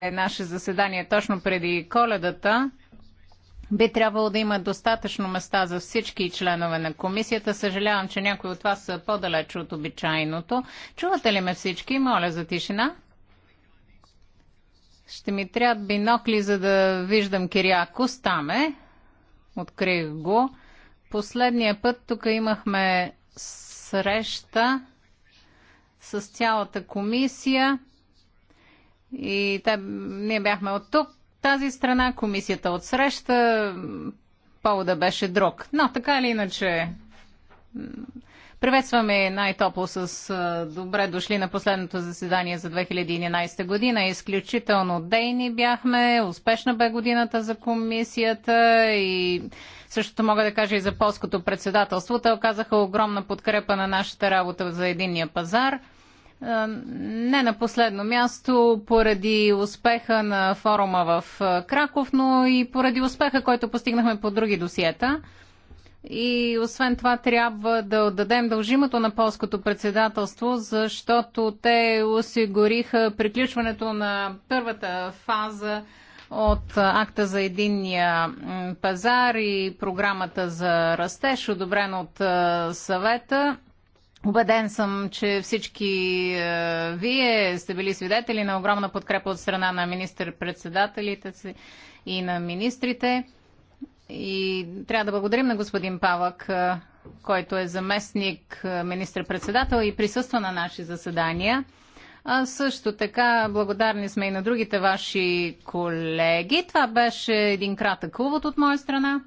Е наше заседание точно преди коледата, би трябвало да има достатъчно места за всички членове на комисията. Съжалявам, че някои от вас са по-далеч от обичайното. Чувате ли ме всички? Моля за тишина. Ще ми трябва бинокли, за да виждам Киряко, стаме, Открих го. Последния път тук имахме среща с цялата комисия и те, ние бяхме от тук, тази страна, комисията от среща, повода беше друг. Но така или иначе, Приветстваме най-топло с добре дошли на последното заседание за 2011 година. Изключително дейни бяхме, успешна бе годината за комисията и същото мога да кажа и за полското председателство. Те оказаха огромна подкрепа на нашата работа за единния пазар – не на последно място, поради успеха на форума в Краков, но и поради успеха, който постигнахме по други досиета. И освен това трябва да отдадем дължимото на полското председателство, защото те осигуриха приключването на първата фаза от акта за единния пазар и програмата за растеж, одобрен от съвета. Обеден съм, че всички е, вие сте били свидетели на огромна подкрепа от страна на министър-председателите си и на министрите. И трябва да благодарим на господин Павък, е, който е заместник е, министър-председател и присъства на наши заседания. А също така благодарни сме и на другите ваши колеги. Това беше един кратък увод от моя страна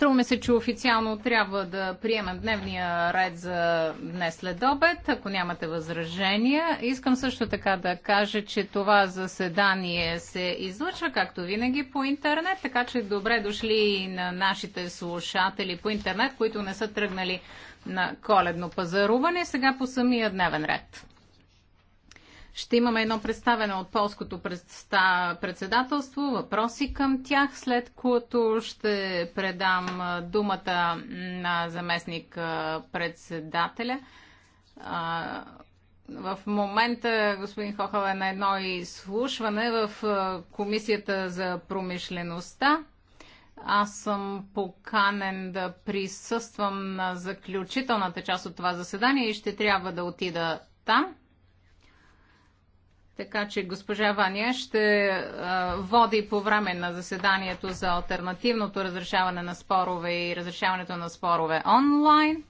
ми се, че официално трябва да приемем дневния ред за днес след обед, ако нямате възражения. Искам също така да кажа, че това заседание се излъчва, както винаги, по интернет, така че добре дошли и на нашите слушатели по интернет, които не са тръгнали на коледно пазаруване. Сега по самия дневен ред. Ще имаме едно представене от полското председателство, въпроси към тях, след което ще предам думата на заместник председателя. В момента господин Хохал е на едно изслушване в Комисията за промишлеността. Аз съм поканен да присъствам на заключителната част от това заседание и ще трябва да отида там. Така че госпожа Ваня ще а, води по време на заседанието за альтернативното разрешаване на спорове и разрешаването на спорове онлайн.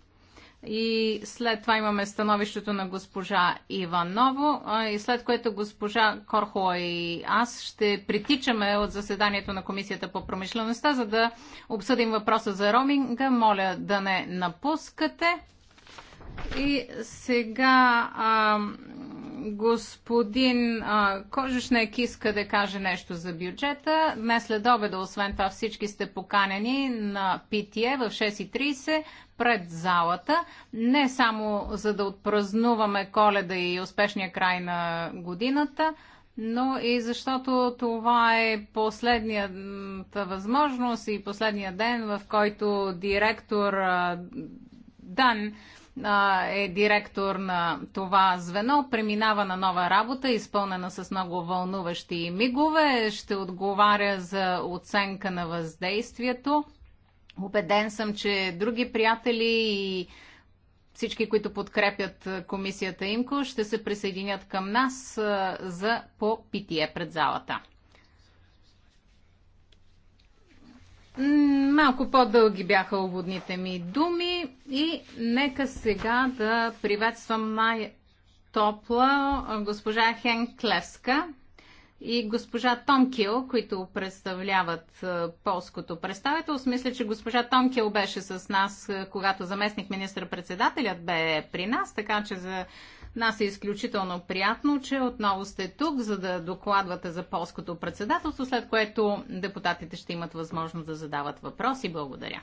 И след това имаме становището на госпожа Иваново, и след което госпожа Корхо и аз ще притичаме от заседанието на Комисията по промишлеността, за да обсъдим въпроса за роминга. Моля да не напускате. И сега. А, господин а, Кожушнек иска да каже нещо за бюджета. Днес след обеда, освен това, всички сте поканени на питие в 6.30 пред залата. Не само за да отпразнуваме коледа и успешния край на годината, но и защото това е последният възможност и последния ден, в който директор Дан е директор на това звено, преминава на нова работа, изпълнена с много вълнуващи мигове, ще отговаря за оценка на въздействието. Обеден съм, че други приятели и всички, които подкрепят комисията ИМКО, ще се присъединят към нас за попитие пред залата. Малко по-дълги бяха уводните ми думи и нека сега да приветствам най-топла госпожа Хен Клевска и госпожа Томкил, които представляват е, полското представителство. Мисля, че госпожа Томкил беше с нас, е, когато заместник министър-председателят бе при нас, така че за нас е изключително приятно, че отново сте тук, за да докладвате за полското председателство, след което депутатите ще имат възможност да задават въпроси. Благодаря.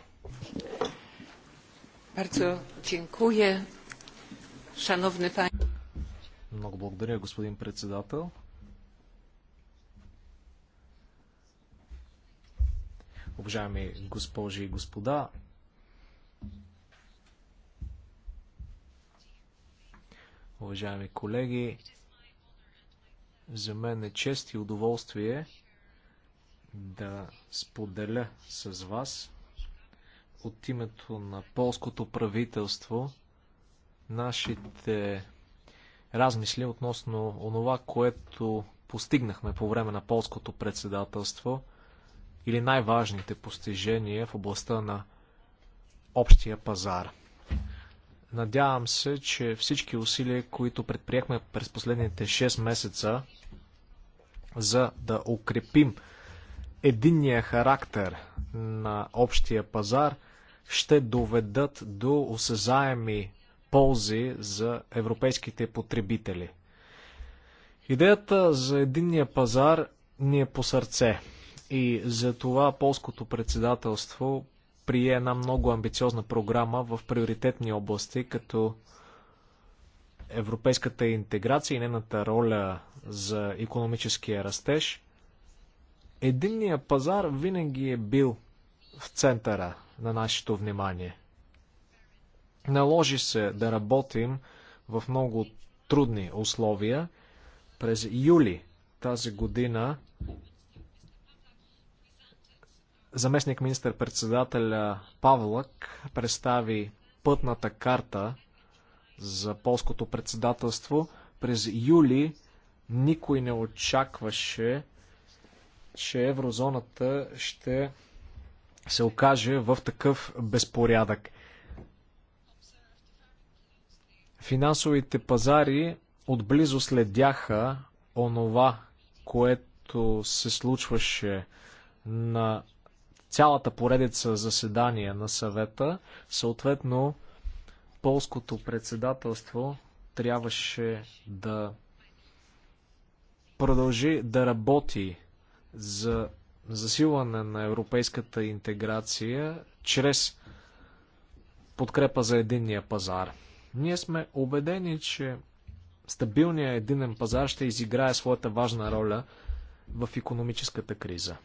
Много благодаря, господин председател. Уважаеми госпожи и господа, уважаеми колеги. За мен е чест и удоволствие да споделя с вас от името на полското правителство нашите размисли относно онова, което постигнахме по време на полското председателство или най-важните постижения в областта на общия пазар. Надявам се, че всички усилия, които предприехме през последните 6 месеца, за да укрепим единния характер на общия пазар, ще доведат до осезаеми ползи за европейските потребители. Идеята за единния пазар ни е по сърце и за това полското председателство прие една много амбициозна програма в приоритетни области, като европейската интеграция и нената роля за економическия растеж. Единният пазар винаги е бил в центъра на нашето внимание. Наложи се да работим в много трудни условия. През юли тази година заместник министър-председателя Павлък представи пътната карта за полското председателство. През юли никой не очакваше, че еврозоната ще се окаже в такъв безпорядък. Финансовите пазари отблизо следяха онова, което се случваше на цялата поредица заседания на съвета. Съответно, полското председателство трябваше да продължи да работи за засилване на европейската интеграция чрез подкрепа за единния пазар. Ние сме убедени, че стабилният единен пазар ще изиграе своята важна роля в економическата криза.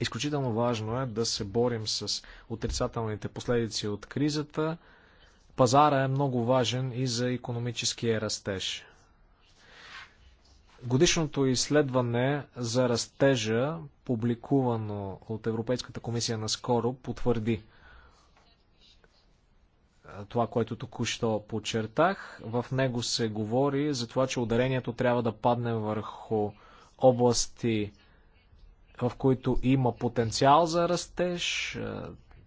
Изключително важно е да се борим с отрицателните последици от кризата. Пазара е много важен и за економическия растеж. Годишното изследване за растежа, публикувано от Европейската комисия наскоро, потвърди това, което току-що подчертах. В него се говори за това, че ударението трябва да падне върху области в които има потенциал за растеж, е,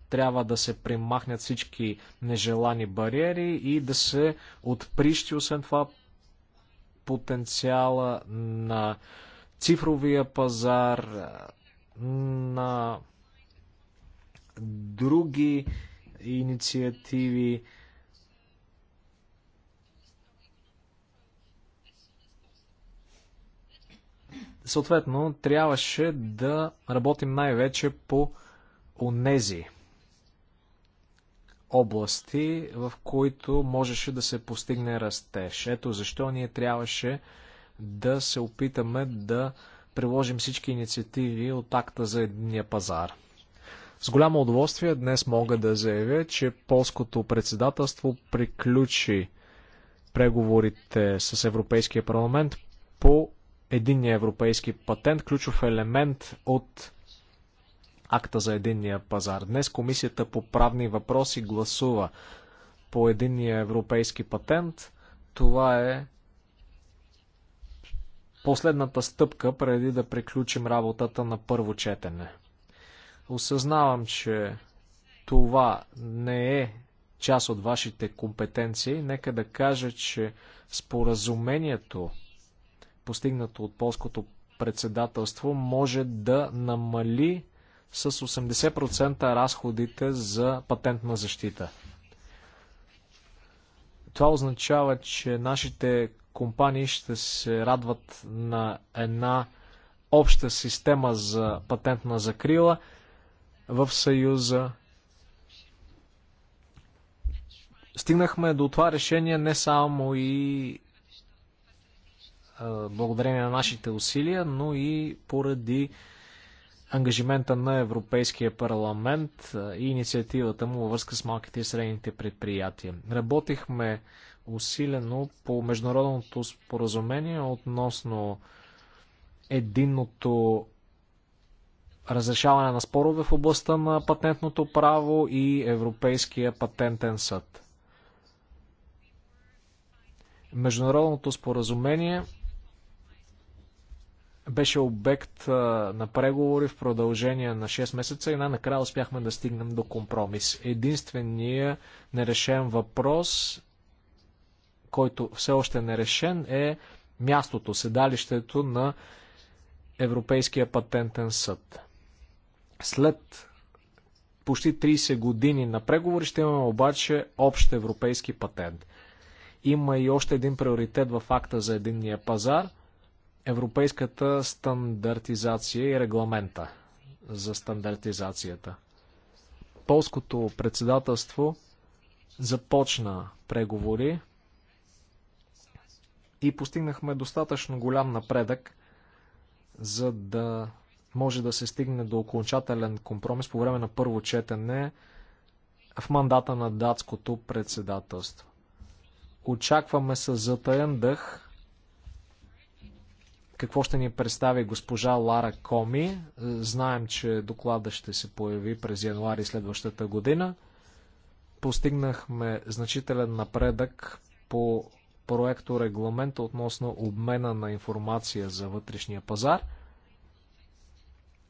трябва да се примахнят всички нежелани бариери и да се отприщи, освен това, потенциала на цифровия пазар, е, на други инициативи. Съответно, трябваше да работим най-вече по онези области, в които можеше да се постигне растеж. Ето защо ние трябваше да се опитаме да приложим всички инициативи от акта за едния пазар. С голямо удоволствие днес мога да заявя, че полското председателство приключи преговорите с Европейския парламент по единния европейски патент, ключов елемент от акта за единния пазар. Днес Комисията по правни въпроси гласува по единния европейски патент. Това е последната стъпка преди да приключим работата на първо четене. Осъзнавам, че това не е част от вашите компетенции. Нека да кажа, че споразумението постигнато от полското председателство, може да намали с 80% разходите за патентна защита. Това означава, че нашите компании ще се радват на една обща система за патентна закрила в Съюза. Стигнахме до това решение не само и благодарение на нашите усилия, но и поради ангажимента на Европейския парламент и инициативата му във връзка с малките и средните предприятия. Работихме усилено по международното споразумение относно единното разрешаване на спорове в областта на патентното право и Европейския патентен съд. Международното споразумение беше обект на преговори в продължение на 6 месеца и най-накрая успяхме да стигнем до компромис. Единственият нерешен въпрос, който все още е нерешен, е мястото, седалището на Европейския патентен съд. След почти 30 години на преговори ще имаме обаче общ европейски патент. Има и още един приоритет в акта за единния пазар – европейската стандартизация и регламента за стандартизацията. Полското председателство започна преговори и постигнахме достатъчно голям напредък, за да може да се стигне до окончателен компромис по време на първо четене в мандата на датското председателство. Очакваме с затаян дъх какво ще ни представи госпожа Лара Коми. Е, знаем, че доклада ще се появи през януари следващата година. Постигнахме значителен напредък по проекто регламента относно обмена на информация за вътрешния пазар.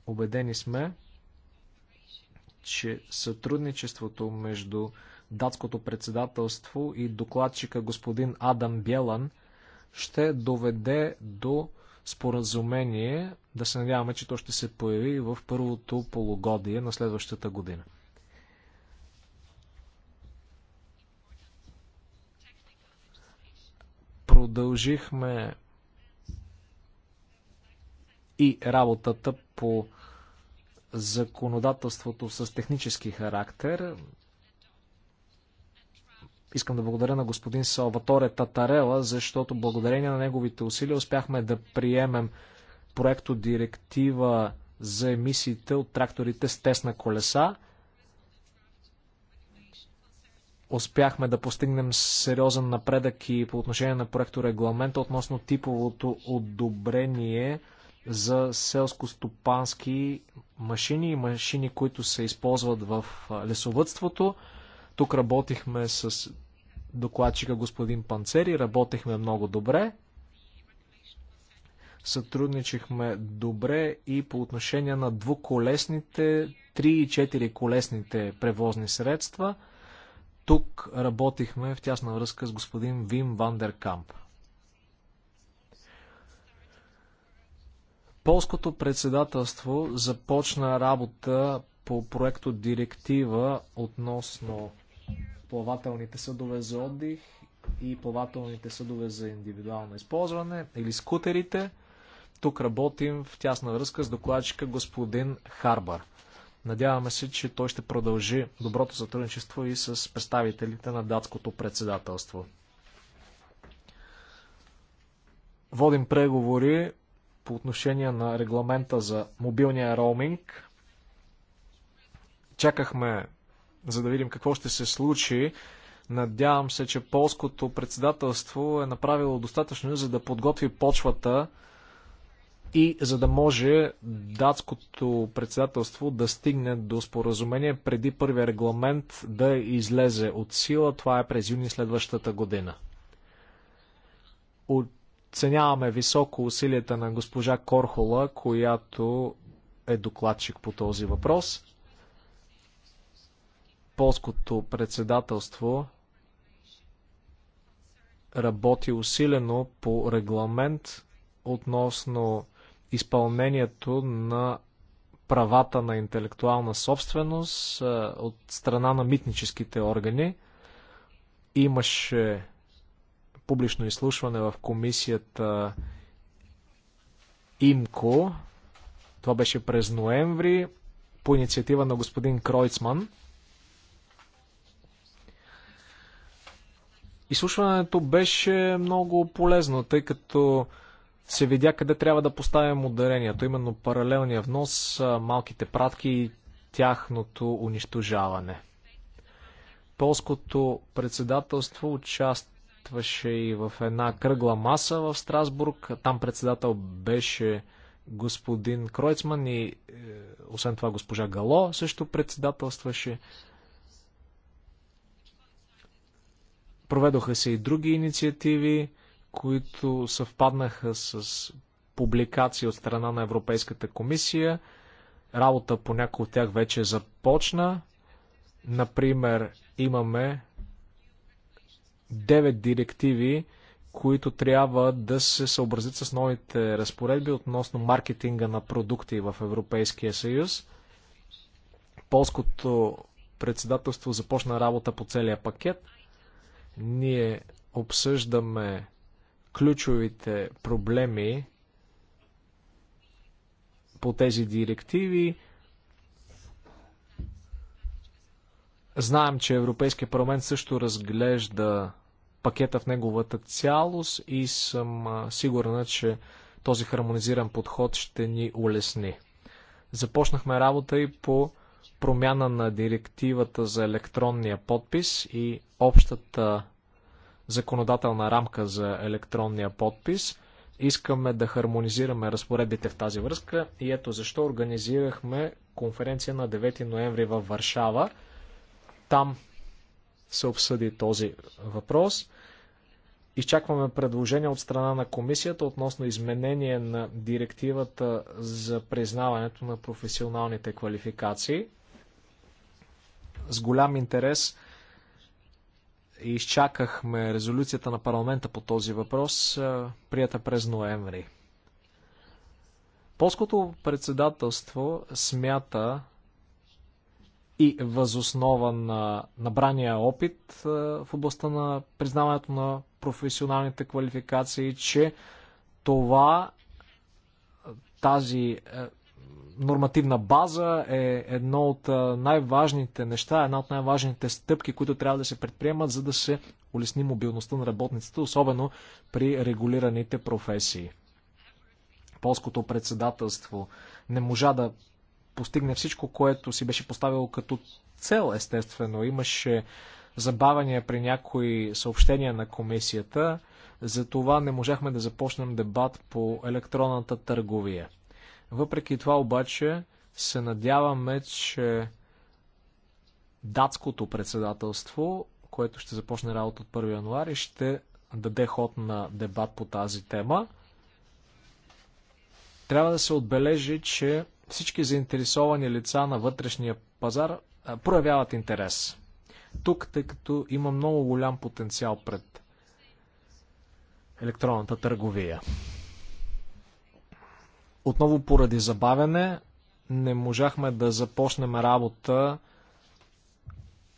Обедени сме, че сътрудничеството между датското председателство и докладчика господин Адам Бялан ще доведе до споразумение. Да се надяваме, че то ще се появи в първото полугодие на следващата година. Продължихме и работата по законодателството с технически характер. Искам да благодаря на господин Салваторе Татарела, защото благодарение на неговите усилия успяхме да приемем проекто директива за емисиите от тракторите с тесна колеса. Успяхме да постигнем сериозен напредък и по отношение на проекто регламента относно типовото одобрение за селско-стопански машини и машини, които се използват в лесовътството. Тук работихме с докладчика господин Панцери. Работехме много добре. Сътрудничихме добре и по отношение на двуколесните, 3 и 4 колесните превозни средства. Тук работихме в тясна връзка с господин Вим Вандеркамп. Полското председателство започна работа по проекто директива относно плавателните съдове за отдих и плавателните съдове за индивидуално използване или скутерите. Тук работим в тясна връзка с докладчика господин Харбър. Надяваме се, че той ще продължи доброто сътрудничество и с представителите на датското председателство. Водим преговори по отношение на регламента за мобилния роуминг. Чакахме за да видим какво ще се случи. Надявам се, че полското председателство е направило достатъчно, за да подготви почвата и за да може датското председателство да стигне до споразумение преди първия регламент да излезе от сила. Това е през юни следващата година. Оценяваме високо усилията на госпожа Корхола, която е докладчик по този въпрос полското председателство работи усилено по регламент относно изпълнението на правата на интелектуална собственост от страна на митническите органи. Имаше публично изслушване в комисията ИМКО. Това беше през ноември по инициатива на господин Кройцман – Изслушването беше много полезно, тъй като се видя къде трябва да поставим ударението, именно паралелния внос, малките пратки и тяхното унищожаване. Полското председателство участваше и в една кръгла маса в Страсбург. Там председател беше господин Кройцман и е, освен това госпожа Гало също председателстваше. Проведоха се и други инициативи, които съвпаднаха с публикации от страна на Европейската комисия. Работа по някои от тях вече започна. Например, имаме 9 директиви, които трябва да се съобразят с новите разпоредби относно маркетинга на продукти в Европейския съюз. Полското председателство започна работа по целия пакет – ние обсъждаме ключовите проблеми по тези директиви. Знаем, че Европейския парламент също разглежда пакета в неговата цялост и съм сигурна, че този хармонизиран подход ще ни улесни. Започнахме работа и по промяна на директивата за електронния подпис и общата законодателна рамка за електронния подпис. Искаме да хармонизираме разпоредбите в тази връзка и ето защо организирахме конференция на 9 ноември във Варшава. Там се обсъди този въпрос. Изчакваме предложения от страна на комисията относно изменение на директивата за признаването на професионалните квалификации с голям интерес. и Изчакахме резолюцията на парламента по този въпрос, прията през ноември. Полското председателство смята и възоснова на набрания опит в областта на признаването на професионалните квалификации, че това тази нормативна база е едно от най-важните неща, една от най-важните стъпки, които трябва да се предприемат, за да се улесни мобилността на работниците, особено при регулираните професии. Полското председателство не можа да постигне всичко, което си беше поставило като цел, естествено. Имаше забавяния при някои съобщения на комисията, затова не можахме да започнем дебат по електронната търговия. Въпреки това обаче се надяваме, че датското председателство, което ще започне работа от 1 януари, ще даде ход на дебат по тази тема. Трябва да се отбележи, че всички заинтересовани лица на вътрешния пазар проявяват интерес. Тук, тъй като има много голям потенциал пред електронната търговия. Отново поради забавяне не можахме да започнем работа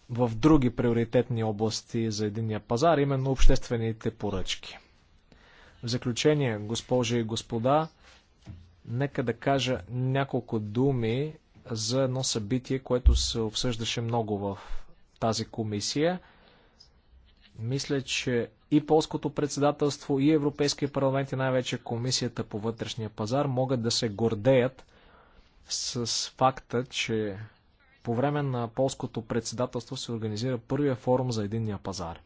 в други приоритетни области за единния пазар, именно обществените поръчки. В заключение, госпожи и господа, нека да кажа няколко думи за едно събитие, което се обсъждаше много в тази комисия – мисля, че и полското председателство, и Европейския парламент, и най-вече Комисията по вътрешния пазар могат да се гордеят с факта, че по време на полското председателство се организира първия форум за единния пазар.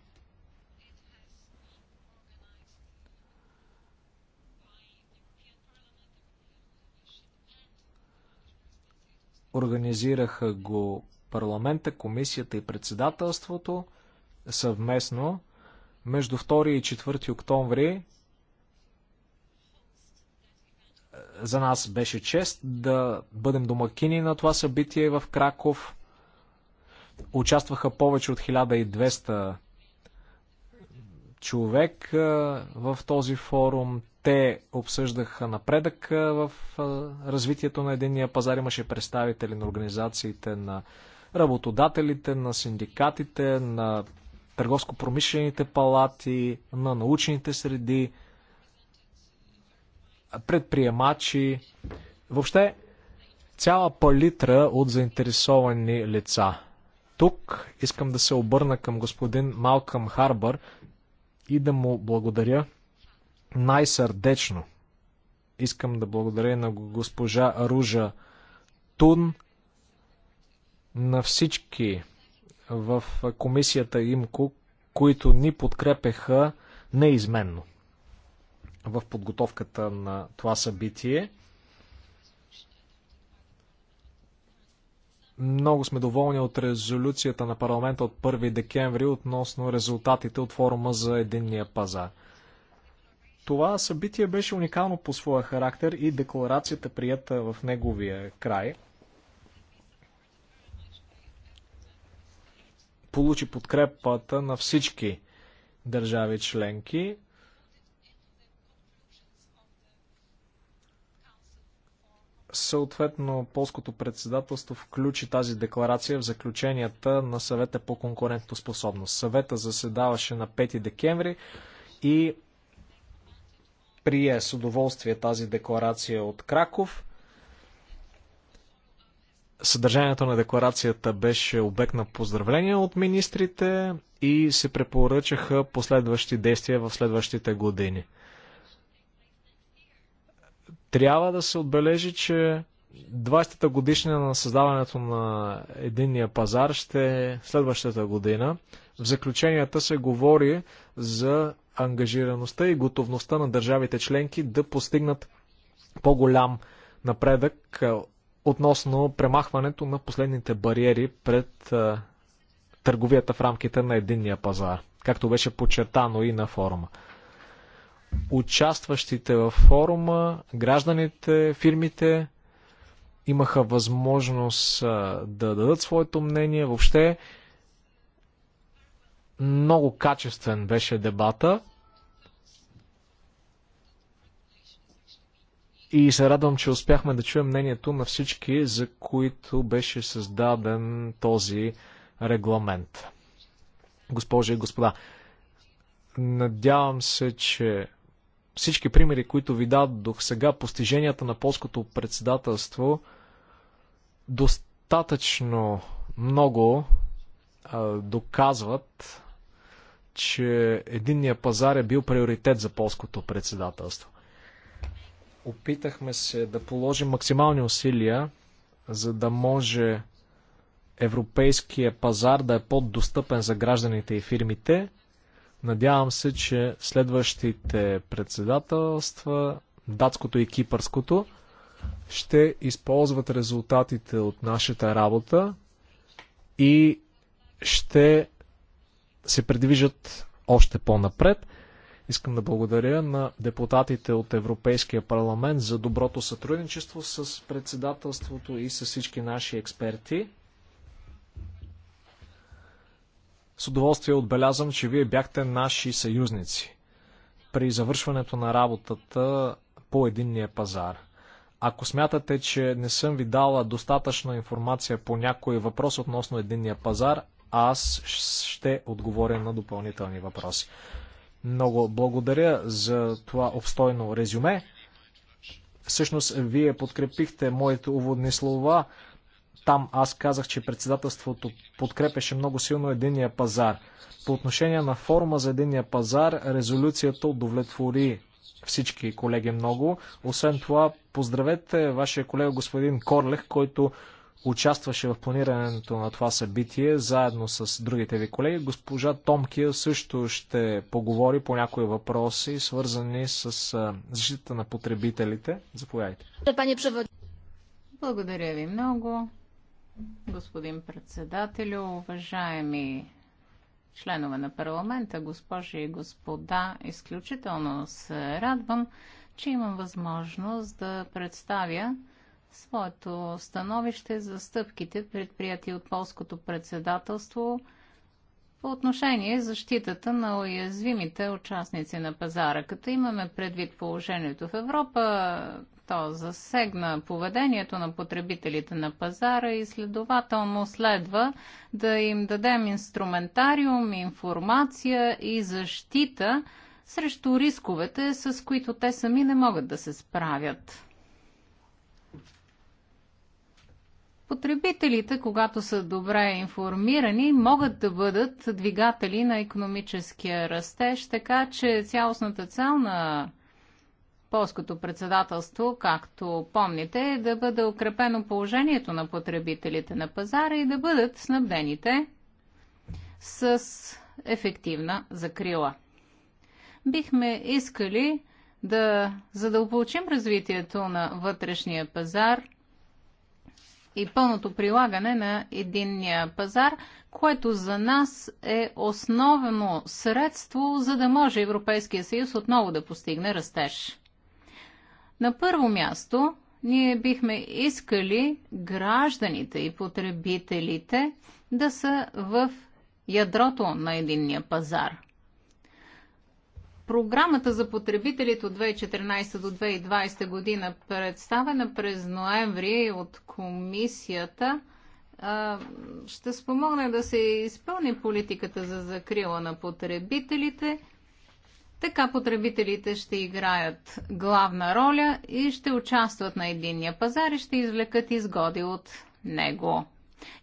Организираха го парламента, комисията и председателството – съвместно между 2 и 4 октомври. За нас беше чест да бъдем домакини на това събитие в Краков. Участваха повече от 1200 човек в този форум. Те обсъждаха напредък в развитието на единния пазар. Имаше представители на организациите на работодателите, на синдикатите, на търговско-промишлените палати, на научните среди, предприемачи, въобще цяла палитра от заинтересовани лица. Тук искам да се обърна към господин Малкъм Харбър и да му благодаря най-сърдечно. Искам да благодаря на госпожа Ружа Тун, на всички в комисията ИМКО, които ни подкрепеха неизменно в подготовката на това събитие. Много сме доволни от резолюцията на парламента от 1 декември относно резултатите от форума за единния пазар. Това събитие беше уникално по своя характер и декларацията прията в неговия край – получи подкрепата на всички държави членки. Съответно, полското председателство включи тази декларация в заключенията на съвета по конкурентоспособност. Съвета заседаваше на 5 декември и прие с удоволствие тази декларация от Краков – Съдържанието на декларацията беше обект на поздравления от министрите и се препоръчаха последващи действия в следващите години. Трябва да се отбележи, че 20-та годишнина на създаването на единния пазар ще е следващата година. В заключенията се говори за ангажираността и готовността на държавите членки да постигнат по-голям напредък относно премахването на последните бариери пред а, търговията в рамките на единния пазар, както беше подчертано и на форума. Участващите в форума, гражданите, фирмите имаха възможност а, да дадат своето мнение. Въобще много качествен беше дебата. И се радвам, че успяхме да чуем мнението на всички, за които беше създаден този регламент. Госпожи и господа, надявам се, че всички примери, които ви дадох сега, постиженията на полското председателство, достатъчно много а, доказват, че единния пазар е бил приоритет за полското председателство. Опитахме се да положим максимални усилия, за да може европейския пазар да е по-достъпен за гражданите и фирмите. Надявам се, че следващите председателства, датското и кипърското, ще използват резултатите от нашата работа и ще се предвижат още по-напред. Искам да благодаря на депутатите от Европейския парламент за доброто сътрудничество с председателството и с всички наши експерти. С удоволствие отбелязвам, че вие бяхте наши съюзници при завършването на работата по единния пазар. Ако смятате, че не съм ви дала достатъчно информация по някой въпрос относно единния пазар, аз ще отговоря на допълнителни въпроси. Много благодаря за това обстойно резюме. Всъщност, вие подкрепихте моите уводни слова. Там аз казах, че председателството подкрепеше много силно единия пазар. По отношение на форма за единия пазар, резолюцията удовлетвори всички колеги много. Освен това, поздравете вашия колега господин Корлех, който участваше в планирането на това събитие, заедно с другите ви колеги. Госпожа Томкия също ще поговори по някои въпроси, свързани с защита на потребителите. Заповядайте. Благодаря ви много, господин председателю, уважаеми членове на парламента, госпожи и господа. Изключително се радвам, че имам възможност да представя своето становище за стъпките, предприяти от полското председателство по отношение защитата на уязвимите участници на пазара. Като имаме предвид положението в Европа, то засегна поведението на потребителите на пазара и следователно следва да им дадем инструментариум, информация и защита срещу рисковете, с които те сами не могат да се справят. Потребителите, когато са добре информирани, могат да бъдат двигатели на економическия растеж, така че цялостната цел на полското председателство, както помните, е да бъде укрепено положението на потребителите на пазара и да бъдат снабдените с ефективна закрила. Бихме искали да задълбочим развитието на вътрешния пазар – и пълното прилагане на единния пазар, което за нас е основно средство, за да може Европейския съюз отново да постигне растеж. На първо място, ние бихме искали гражданите и потребителите да са в ядрото на единния пазар – Програмата за потребителите от 2014 до 2020 година, представена през ноември от комисията, ще спомогне да се изпълни политиката за закрила на потребителите. Така потребителите ще играят главна роля и ще участват на единния пазар и ще извлекат изгоди от него.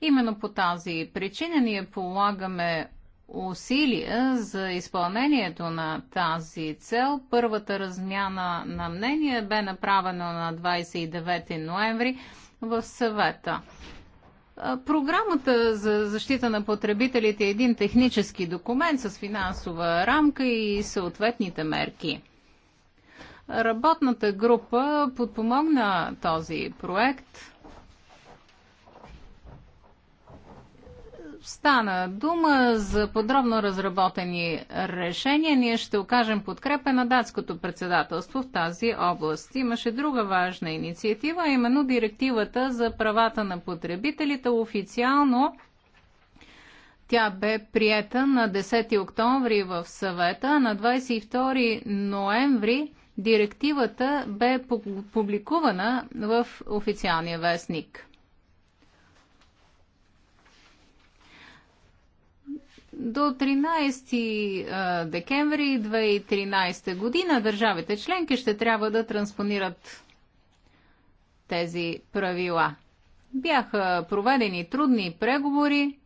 Именно по тази причина ние полагаме усилия за изпълнението на тази цел. Първата размяна на мнение бе направена на 29 ноември в съвета. Програмата за защита на потребителите е един технически документ с финансова рамка и съответните мерки. Работната група подпомогна този проект – Стана дума за подробно разработени решения. Ние ще окажем подкрепа на датското председателство в тази област. Имаше друга важна инициатива, именно директивата за правата на потребителите. Официално тя бе приета на 10 октомври в съвета, на 22 ноември директивата бе публикувана в официалния вестник. До 13 декември 2013 година държавите членки ще трябва да транспонират тези правила. Бяха проведени трудни преговори,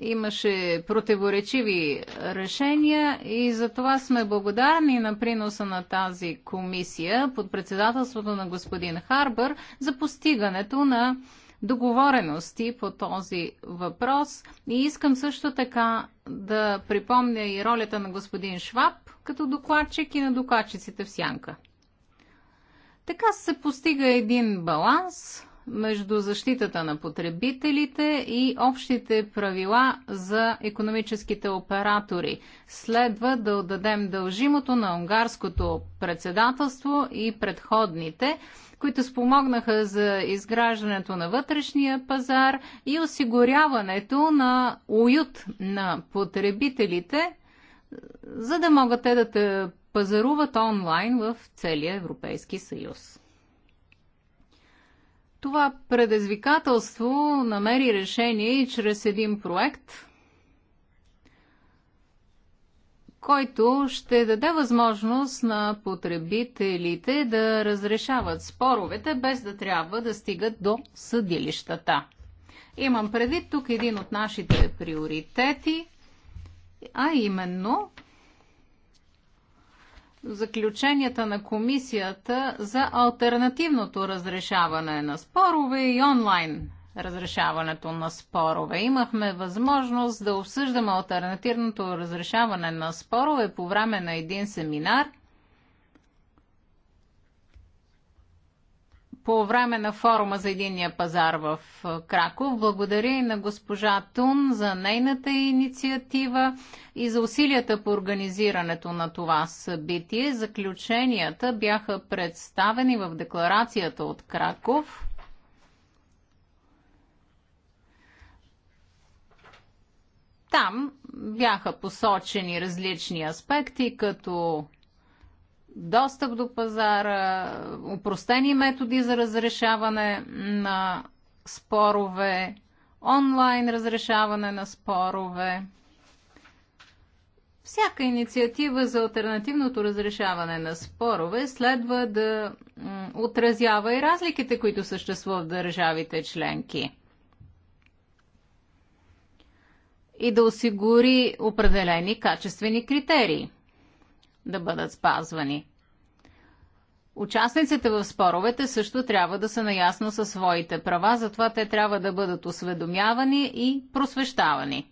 имаше противоречиви решения и за това сме благодарни на приноса на тази комисия под председателството на господин Харбър за постигането на договорености по този въпрос. И искам също така да припомня и ролята на господин Шваб като докладчик и на докладчиците в сянка. Така се постига един баланс между защитата на потребителите и общите правила за економическите оператори. Следва да отдадем дължимото на унгарското председателство и предходните – които спомогнаха за изграждането на вътрешния пазар и осигуряването на уют на потребителите, за да могат те да те пазаруват онлайн в целия Европейски съюз. Това предизвикателство намери решение и чрез един проект – който ще даде възможност на потребителите да разрешават споровете, без да трябва да стигат до съдилищата. Имам предвид тук един от нашите приоритети, а именно заключенията на комисията за альтернативното разрешаване на спорове и онлайн разрешаването на спорове. Имахме възможност да обсъждаме альтернативното разрешаване на спорове по време на един семинар по време на форума за единния пазар в Краков. Благодаря и на госпожа Тун за нейната инициатива и за усилията по организирането на това събитие. Заключенията бяха представени в декларацията от Краков Там бяха посочени различни аспекти, като достъп до пазара, упростени методи за разрешаване на спорове, онлайн разрешаване на спорове. Всяка инициатива за альтернативното разрешаване на спорове следва да отразява и разликите, които съществуват в държавите членки. и да осигури определени качествени критерии да бъдат спазвани. Участниците в споровете също трябва да са наясно със своите права, затова те трябва да бъдат осведомявани и просвещавани.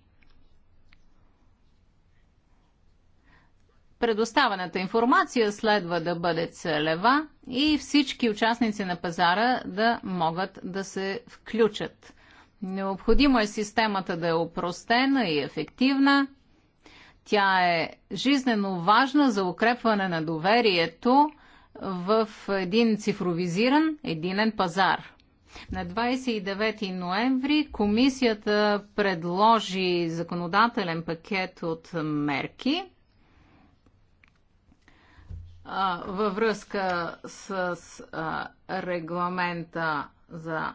Предоставената информация следва да бъде целева и всички участници на пазара да могат да се включат Необходимо е системата да е опростена и ефективна. Тя е жизнено важна за укрепване на доверието в един цифровизиран единен пазар. На 29 ноември комисията предложи законодателен пакет от мерки във връзка с регламента за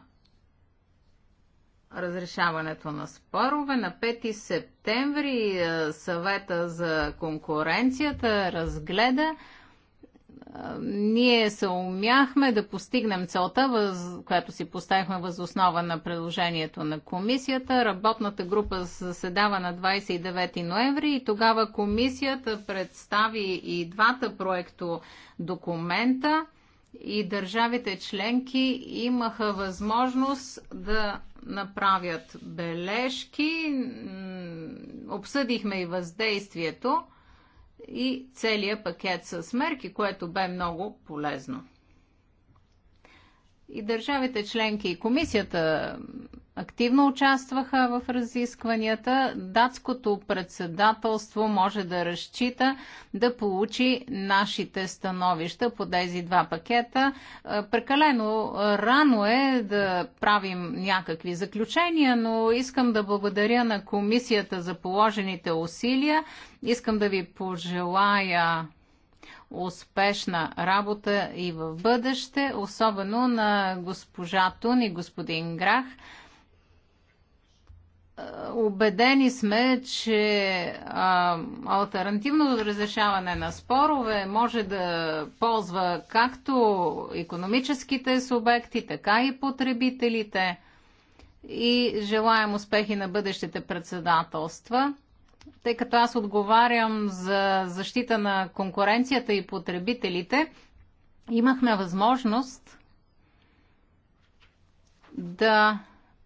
разрешаването на спорове. На 5 септември е, съвета за конкуренцията разгледа е, ние се умяхме да постигнем целта, въз... която си поставихме въз основа на предложението на комисията. Работната група заседава на 29 ноември и тогава комисията представи и двата проекто документа и държавите членки имаха възможност да направят бележки. Обсъдихме и въздействието и целият пакет с мерки, което бе много полезно. И държавите членки и комисията активно участваха в разискванията. Датското председателство може да разчита да получи нашите становища по тези два пакета. Е, прекалено рано е да правим някакви заключения, но искам да благодаря на комисията за положените усилия. Искам да ви пожелая успешна работа и в бъдеще, особено на госпожа Тун и господин Грах. Обедени е, сме, че а, альтернативно разрешаване на спорове може да ползва както економическите субекти, така и потребителите. И желаем успехи на бъдещите председателства. Тъй като аз отговарям за защита на конкуренцията и потребителите, имахме възможност да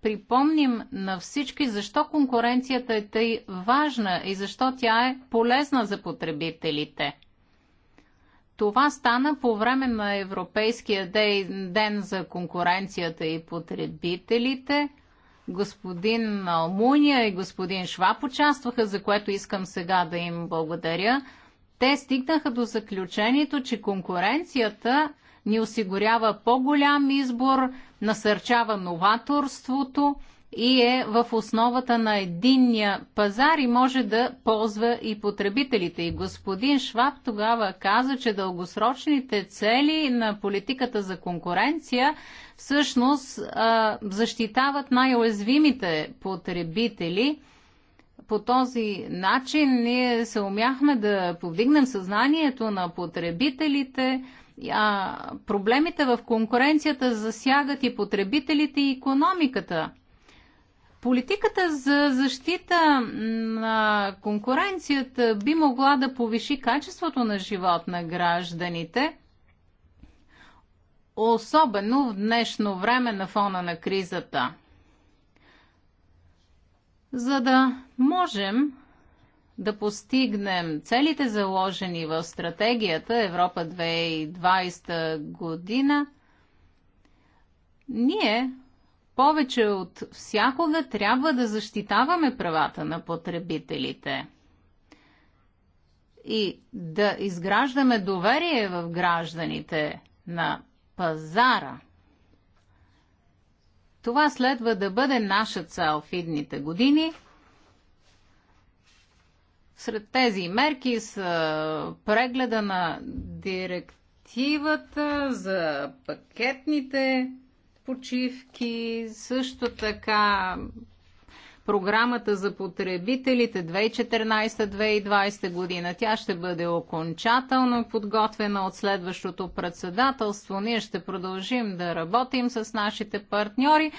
припомним на всички защо конкуренцията е тъй важна и защо тя е полезна за потребителите. Това стана по време на Европейския ден за конкуренцията и потребителите. Господин Алмуния и господин Шваб участваха, за което искам сега да им благодаря. Те стигнаха до заключението, че конкуренцията ни осигурява по-голям избор, насърчава новаторството и е в основата на единния пазар и може да ползва и потребителите. И господин Шваб тогава каза, че дългосрочните цели на политиката за конкуренция всъщност защитават най-уязвимите потребители. По този начин ние се умяхме да повдигнем съзнанието на потребителите, а, проблемите в конкуренцията засягат и потребителите и економиката. Политиката за защита на конкуренцията би могла да повиши качеството на живот на гражданите, особено в днешно време на фона на кризата. За да можем да постигнем целите заложени в стратегията Европа 2020 година, ние повече от всякога трябва да защитаваме правата на потребителите и да изграждаме доверие в гражданите на пазара. Това следва да бъде наша цел в идните години – сред тези мерки са прегледа на директивата за пакетните почивки, също така програмата за потребителите 2014-2020 година. Тя ще бъде окончателно подготвена от следващото председателство. Ние ще продължим да работим с нашите партньори.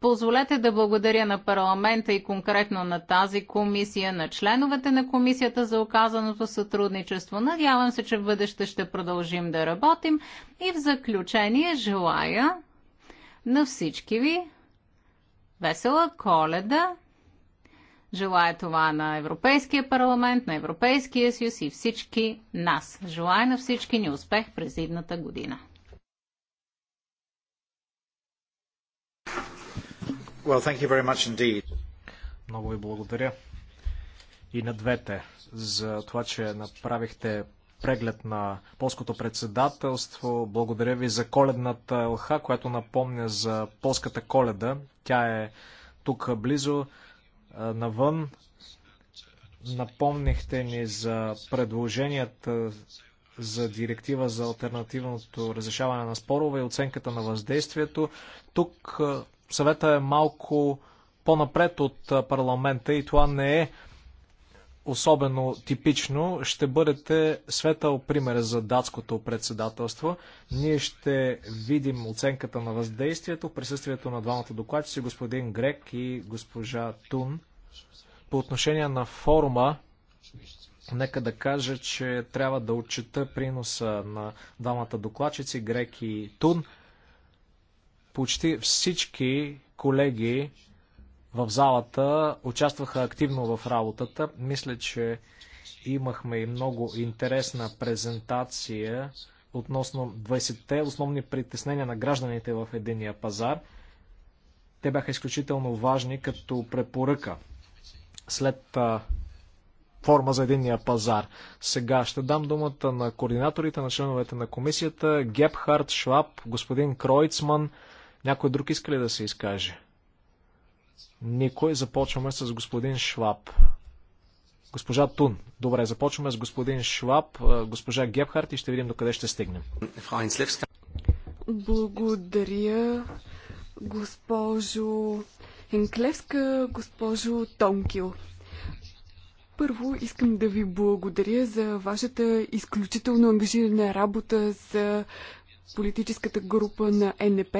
Позволете да благодаря на парламента и конкретно на тази комисия, на членовете на комисията за оказаното сътрудничество. Надявам се, че в бъдеще ще продължим да работим. И в заключение желая на всички ви весела коледа. Желая това на Европейския парламент, на Европейския съюз и всички нас. Желая на всички ни успех през идната година. Well, thank you very much indeed. Много ви благодаря и на двете за това, че направихте преглед на полското председателство. Благодаря ви за коледната лха, която напомня за полската коледа. Тя е тук близо, навън. Напомнихте ни за предложенията за директива за альтернативното разрешаване на спорове и оценката на въздействието. Тук съвета е малко по-напред от парламента и това не е особено типично. Ще бъдете светъл пример за датското председателство. Ние ще видим оценката на въздействието в присъствието на двамата докладчици, господин Грек и госпожа Тун. По отношение на форума, нека да кажа, че трябва да отчета приноса на двамата докладчици, Грек и Тун – почти всички колеги в залата участваха активно в работата. Мисля, че имахме и много интересна презентация относно 20-те основни притеснения на гражданите в единия пазар. Те бяха изключително важни като препоръка след а, форма за единния пазар. Сега ще дам думата на координаторите, на членовете на комисията, Гепхард, Шваб, господин Кройцман, някой друг иска ли да се изкаже? Никой. Започваме с господин Шваб. Госпожа Тун. Добре, започваме с господин Шваб, госпожа Гебхарт и ще видим докъде ще стигнем. Благодаря, госпожо Енклевска, госпожо Тонкил. Първо искам да ви благодаря за вашата изключително ангажирана работа за политическата група на НП,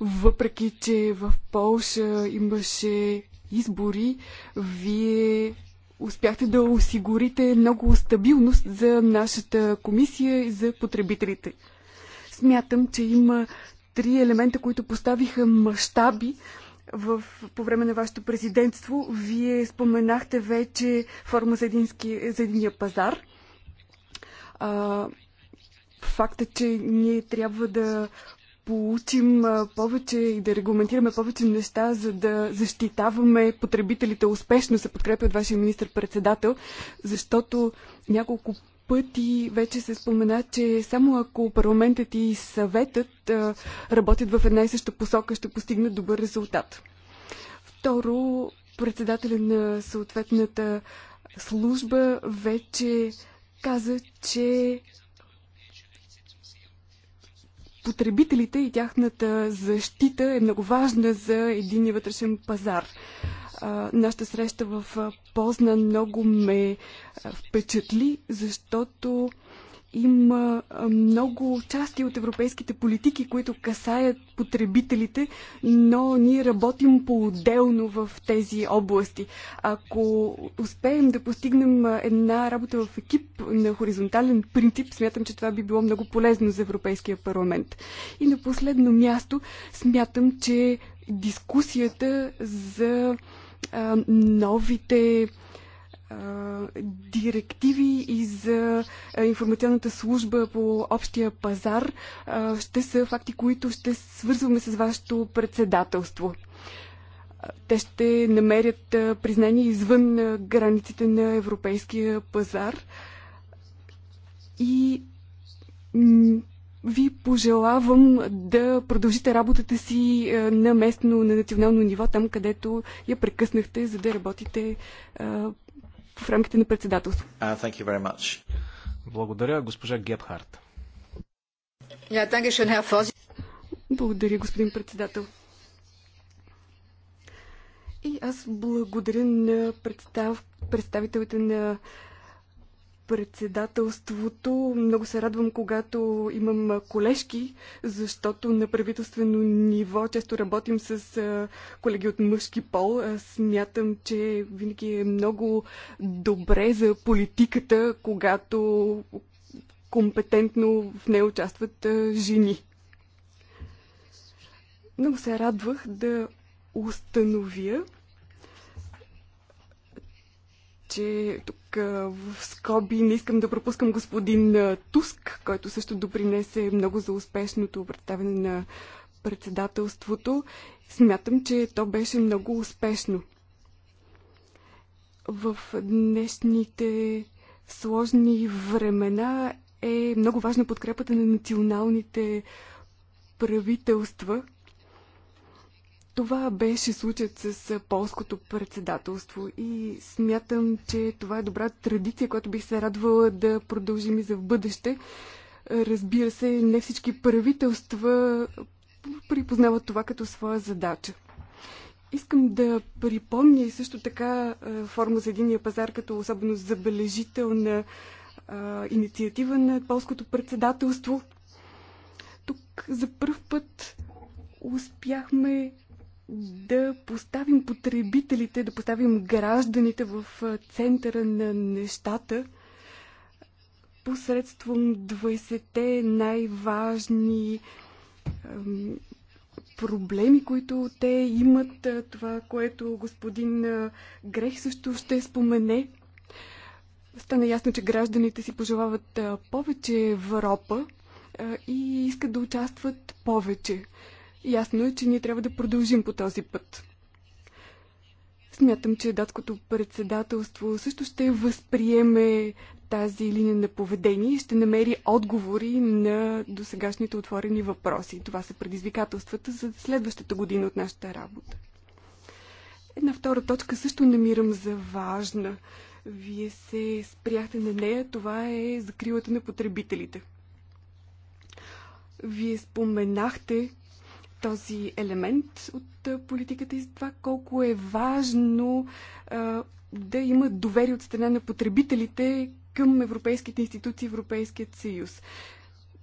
въпреки че в Полша имаше избори, вие успяхте да осигурите много стабилност за нашата комисия и за потребителите. Смятам, че има три елемента, които поставиха мащаби в, по време на вашето президентство. Вие споменахте вече форма за, едински, за единия пазар. А, Факта, е, че ние трябва да получим повече и да регламентираме повече неща, за да защитаваме потребителите успешно, се подкрепя от вашия министр-председател, защото няколко пъти вече се спомена, че само ако парламентът и съветът работят в една и съща посока, ще постигнат добър резултат. Второ, председателя на съответната служба вече каза, че потребителите и тяхната защита е много важна за един вътрешен пазар. нашата среща в Позна много ме впечатли, защото има много части от европейските политики, които касаят потребителите, но ние работим по-отделно в тези области. Ако успеем да постигнем една работа в екип на хоризонтален принцип, смятам, че това би било много полезно за Европейския парламент. И на последно място, смятам, че дискусията за новите директиви и за информационната служба по общия пазар ще са факти, които ще свързваме с вашето председателство. Те ще намерят признание извън границите на европейския пазар и ви пожелавам да продължите работата си на местно, на национално ниво, там където я прекъснахте, за да работите в рамките на председателство. Uh, Благодаря, госпожа Гебхарт. Yeah, Благодаря, господин председател. И аз благодаря на представ... представителите на председателството. Много се радвам, когато имам колежки, защото на правителствено ниво често работим с колеги от мъжки пол. Смятам, че винаги е много добре за политиката, когато компетентно в нея участват жени. Много се радвах да установя, че тук в скоби не искам да пропускам господин Туск, който също допринесе много за успешното представяне на председателството. Смятам, че то беше много успешно. В днешните сложни времена е много важна подкрепата на националните правителства – това беше случат с полското председателство и смятам, че това е добра традиция, която бих се радвала да продължим и за в бъдеще. Разбира се, не всички правителства припознават това като своя задача. Искам да припомня и също така форма за единия пазар като особено забележителна а, инициатива на полското председателство. Тук за първ път успяхме да поставим потребителите, да поставим гражданите в центъра на нещата посредством 20-те най-важни проблеми, които те имат, това, което господин Грех също ще спомене. Стана ясно, че гражданите си пожелават повече в Европа и искат да участват повече. Ясно е, че ние трябва да продължим по този път. Смятам, че датското председателство също ще възприеме тази линия на поведение и ще намери отговори на досегашните отворени въпроси. Това са предизвикателствата за следващата година от нашата работа. Една втора точка също намирам за важна. Вие се спряхте на нея. Това е закрилата на потребителите. Вие споменахте, този елемент от политиката и за това колко е важно а, да има доверие от страна на потребителите към европейските институции, Европейският съюз.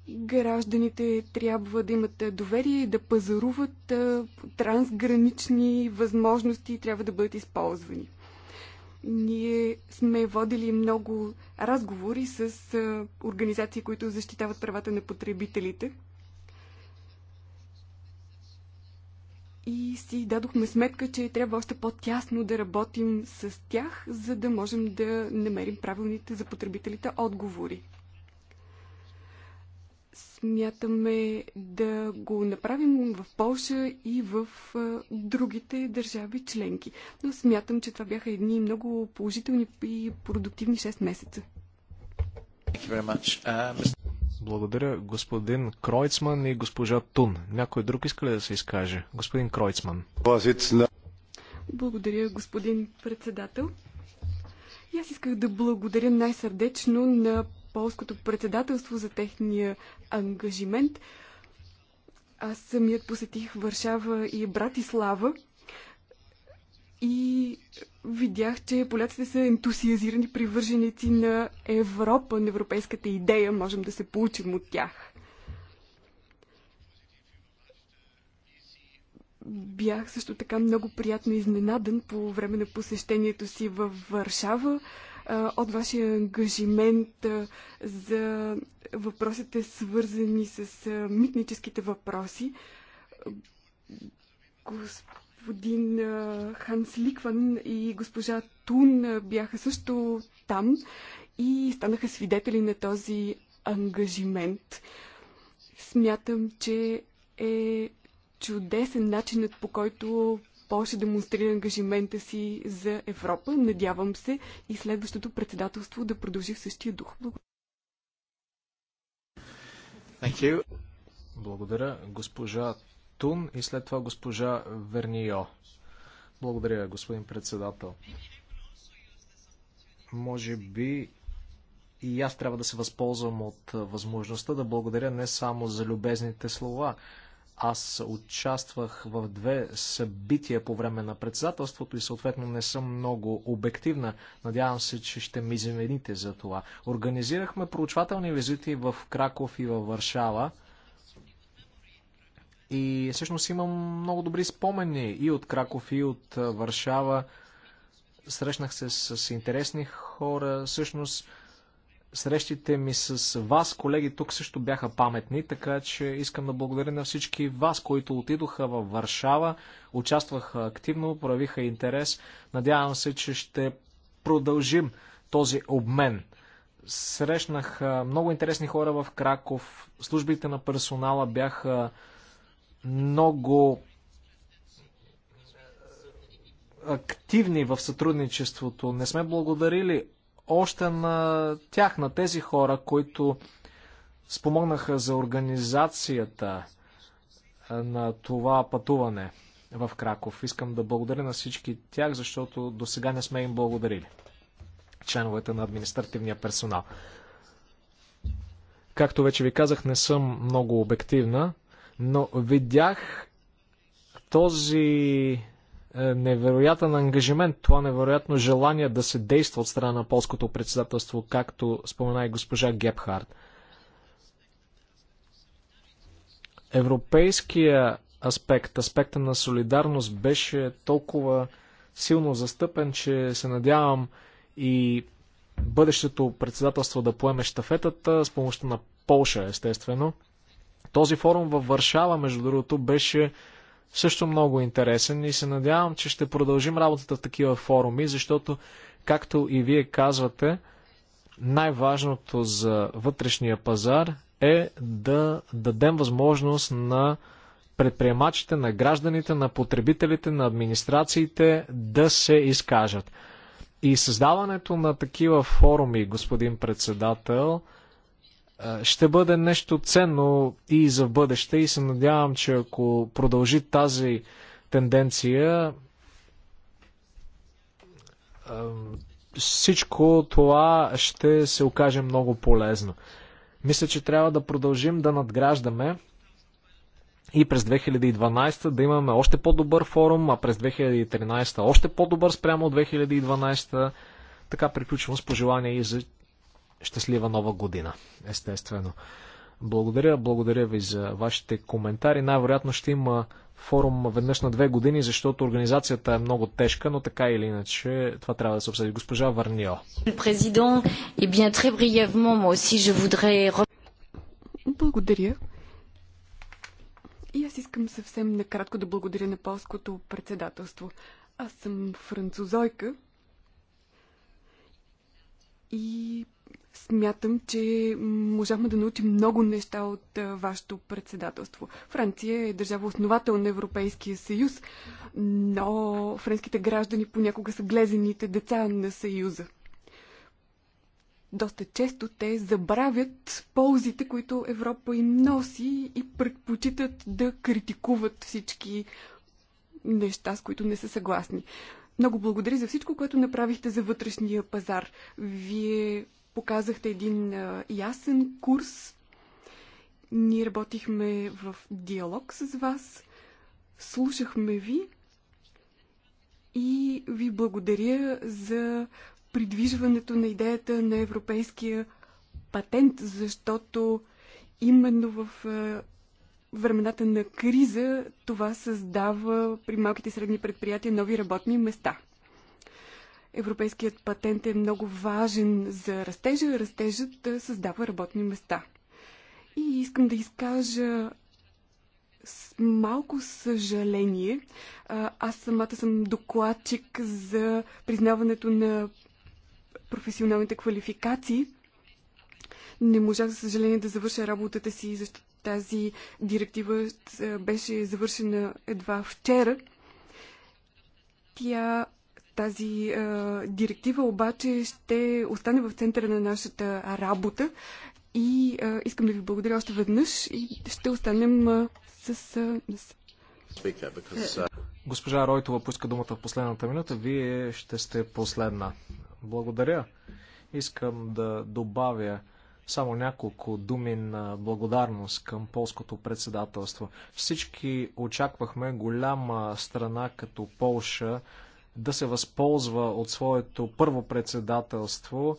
Гражданите трябва да имат доверие и да пазаруват а, трансгранични възможности и трябва да бъдат използвани. Ние сме водили много разговори с а, организации, които защитават правата на потребителите и си дадохме сметка, че трябва още по-тясно да работим с тях, за да можем да намерим правилните за потребителите отговори. Смятаме да го направим в Польша и в другите държави членки. Но смятам, че това бяха едни много положителни и продуктивни 6 месеца. Thank you very much. Uh, Mr. Благодаря господин Кройцман и госпожа Тун. Някой друг иска ли да се изкаже? Господин Кройцман. Благодаря, господин председател. И аз исках да благодаря най-сърдечно на полското председателство за техния ангажимент. Аз самият посетих Варшава и Братислава и видях, че поляците са ентусиазирани привърженици на Европа, на европейската идея. Можем да се получим от тях. Бях също така много приятно изненадан по време на посещението си в Варшава от вашия ангажимент за въпросите свързани с митническите въпроси. Господин господин Ханс Ликван и госпожа Тун бяха също там и станаха свидетели на този ангажимент. Смятам, че е чудесен начинът по който Польша демонстрира ангажимента си за Европа. Надявам се и следващото председателство да продължи в същия дух. Благодаря. Благодаря. Госпожа Тун и след това госпожа Вернио. Благодаря, господин председател. Може би и аз трябва да се възползвам от възможността да благодаря не само за любезните слова. Аз участвах в две събития по време на председателството и съответно не съм много обективна. Надявам се, че ще ми замените за това. Организирахме проучвателни визити в Краков и във Варшава. И всъщност имам много добри спомени и от Краков, и от Варшава. Срещнах се с, с интересни хора. Всъщност, срещите ми с вас, колеги, тук също бяха паметни, така че искам да благодаря на всички вас, които отидоха във Варшава, участваха активно, проявиха интерес. Надявам се, че ще продължим този обмен. Срещнах много интересни хора в Краков, службите на персонала бяха много активни в сътрудничеството. Не сме благодарили още на тях, на тези хора, които спомогнаха за организацията на това пътуване в Краков. Искам да благодаря на всички тях, защото до сега не сме им благодарили. Членовете на административния персонал. Както вече ви казах, не съм много обективна. Но видях този е, невероятен ангажимент, това невероятно желание да се действа от страна на полското председателство, както спомена и госпожа Гепхард. Европейския аспект, аспекта на солидарност беше толкова силно застъпен, че се надявам и бъдещето председателство да поеме штафетата с помощта на Полша, естествено. Този форум във Варшава, между другото, беше също много интересен и се надявам, че ще продължим работата в такива форуми, защото, както и вие казвате, най-важното за вътрешния пазар е да дадем възможност на предприемачите, на гражданите, на потребителите, на администрациите да се изкажат. И създаването на такива форуми, господин председател, ще бъде нещо ценно и за бъдеще и се надявам, че ако продължи тази тенденция, всичко това ще се окаже много полезно. Мисля, че трябва да продължим да надграждаме и през 2012 да имаме още по-добър форум, а през 2013 още по-добър спрямо от 2012. Така приключвам с пожелания и за щастлива нова година, естествено. Благодаря, благодаря ви за вашите коментари. Най-вероятно ще има форум веднъж на две години, защото организацията е много тежка, но така или иначе това трябва да се обсъди. Госпожа Варнио. Благодаря. И аз искам съвсем накратко да благодаря на полското председателство. Аз съм французойка и Смятам, че можахме да научим много неща от вашето председателство. Франция е държава основател на Европейския съюз, но френските граждани понякога са глезените деца на съюза. Доста често те забравят ползите, които Европа им носи и предпочитат да критикуват всички неща, с които не са съгласни. Много благодаря за всичко, което направихте за вътрешния пазар. Вие показахте един ясен курс. Ние работихме в диалог с вас, слушахме ви и ви благодаря за придвижването на идеята на европейския патент, защото именно в времената на криза това създава при малките и средни предприятия нови работни места. Европейският патент е много важен за растежа. Растежът създава работни места. И искам да изкажа с малко съжаление. Аз самата съм докладчик за признаването на професионалните квалификации. Не можах, за съжаление, да завърша работата си, защото тази директива беше завършена едва вчера. Тя тази а, директива обаче ще остане в центъра на нашата работа и а, искам да ви благодаря още веднъж и ще останем а, с. А, с... Госпожа Ройтова поиска думата в последната минута. Вие ще сте последна. Благодаря. Искам да добавя само няколко думи на благодарност към полското председателство. Всички очаквахме голяма страна като Полша да се възползва от своето първо председателство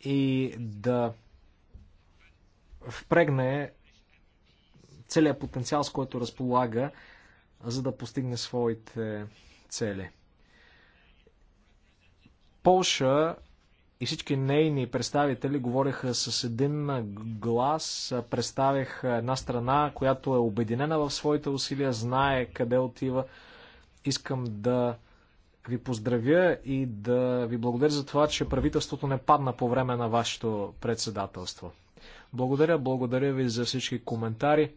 и да впрегне целият потенциал, с който разполага, за да постигне своите цели. Полша и всички нейни представители говореха с един глас, представяха една страна, която е обединена в своите усилия, знае къде отива. Искам да ви поздравя и да ви благодаря за това, че правителството не падна по време на вашето председателство. Благодаря, благодаря ви за всички коментари.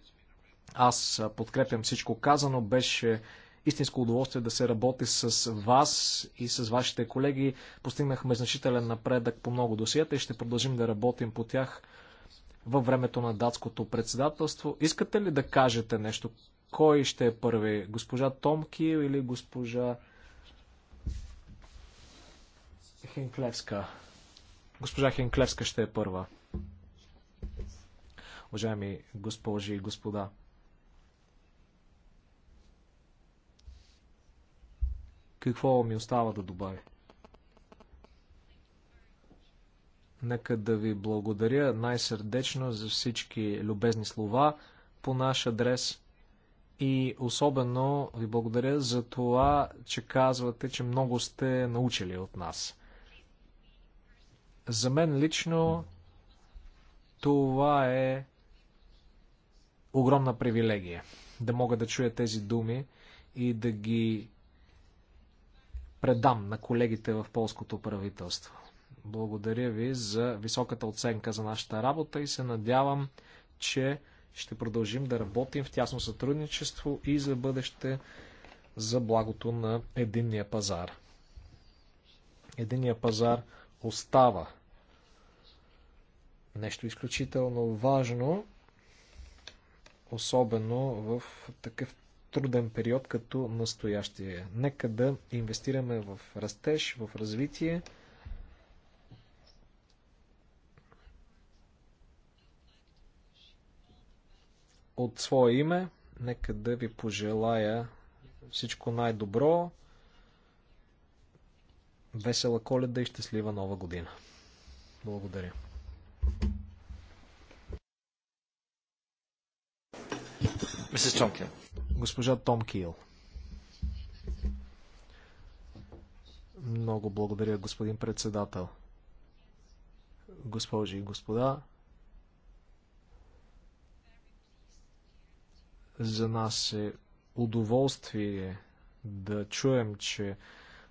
Аз подкрепям всичко казано. Беше истинско удоволствие да се работи с вас и с вашите колеги. Постигнахме значителен напредък по много досията и ще продължим да работим по тях във времето на датското председателство. Искате ли да кажете нещо? Кой ще е първи? Госпожа Томки или госпожа Хенклевска. Госпожа Хенклевска ще е първа. Уважаеми госпожи и господа, какво ми остава да добавя? Нека да ви благодаря най-сърдечно за всички любезни слова по наш адрес. И особено ви благодаря за това, че казвате, че много сте научили от нас. За мен лично това е огромна привилегия да мога да чуя тези думи и да ги предам на колегите в полското правителство. Благодаря ви за високата оценка за нашата работа и се надявам, че ще продължим да работим в тясно сътрудничество и за бъдеще за благото на единния пазар. Единния пазар – остава. Нещо изключително важно, особено в такъв труден период като настоящия. Нека да инвестираме в растеж, в развитие. От свое име, нека да ви пожелая всичко най-добро. Весела коледа и щастлива нова година. Благодаря. Госпожа Том Много благодаря, господин председател. Госпожи и господа, за нас е удоволствие да чуем, че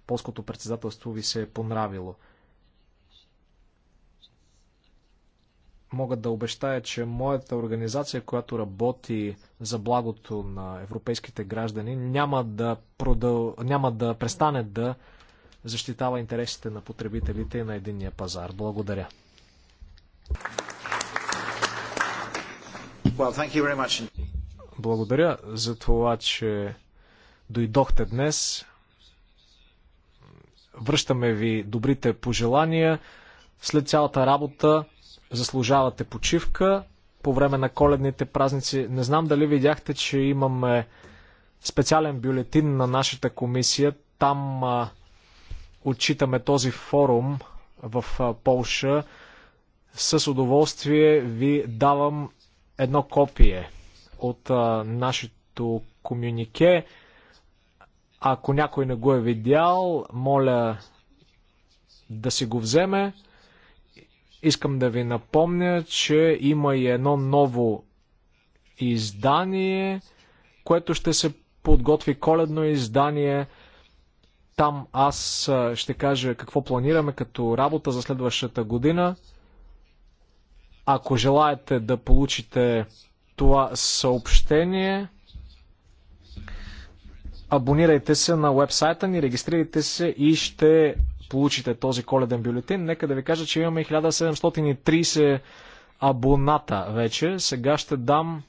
полското председателство ви се е понравило. Мога да обещая, че моята организация, която работи за благото на европейските граждани, няма да, продъл... няма да престане да защитава интересите на потребителите и на единния пазар. Благодаря. Well, Благодаря за това, че дойдохте днес. Връщаме ви добрите пожелания. След цялата работа заслужавате почивка по време на коледните празници. Не знам дали видяхте, че имаме специален бюлетин на нашата комисия. Там а, отчитаме този форум в а, Полша. С удоволствие ви давам едно копие от а, нашето комюнике. Ако някой не го е видял, моля да си го вземе. Искам да ви напомня, че има и едно ново издание, което ще се подготви коледно издание. Там аз ще кажа какво планираме като работа за следващата година. Ако желаете да получите това съобщение, Абонирайте се на вебсайта ни, регистрирайте се и ще получите този коледен бюлетин. Нека да ви кажа, че имаме 1730 абоната вече. Сега ще дам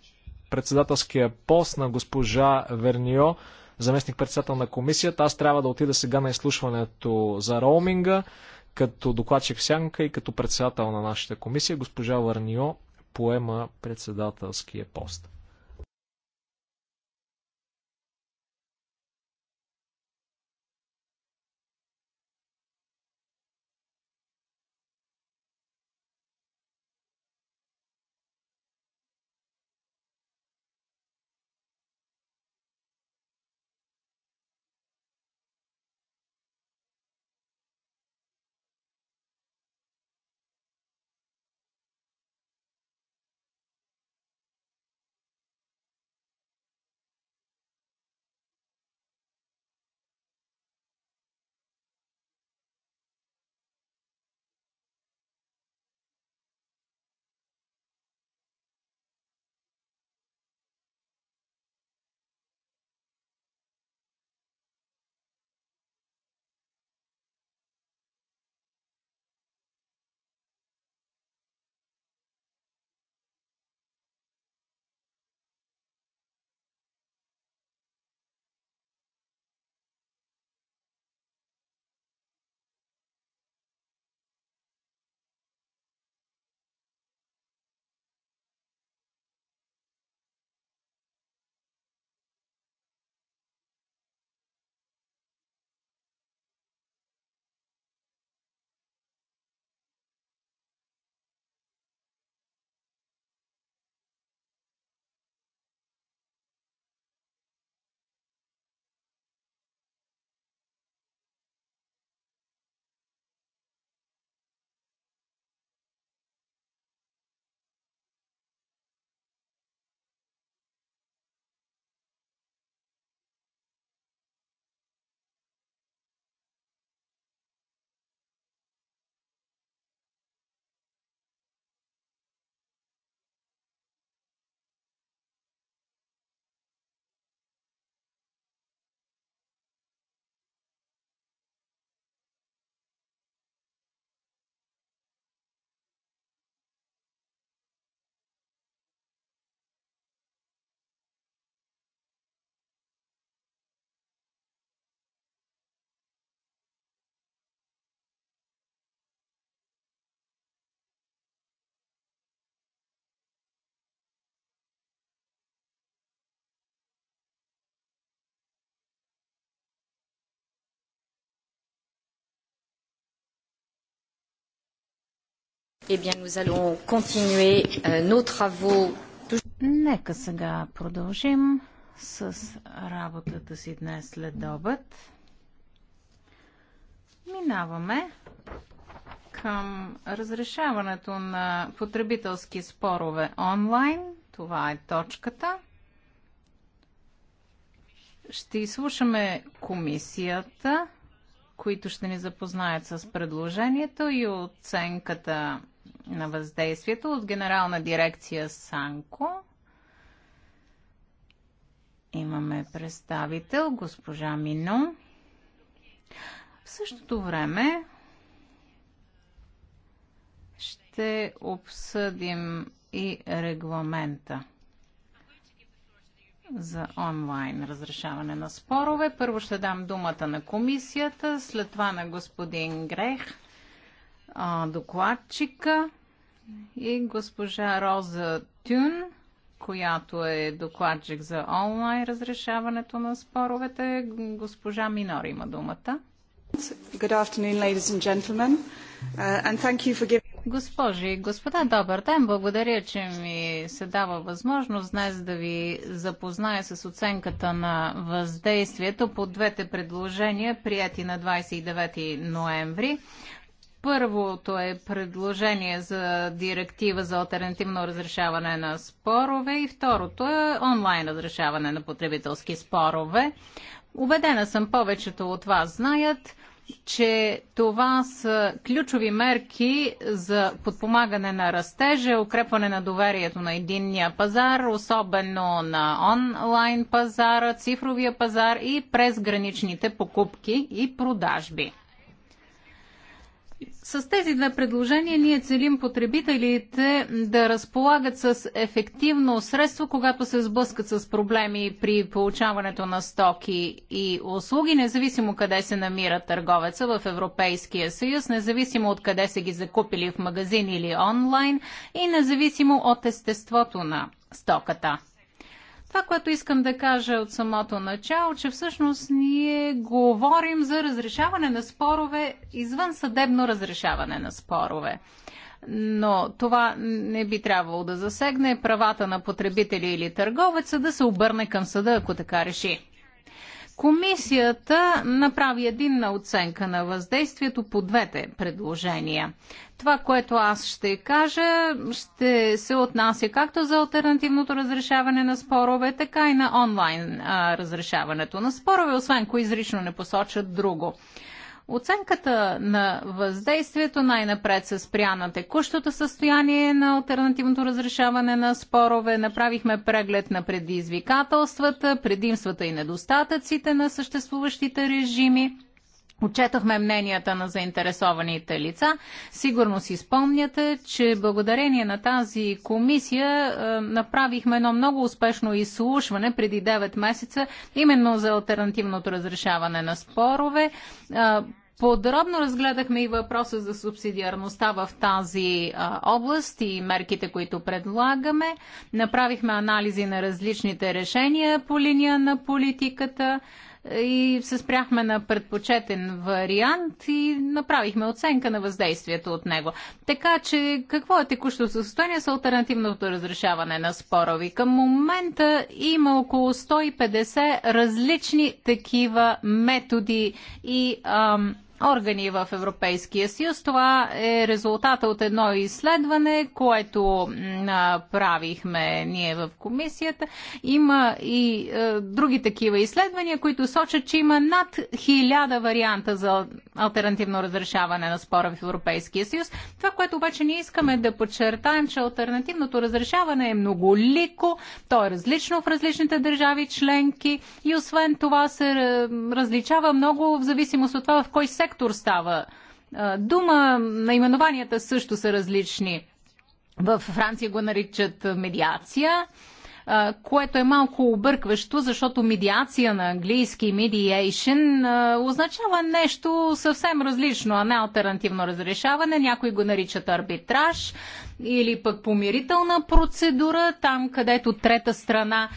председателския пост на госпожа Вернио, заместник председател на комисията. Аз трябва да отида сега на изслушването за роуминга, като докладчик в сянка и като председател на нашата комисия. Госпожа Вернио поема председателския пост. Eh bien, nous allons continuer euh, nos travaux. Нека сега продължим с работата си днес след обед. Минаваме към разрешаването на потребителски спорове онлайн. Това е точката. Ще изслушаме комисията, които ще ни запознаят с предложението и оценката на въздействието от Генерална дирекция Санко. Имаме представител, госпожа Мино. В същото време ще обсъдим и регламента за онлайн разрешаване на спорове. Първо ще дам думата на комисията, след това на господин Грех а, докладчика и госпожа Роза Тюн, която е докладчик за онлайн разрешаването на споровете. Госпожа Минор има думата. Uh, Госпожи и господа, добър ден! Благодаря, че ми се дава възможност днес да ви запозная с оценката на въздействието по двете предложения, прияти на 29 ноември. Първото е предложение за директива за альтернативно разрешаване на спорове и второто е онлайн разрешаване на потребителски спорове. Убедена съм, повечето от вас знаят, че това са ключови мерки за подпомагане на растежа, укрепване на доверието на единния пазар, особено на онлайн пазара, цифровия пазар и през граничните покупки и продажби. С тези две предложения ние целим потребителите да разполагат с ефективно средство, когато се сблъскат с проблеми при получаването на стоки и услуги, независимо къде се намира търговеца в Европейския съюз, независимо от къде са ги закупили в магазин или онлайн и независимо от естеството на стоката. Това, което искам да кажа от самото начало, че всъщност ние говорим за разрешаване на спорове, извън съдебно разрешаване на спорове. Но това не би трябвало да засегне правата на потребители или търговеца да се обърне към съда, ако така реши. Комисията направи единна оценка на въздействието по двете предложения. Това, което аз ще кажа, ще се отнася както за альтернативното разрешаване на спорове, така и на онлайн а, разрешаването на спорове, освен ако изрично не посочат друго. Оценката на въздействието най-напред се спря на текущото състояние на альтернативното разрешаване на спорове. Направихме преглед на предизвикателствата, предимствата и недостатъците на съществуващите режими. Отчетахме мненията на заинтересованите лица. Сигурно си спомняте, че благодарение на тази комисия е, направихме едно много успешно изслушване преди 9 месеца, именно за альтернативното разрешаване на спорове. Е, Подробно разгледахме и въпроса за субсидиарността в тази а, е, област и мерките, които предлагаме. Направихме анализи на различните решения по линия на политиката и се спряхме на предпочетен вариант и направихме оценка на въздействието от него. Така че какво е текущото състояние с альтернативното разрешаване на спорови? Към момента има около 150 различни такива методи и ам, органи в Европейския съюз. Това е резултата от едно изследване, което направихме ние в комисията. Има и е, други такива изследвания, които сочат, че има над хиляда варианта за альтернативно разрешаване на спора в Европейския съюз. Това, което обаче ние искаме да подчертаем, че альтернативното разрешаване е многолико, то е различно в различните държави членки и освен това се е, различава много в зависимост от това в кой се сектор става дума, наименованията също са различни. В Франция го наричат медиация, което е малко объркващо, защото медиация на английски mediation означава нещо съвсем различно, а не альтернативно разрешаване. Някои го наричат арбитраж или пък помирителна процедура, там където трета страна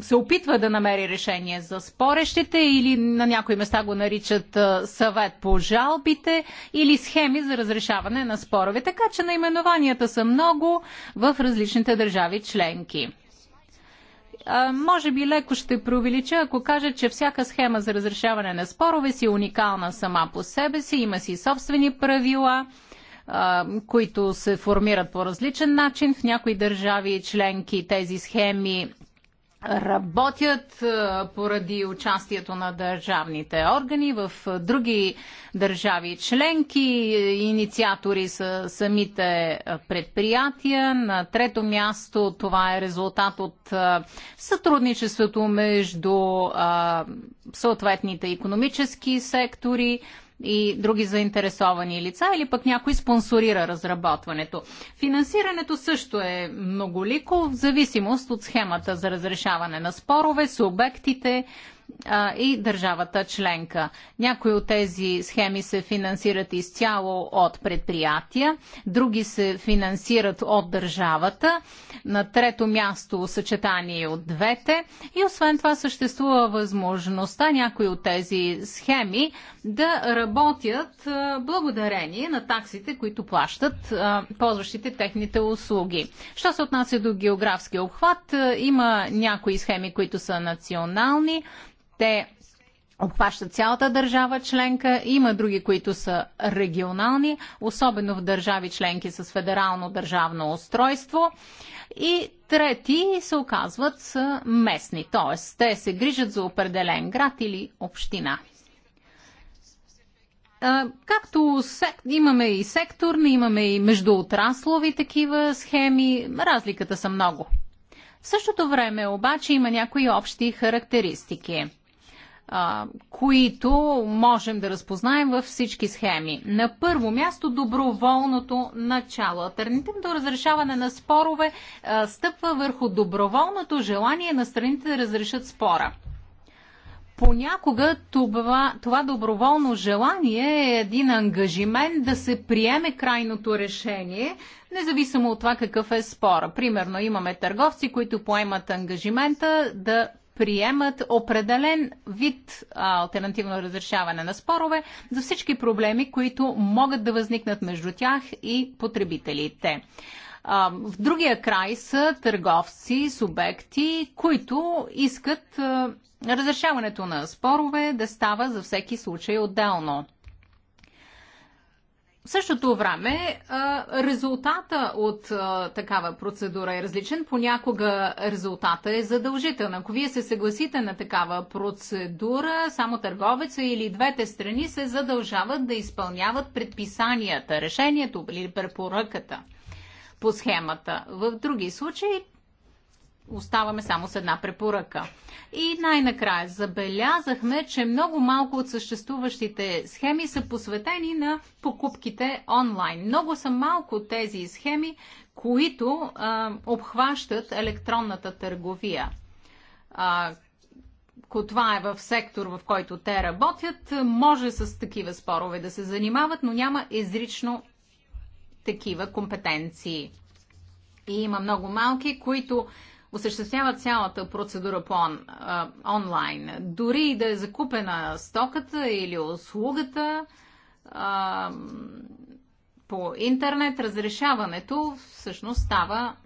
се опитва да намери решение за спорещите или на някои места го наричат съвет по жалбите или схеми за разрешаване на спорове. Така че наименованията са много в различните държави членки. А, може би леко ще преувелича, ако кажа, че всяка схема за разрешаване на спорове си е уникална сама по себе си, има си собствени правила които се формират по различен начин. В някои държави членки тези схеми работят поради участието на държавните органи в други държави членки. Инициатори са самите предприятия. На трето място това е резултат от сътрудничеството между съответните економически сектори и други заинтересовани лица или пък някой спонсорира разработването. Финансирането също е многолико в зависимост от схемата за разрешаване на спорове, субектите, а, и държавата членка. Някои от тези схеми се финансират изцяло от предприятия, други се финансират от държавата, на трето място съчетание от двете и освен това съществува възможността някои от тези схеми да работят а, благодарение на таксите, които плащат а, ползващите техните услуги. Що се отнася до географски обхват, а, има някои схеми, които са национални, те обхващат цялата държава членка. Има други, които са регионални, особено в държави членки с федерално държавно устройство. И трети се оказват са местни, т.е. те се грижат за определен град или община. Както имаме и секторни, имаме и междуотраслови такива схеми, разликата са много. В същото време обаче има някои общи характеристики – а, които можем да разпознаем във всички схеми. На първо място доброволното начало. Альтернативното разрешаване на спорове а, стъпва върху доброволното желание на страните да разрешат спора. Понякога това, това доброволно желание е един ангажимент да се приеме крайното решение, независимо от това какъв е спора. Примерно имаме търговци, които поемат ангажимента да приемат определен вид а, альтернативно разрешаване на спорове за всички проблеми, които могат да възникнат между тях и потребителите. А, в другия край са търговци, субекти, които искат а, разрешаването на спорове да става за всеки случай отделно. В същото време резултата от такава процедура е различен. Понякога резултата е задължителна. Ако вие се съгласите на такава процедура, само търговеца или двете страни се задължават да изпълняват предписанията, решението или препоръката по схемата. В други случаи оставаме само с една препоръка. И най-накрая забелязахме, че много малко от съществуващите схеми са посветени на покупките онлайн. Много са малко тези схеми, които а, обхващат електронната търговия. А, ако това е в сектор, в който те работят, може с такива спорове да се занимават, но няма изрично такива компетенции. И има много малки, които Осъществява цялата процедура по он, а, онлайн. Дори и да е закупена стоката или услугата а, по интернет, разрешаването всъщност става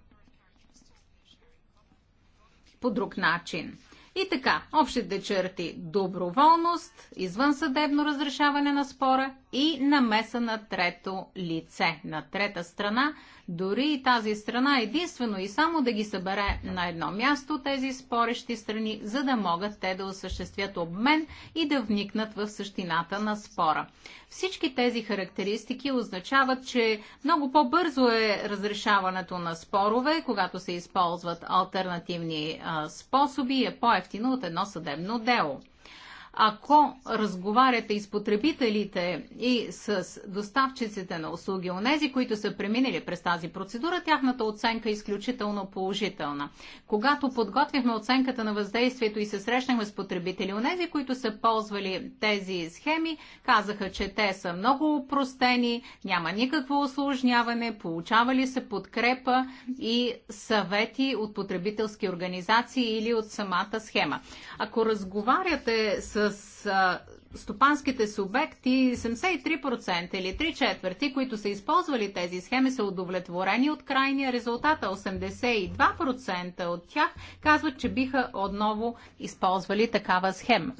по друг начин. И така, общите черти доброволност, извънсъдебно разрешаване на спора и намеса на трето лице, на трета страна, дори тази страна единствено и само да ги събере на едно място тези спорещи страни, за да могат те да осъществят обмен и да вникнат в същината на спора. Всички тези характеристики означават, че много по-бързо е разрешаването на спорове, когато се използват альтернативни а, способи и е по-ефтино от едно съдебно дело. Ако разговаряте и с потребителите и с доставчиците на услуги, онези, които са преминали през тази процедура, тяхната оценка е изключително положителна. Когато подготвихме оценката на въздействието и се срещнахме с потребители, онези, които са ползвали тези схеми, казаха, че те са много упростени, няма никакво осложняване, получавали се подкрепа и съвети от потребителски организации или от самата схема. Ако разговаряте с с стопанските субекти 73% или 3 четвърти, които са използвали тези схеми, са удовлетворени от крайния резултат, а 82% от тях казват, че биха отново използвали такава схема.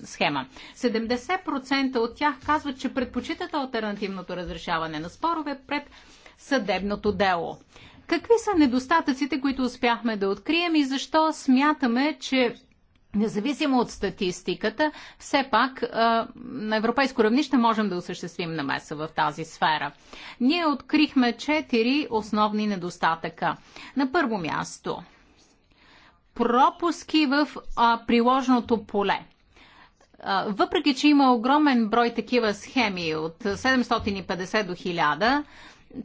70% от тях казват, че предпочитат альтернативното разрешаване на спорове пред съдебното дело. Какви са недостатъците, които успяхме да открием и защо смятаме, че Независимо от статистиката, все пак а, на европейско равнище можем да осъществим намеса в тази сфера. Ние открихме четири основни недостатъка. На първо място пропуски в а, приложното поле. въпреки, че има огромен брой такива схеми от 750 до 1000,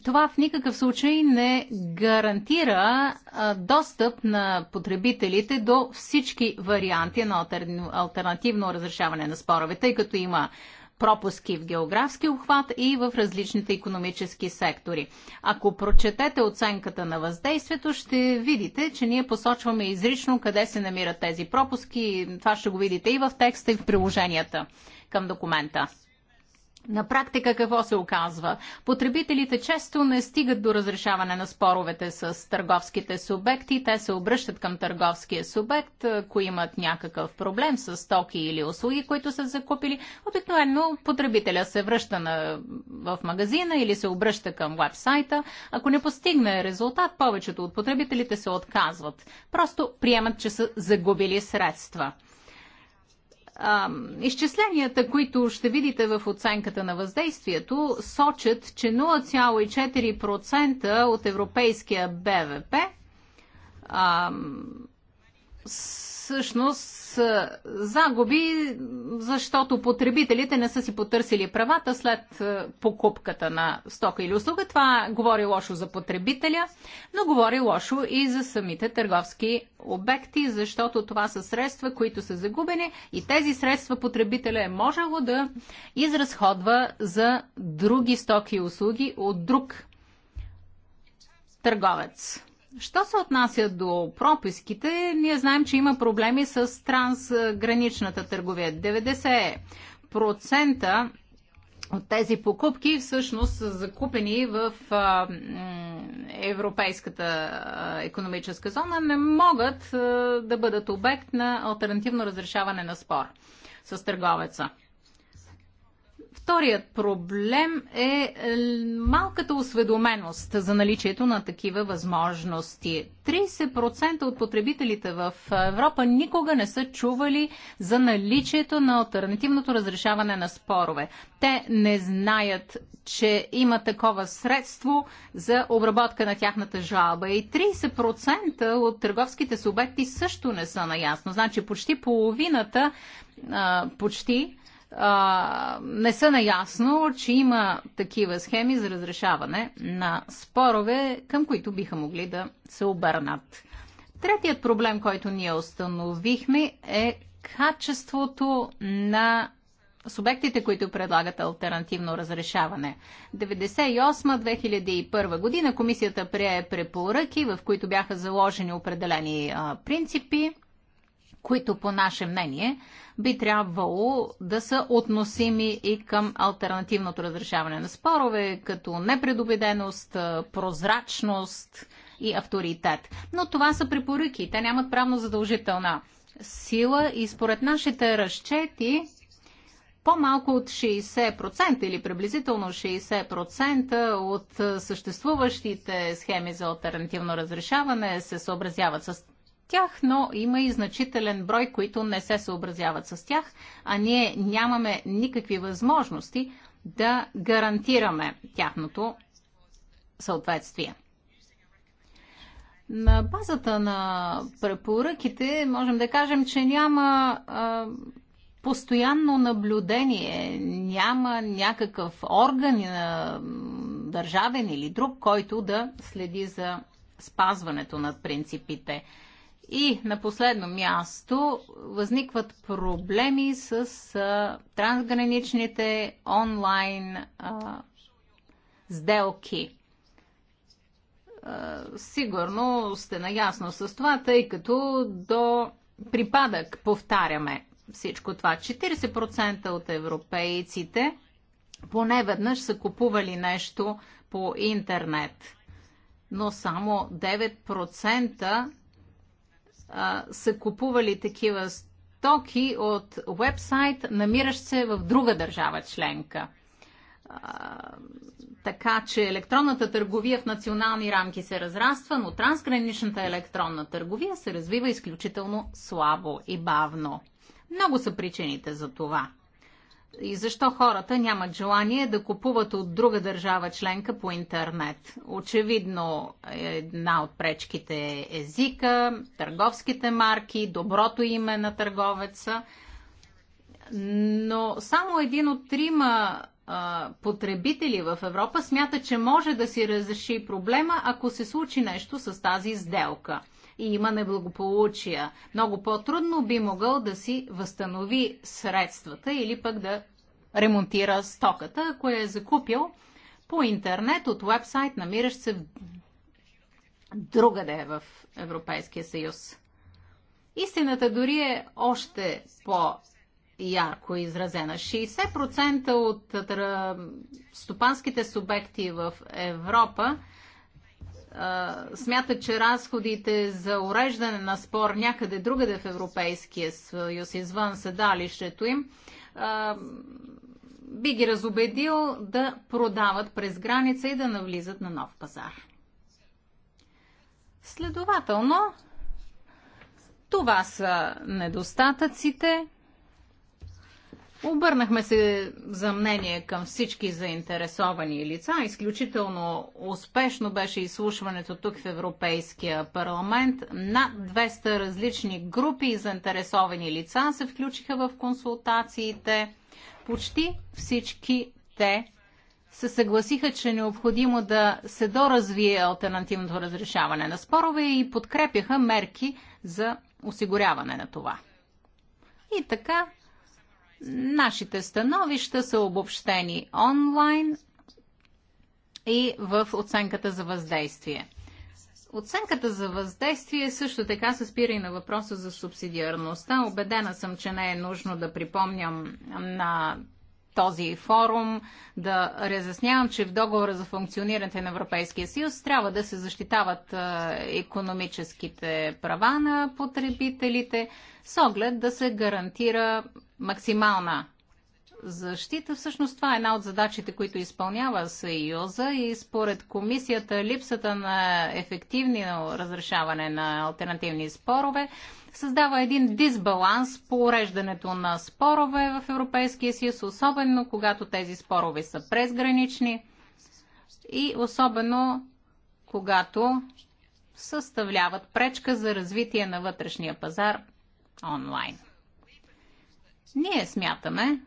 това в никакъв случай не гарантира достъп на потребителите до всички варианти на альтернативно разрешаване на спорове, тъй като има пропуски в географски обхват и в различните економически сектори. Ако прочетете оценката на въздействието, ще видите, че ние посочваме изрично къде се намират тези пропуски. Това ще го видите и в текста, и в приложенията към документа. На практика какво се оказва? Потребителите често не стигат до разрешаване на споровете с търговските субекти. Те се обръщат към търговския субект, ако имат някакъв проблем с стоки или услуги, които са закупили. Обикновено потребителя се връща на, в магазина или се обръща към вебсайта. Ако не постигне резултат, повечето от потребителите се отказват. Просто приемат, че са загубили средства изчисленията, които ще видите в оценката на въздействието, сочат, че 0,4% от европейския БВП а, всъщност е, загуби, защото потребителите не са си потърсили правата след е, покупката на стока или услуга. Това говори лошо за потребителя, но говори лошо и за самите търговски обекти, защото това са средства, които са загубени и тези средства потребителя е можело да изразходва за други стоки и услуги от друг търговец. Що се отнася до прописките, ние знаем, че има проблеми с трансграничната търговия. 90% от тези покупки всъщност са закупени в а, Европейската економическа зона, не могат а, да бъдат обект на альтернативно разрешаване на спор с търговеца. Вторият проблем е, е малката осведоменост за наличието на такива възможности. 30% от потребителите в Европа никога не са чували за наличието на альтернативното разрешаване на спорове. Те не знаят, че има такова средство за обработка на тяхната жалба. И 30% от търговските субекти също не са наясно. Значи почти половината, почти а, не са наясно, че има такива схеми за разрешаване на спорове, към които биха могли да се обърнат. Третият проблем, който ние установихме е качеството на субектите, които предлагат альтернативно разрешаване. 98-2001 година комисията прие препоръки, в които бяха заложени определени а, принципи, които по наше мнение би трябвало да са относими и към альтернативното разрешаване на спорове, като непредобеденост, прозрачност и авторитет. Но това са препоръки, те нямат правно задължителна сила и според нашите разчети по-малко от 60% или приблизително 60% от съществуващите схеми за альтернативно разрешаване се съобразяват с тях, но има и значителен брой, които не се съобразяват с тях, а ние нямаме никакви възможности да гарантираме тяхното съответствие. На базата на препоръките можем да кажем, че няма а, постоянно наблюдение, няма някакъв орган а, държавен или друг, който да следи за спазването на принципите. И на последно място възникват проблеми с а, трансграничните онлайн а, сделки. А, сигурно сте наясно с това, тъй като до припадък повтаряме всичко това. 40% от европейците поне веднъж са купували нещо по интернет, но само 9% а, са купували такива стоки от вебсайт, намиращ се в друга държава членка. А, така че електронната търговия в национални рамки се разраства, но трансграничната електронна търговия се развива изключително слабо и бавно. Много са причините за това и защо хората нямат желание да купуват от друга държава членка по интернет. Очевидно една от пречките е езика, търговските марки, доброто име на търговеца. Но само един от трима потребители в Европа смята, че може да си разреши проблема, ако се случи нещо с тази сделка – и има неблагополучия. Много по-трудно би могъл да си възстанови средствата или пък да ремонтира стоката, ако е закупил по интернет от вебсайт, намиращ се в другаде в Европейския съюз. Истината дори е още по-ярко изразена. 60% от стопанските субекти в Европа смятат, че разходите за уреждане на спор някъде другаде в Европейския съюз, извън седалището им, би ги разобедил да продават през граница и да навлизат на нов пазар. Следователно, това са недостатъците Обърнахме се за мнение към всички заинтересовани лица. Изключително успешно беше изслушването тук в Европейския парламент. Над 200 различни групи и заинтересовани лица се включиха в консултациите. Почти всички те се съгласиха, че е необходимо да се доразвие альтернативното разрешаване на спорове и подкрепяха мерки за осигуряване на това. И така Нашите становища са обобщени онлайн и в оценката за въздействие. Оценката за въздействие също така се спира и на въпроса за субсидиарността. Обедена съм, че не е нужно да припомням на този форум да разяснявам, че в договора за функционирането на Европейския съюз трябва да се защитават економическите права на потребителите с оглед да се гарантира максимална защита. Всъщност това е една от задачите, които изпълнява Съюза и според комисията липсата на ефективно разрешаване на альтернативни спорове създава един дисбаланс по уреждането на спорове в Европейския съюз, особено когато тези спорове са презгранични и особено когато съставляват пречка за развитие на вътрешния пазар онлайн. Ние смятаме,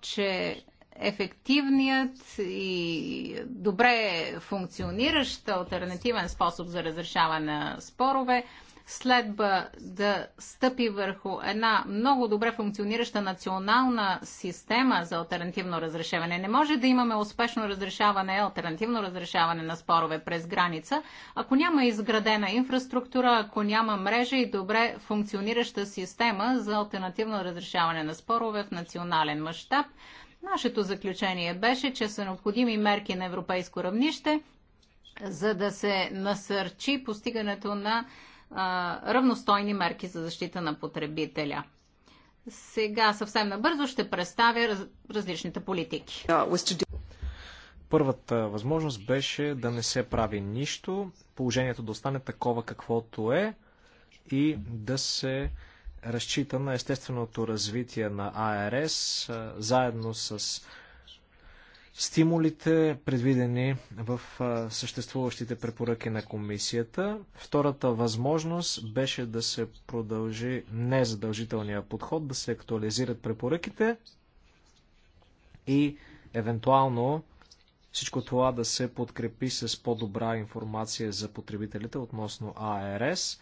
че ефективният и добре функциониращ альтернативен способ за разрешаване на спорове следва да стъпи върху една много добре функционираща национална система за альтернативно разрешаване. Не може да имаме успешно разрешаване, альтернативно разрешаване на спорове през граница, ако няма изградена инфраструктура, ако няма мрежа и добре функционираща система за альтернативно разрешаване на спорове в национален мащаб. Нашето заключение беше, че са необходими мерки на европейско равнище, за да се насърчи постигането на равностойни мерки за защита на потребителя. Сега съвсем набързо ще представя раз, различните политики. Първата възможност беше да не се прави нищо, положението да остане такова каквото е и да се разчита на естественото развитие на АРС заедно с стимулите, предвидени в съществуващите препоръки на комисията. Втората възможност беше да се продължи незадължителния подход, да се актуализират препоръките и евентуално всичко това да се подкрепи с по-добра информация за потребителите относно АРС. Е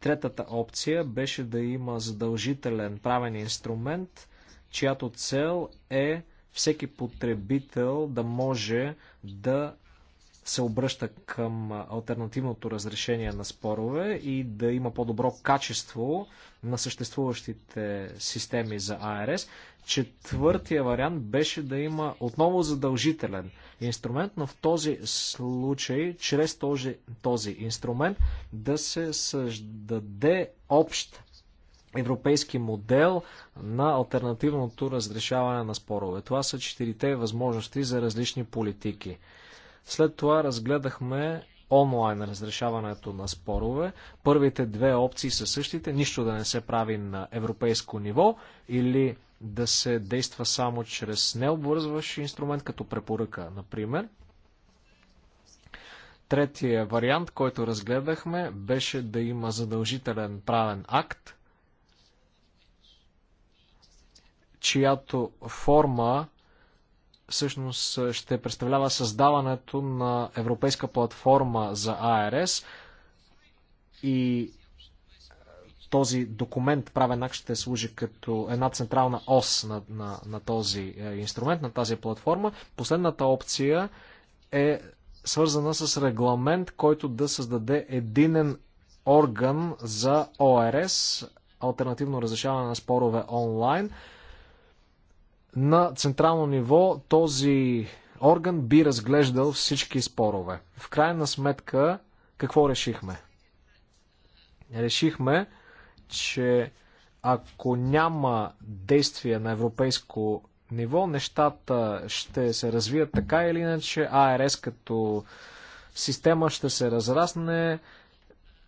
Третата опция беше да има задължителен правен инструмент, чиято цел е всеки потребител да може да се обръща към альтернативното разрешение на спорове и да има по-добро качество на съществуващите системи за АРС. Четвъртия вариант беше да има отново задължителен инструмент, но в този случай, чрез този, този инструмент, да се създаде общ европейски модел на альтернативното разрешаване на спорове. Това са четирите възможности за различни политики. След това разгледахме онлайн разрешаването на спорове. Първите две опции са същите. Нищо да не се прави на европейско ниво или да се действа само чрез необвързващ инструмент като препоръка, например. Третия вариант, който разгледахме, беше да има задължителен правен акт, чиято форма всъщност ще представлява създаването на европейска платформа за АРС и този документ, правен акт, ще служи като една централна ос на, на, на този е, инструмент, на тази платформа. Последната опция е свързана с регламент, който да създаде единен орган за ОРС, альтернативно разрешаване на спорове онлайн – на централно ниво този орган би разглеждал всички спорове. В крайна сметка, какво решихме? Решихме, че ако няма действие на европейско ниво, нещата ще се развият така или иначе. АРС като система ще се разрасне,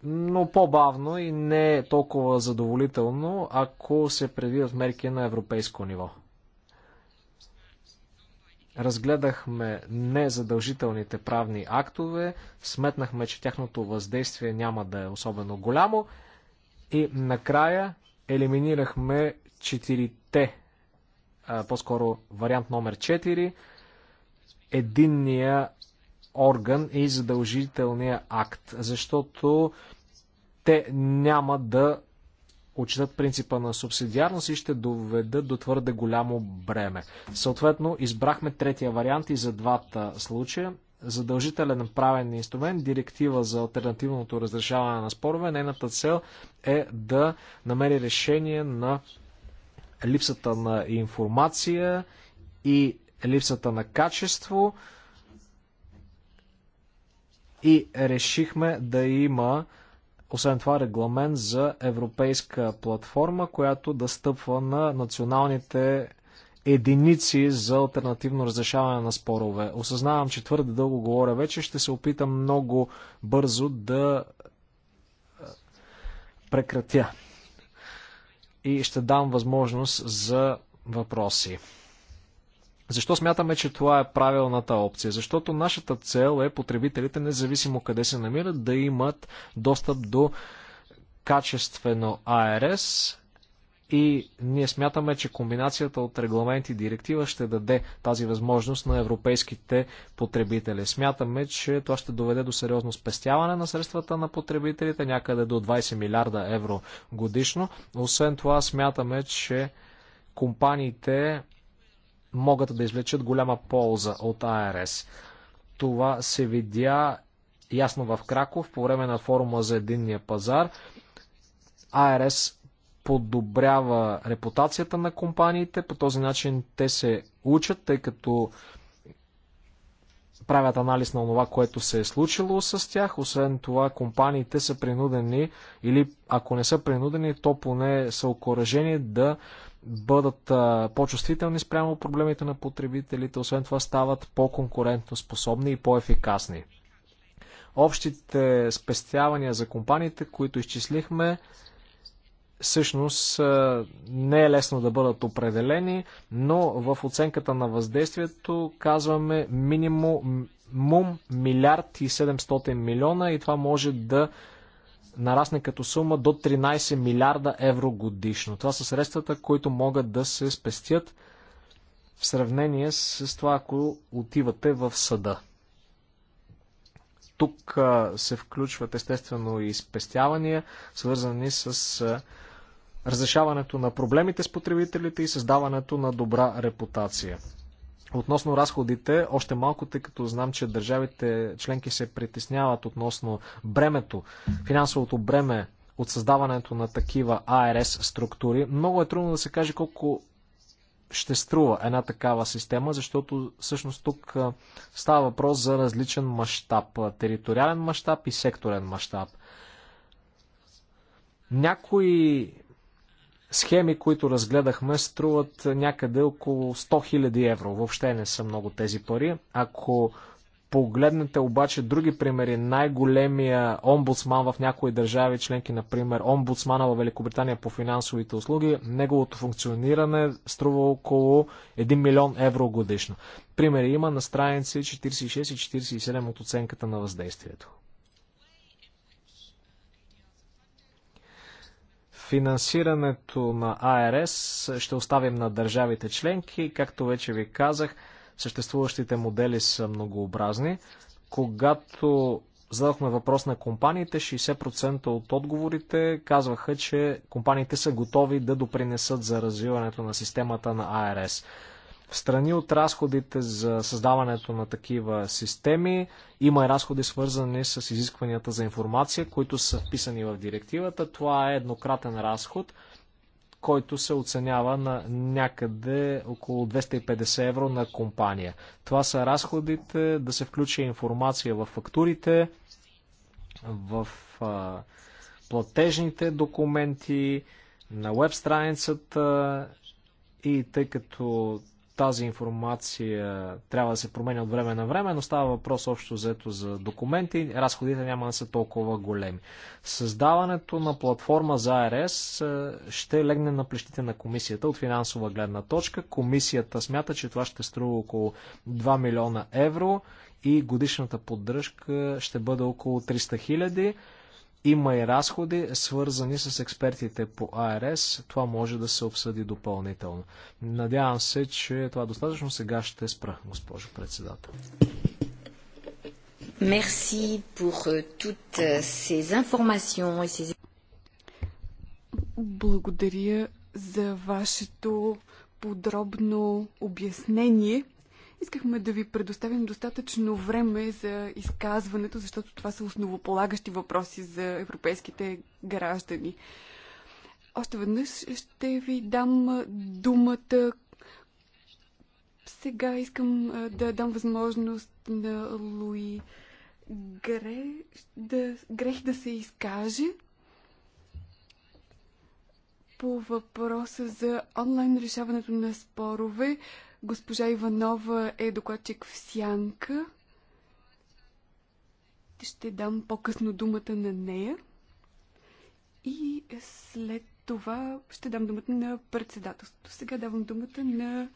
но по-бавно и не е толкова задоволително, ако се предвидят мерки на европейско ниво разгледахме незадължителните правни актове, сметнахме, че тяхното въздействие няма да е особено голямо и накрая елиминирахме четирите, по-скоро вариант номер 4, единния орган и задължителния акт, защото те няма да отчитат принципа на субсидиарност и ще доведат до твърде голямо бреме. Съответно, избрахме третия вариант и за двата случая. Задължителен правен инструмент, директива за альтернативното разрешаване на спорове, нейната цел е да намери решение на липсата на информация и липсата на качество и решихме да има освен това, регламент за европейска платформа, която да стъпва на националните единици за альтернативно разрешаване на спорове. Осъзнавам, че твърде дълго говоря вече. Ще се опитам много бързо да прекратя. И ще дам възможност за въпроси. Защо смятаме, че това е правилната опция? Защото нашата цел е потребителите, независимо къде се намират, да имат достъп до качествено АРС и ние смятаме, че комбинацията от регламент и директива ще даде тази възможност на европейските потребители. Смятаме, че това ще доведе до сериозно спестяване на средствата на потребителите, някъде до 20 милиарда евро годишно. Освен това, смятаме, че компаниите могат да извлечат голяма полза от АРС. Това се видя ясно в Краков по време на форума за единния пазар. АРС подобрява репутацията на компаниите, по този начин те се учат, тъй като правят анализ на това, което се е случило с тях. Освен това, компаниите са принудени или ако не са принудени, то поне са окоръжени да бъдат по-чувствителни спрямо проблемите на потребителите, освен това стават по-конкурентно способни и по-ефикасни. Общите спестявания за компаниите, които изчислихме, всъщност не е лесно да бъдат определени, но в оценката на въздействието казваме минимум милиард и 700 милиона и това може да нарасне като сума до 13 милиарда евро годишно. Това са средствата, които могат да се спестят в сравнение с това, ако отивате в съда. Тук се включват естествено и спестявания, свързани с разрешаването на проблемите с потребителите и създаването на добра репутация. Относно разходите, още малко, тъй като знам, че държавите членки се притесняват относно бремето, финансовото бреме от създаването на такива АРС структури. Много е трудно да се каже колко ще струва една такава система, защото всъщност тук става въпрос за различен мащаб, териториален мащаб и секторен мащаб. Някои схеми, които разгледахме, струват някъде около 100 000 евро. Въобще не са много тези пари. Ако погледнете обаче други примери, най-големия омбудсман в някои държави членки, например омбудсмана в Великобритания по финансовите услуги, неговото функциониране струва около 1 милион евро годишно. Примери има на страници 46 и 47 от оценката на въздействието. Финансирането на АРС ще оставим на държавите членки. Както вече ви казах, съществуващите модели са многообразни. Когато зададохме въпрос на компаниите, 60% от отговорите казваха, че компаниите са готови да допринесат за развиването на системата на АРС в страни от разходите за създаването на такива системи има и разходи свързани с изискванията за информация, които са вписани в директивата. Това е еднократен разход, който се оценява на някъде около 250 евро на компания. Това са разходите да се включи информация в фактурите, в а, платежните документи, на веб страницата и тъй като тази информация трябва да се променя от време на време, но става въпрос общо взето за документи. Разходите няма да са толкова големи. Създаването на платформа за АРС е, ще легне на плещите на комисията от финансова гледна точка. Комисията смята, че това ще струва около 2 милиона евро и годишната поддръжка ще бъде около 300 хиляди. Има и разходи, свързани с експертите по АРС. Това може да се обсъди допълнително. Надявам се, че това е достатъчно. Сега ще спра, госпожо председател. Euh, euh, Благодаря за вашето подробно обяснение. Искахме да ви предоставим достатъчно време за изказването, защото това са основополагащи въпроси за европейските граждани. Още веднъж ще ви дам думата. Сега искам да дам възможност на Луи Гре, да, Грех да се изкаже по въпроса за онлайн решаването на спорове. Госпожа Иванова е докладчик в Сянка. Ще дам по-късно думата на нея. И след това ще дам думата на председателството. Сега давам думата на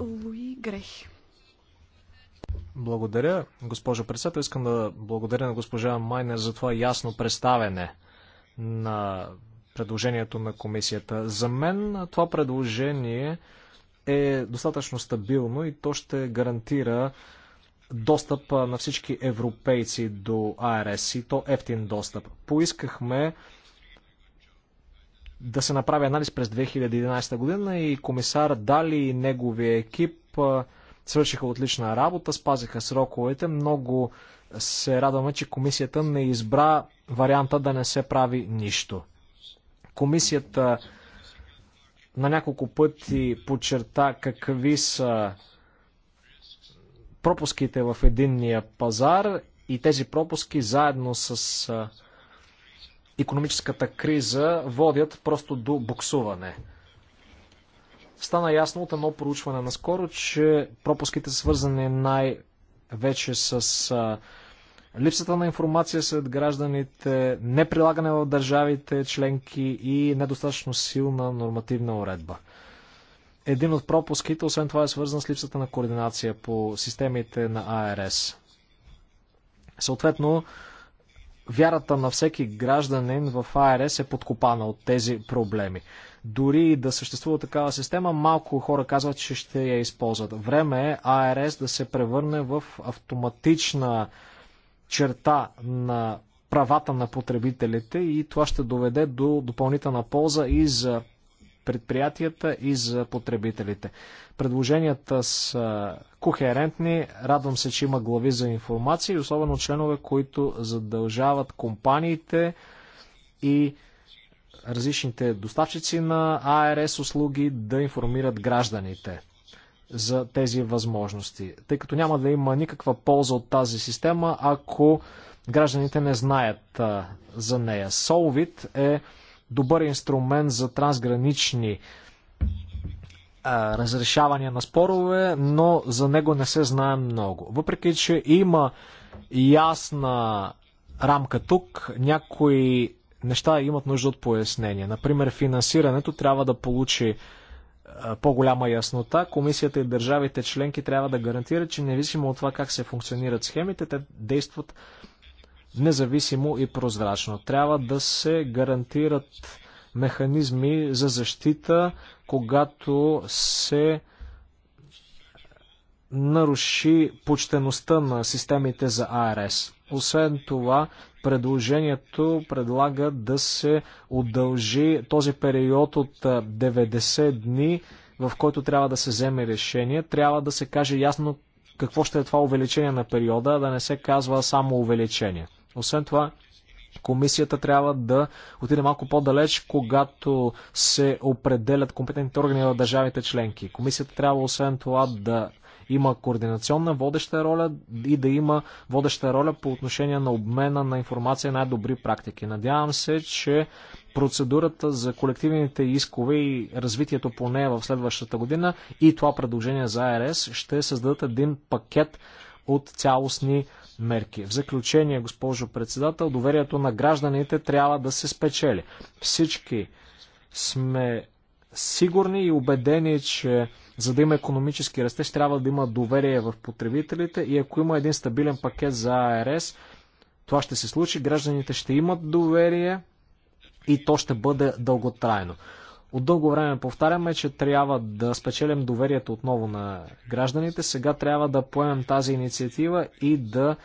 Луи Грех. Благодаря, госпожо председател. Искам да благодаря на госпожа Майнер за това ясно представене на предложението на комисията. За мен това предложение е достатъчно стабилно и то ще гарантира достъп на всички европейци до АРС и то ефтин достъп. Поискахме да се направи анализ през 2011 година и комисар Дали и неговия екип свършиха отлична работа, спазиха сроковете. Много се радваме, че комисията не избра варианта да не се прави нищо. Комисията на няколко пъти подчерта какви са пропуските в единния пазар и тези пропуски заедно с економическата криза водят просто до буксуване. Стана ясно от едно проучване наскоро, че пропуските са свързани най-вече с липсата на информация сред гражданите, неприлагане в държавите членки и недостатъчно силна нормативна уредба. Един от пропуските, освен това, е свързан с липсата на координация по системите на АРС. Съответно, вярата на всеки гражданин в АРС е подкопана от тези проблеми. Дори да съществува такава система, малко хора казват, че ще я използват. Време е АРС да се превърне в автоматична черта на правата на потребителите и това ще доведе до допълнителна полза и за предприятията и за потребителите. Предложенията са кохерентни. Радвам се, че има глави за информация и особено членове, които задължават компаниите и различните доставчици на АРС услуги да информират гражданите за тези възможности, тъй като няма да има никаква полза от тази система, ако гражданите не знаят а, за нея. Solvit е добър инструмент за трансгранични а, разрешавания на спорове, но за него не се знае много. Въпреки, че има ясна рамка тук, някои неща имат нужда от пояснение. Например, финансирането трябва да получи по-голяма яснота, комисията и държавите членки трябва да гарантират, че независимо от това как се функционират схемите, те действат независимо и прозрачно. Трябва да се гарантират механизми за защита, когато се наруши почтеността на системите за АРС. Освен това, Предложението предлага да се удължи този период от 90 дни, в който трябва да се вземе решение. Трябва да се каже ясно какво ще е това увеличение на периода, да не се казва само увеличение. Освен това, комисията трябва да отиде малко по-далеч, когато се определят компетентните органи в държавите членки. Комисията трябва освен това да има координационна водеща роля и да има водеща роля по отношение на обмена на информация и най-добри практики. Надявам се, че процедурата за колективните искове и развитието по нея в следващата година и това предложение за АРС ще създадат един пакет от цялостни мерки. В заключение, госпожо председател, доверието на гражданите трябва да се спечели. Всички сме сигурни и убедени, че за да има економически растеж, трябва да има доверие в потребителите и ако има един стабилен пакет за АРС, това ще се случи, гражданите ще имат доверие и то ще бъде дълготрайно. От дълго време повтаряме, че трябва да спечелим доверието отново на гражданите. Сега трябва да поемем тази инициатива и да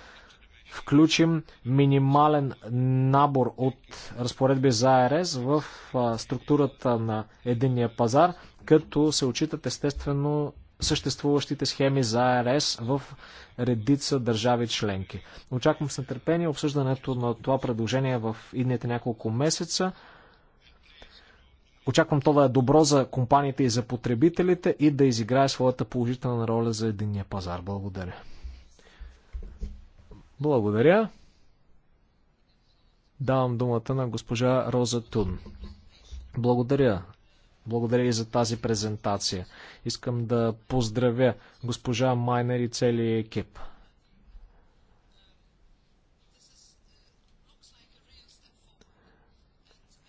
включим минимален набор от разпоредби за АРС в структурата на единния пазар като се отчитат естествено съществуващите схеми за АРС в редица държави членки. Очаквам с нетърпение обсъждането на това предложение в идните няколко месеца. Очаквам това да е добро за компаниите и за потребителите и да изиграе своята положителна роля за единния пазар. Благодаря. Благодаря. Давам думата на госпожа Роза Тун. Благодаря, благодаря и за тази презентация. Искам да поздравя госпожа Майнер и целият екип.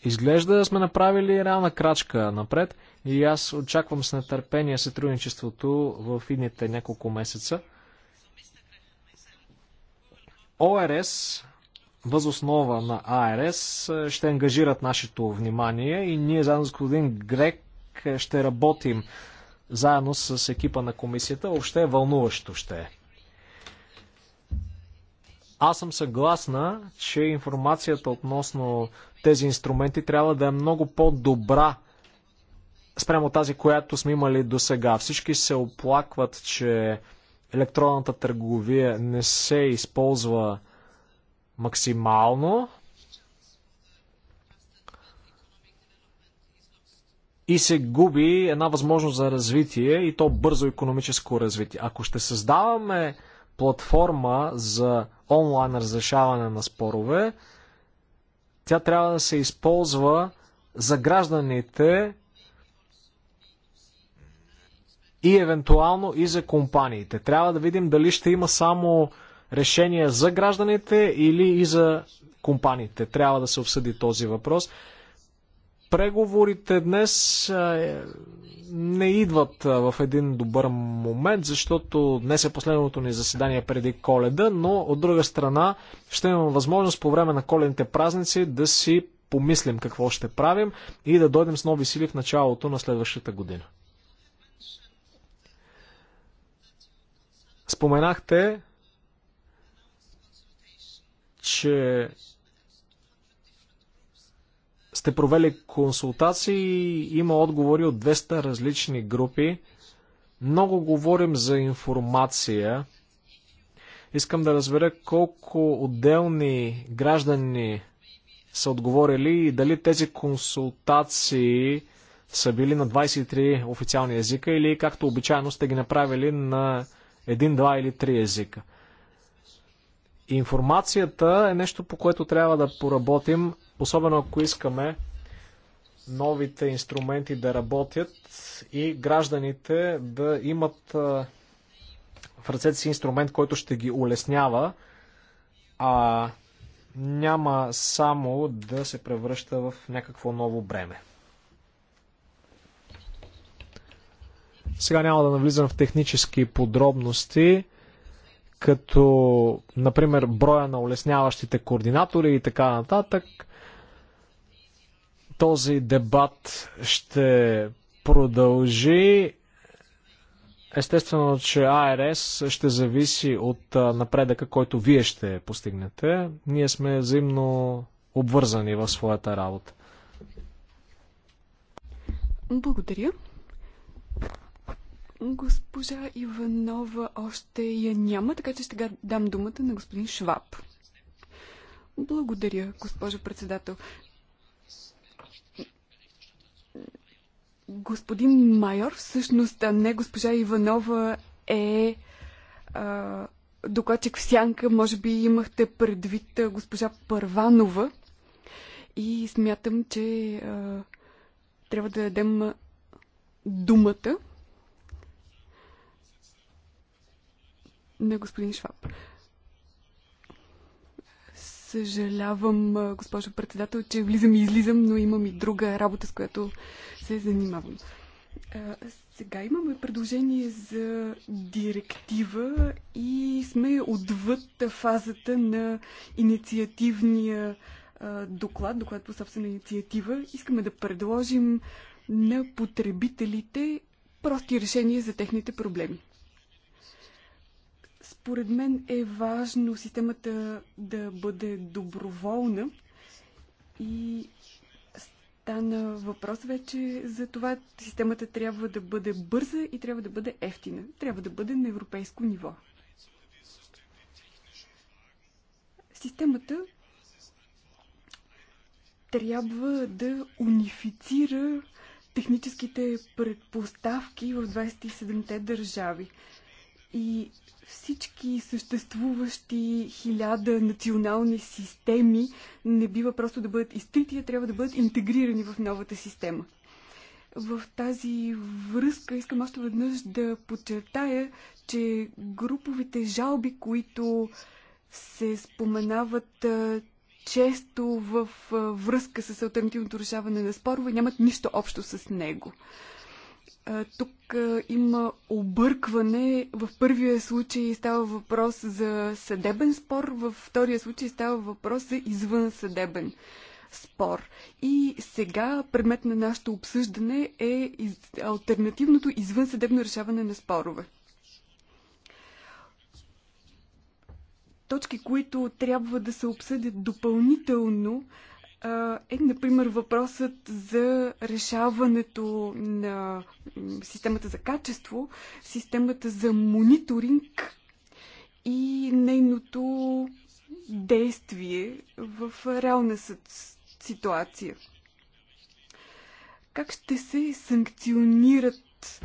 Изглежда да сме направили реална крачка напред и аз очаквам с нетърпение сътрудничеството в идните няколко месеца. ОРС възоснова на АРС е, ще ангажират нашето внимание и ние заедно с господин Грек е, ще работим заедно с екипа на комисията. Въобще е вълнуващо ще е. Аз съм съгласна, че информацията относно тези инструменти трябва да е много по-добра спрямо тази, която сме имали до сега. Всички се оплакват, че електронната търговия не се използва максимално. И се губи една възможност за развитие и то бързо економическо развитие. Ако ще създаваме платформа за онлайн разрешаване на спорове, тя трябва да се използва за гражданите и евентуално и за компаниите. Трябва да видим дали ще има само решение за гражданите или и за компаниите. Трябва да се обсъди този въпрос. Преговорите днес е, не идват в един добър момент, защото днес е последното ни заседание преди коледа, но от друга страна ще имам възможност по време на коледните празници да си помислим какво ще правим и да дойдем с нови сили в началото на следващата година. Споменахте, че сте провели консултации, има отговори от 200 различни групи. Много говорим за информация. Искам да разбера колко отделни граждани са отговорили и дали тези консултации са били на 23 официални езика или както обичайно сте ги направили на един, два или три езика. Информацията е нещо, по което трябва да поработим, особено ако искаме новите инструменти да работят и гражданите да имат в ръцете си инструмент, който ще ги улеснява, а няма само да се превръща в някакво ново бреме. Сега няма да навлизам в технически подробности като, например, броя на улесняващите координатори и така нататък. Този дебат ще продължи. Естествено, че АРС ще зависи от напредъка, който вие ще постигнете. Ние сме взаимно обвързани в своята работа. Благодаря. Госпожа Иванова още я няма, така че сега дам думата на господин Шваб. Благодаря, госпожо председател. Господин Майор, всъщност, а не госпожа Иванова е а, докладчик в сянка. Може би имахте предвид госпожа Първанова. И смятам, че а, трябва да дадем думата на господин Шваб. Съжалявам, госпожо председател, че влизам и излизам, но имам и друга работа, с която се занимавам. Сега имаме предложение за директива и сме отвъд фазата на инициативния доклад, доклад по собствена инициатива. Искаме да предложим на потребителите прости решения за техните проблеми. Според мен е важно системата да бъде доброволна и стана въпрос вече за това. Системата трябва да бъде бърза и трябва да бъде ефтина. Трябва да бъде на европейско ниво. Системата трябва да унифицира техническите предпоставки в 27-те държави. И всички съществуващи хиляда национални системи не бива просто да бъдат изтрити, а трябва да бъдат интегрирани в новата система. В тази връзка искам още веднъж да подчертая, че груповите жалби, които се споменават често в връзка с альтернативното решаване на спорове, нямат нищо общо с него. Тук има объркване. В първия случай става въпрос за съдебен спор, във втория случай става въпрос за извънсъдебен спор. И сега предмет на нашето обсъждане е альтернативното извънсъдебно решаване на спорове. Точки, които трябва да се обсъдят допълнително, е, например, въпросът за решаването на системата за качество, системата за мониторинг и нейното действие в реална ситуация. Как ще се санкционират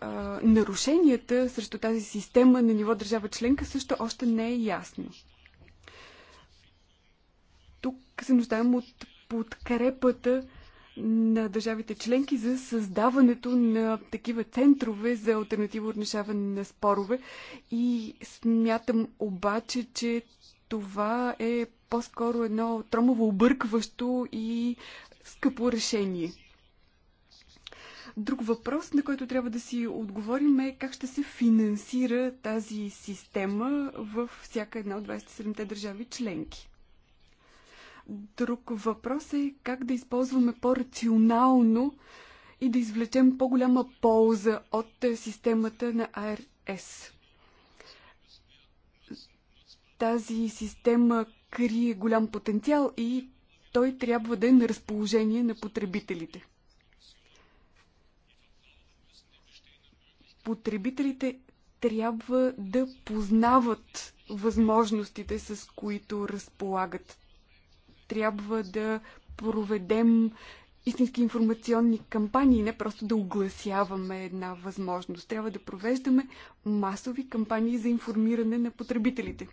а, нарушенията срещу тази система на ниво държава членка също още не е ясно се нуждаем от подкрепата на държавите членки за създаването на такива центрове за альтернативно решаване на спорове. И смятам обаче, че това е по-скоро едно тромово объркващо и скъпо решение. Друг въпрос, на който трябва да си отговорим е как ще се финансира тази система във всяка една от 27-те държави членки. Друг въпрос е как да използваме по-рационално и да извлечем по-голяма полза от системата на АРС. Тази система крие голям потенциал и той трябва да е на разположение на потребителите. Потребителите трябва да познават възможностите, с които разполагат трябва да проведем истински информационни кампании, не просто да огласяваме една възможност. Трябва да провеждаме масови кампании за информиране на потребителите.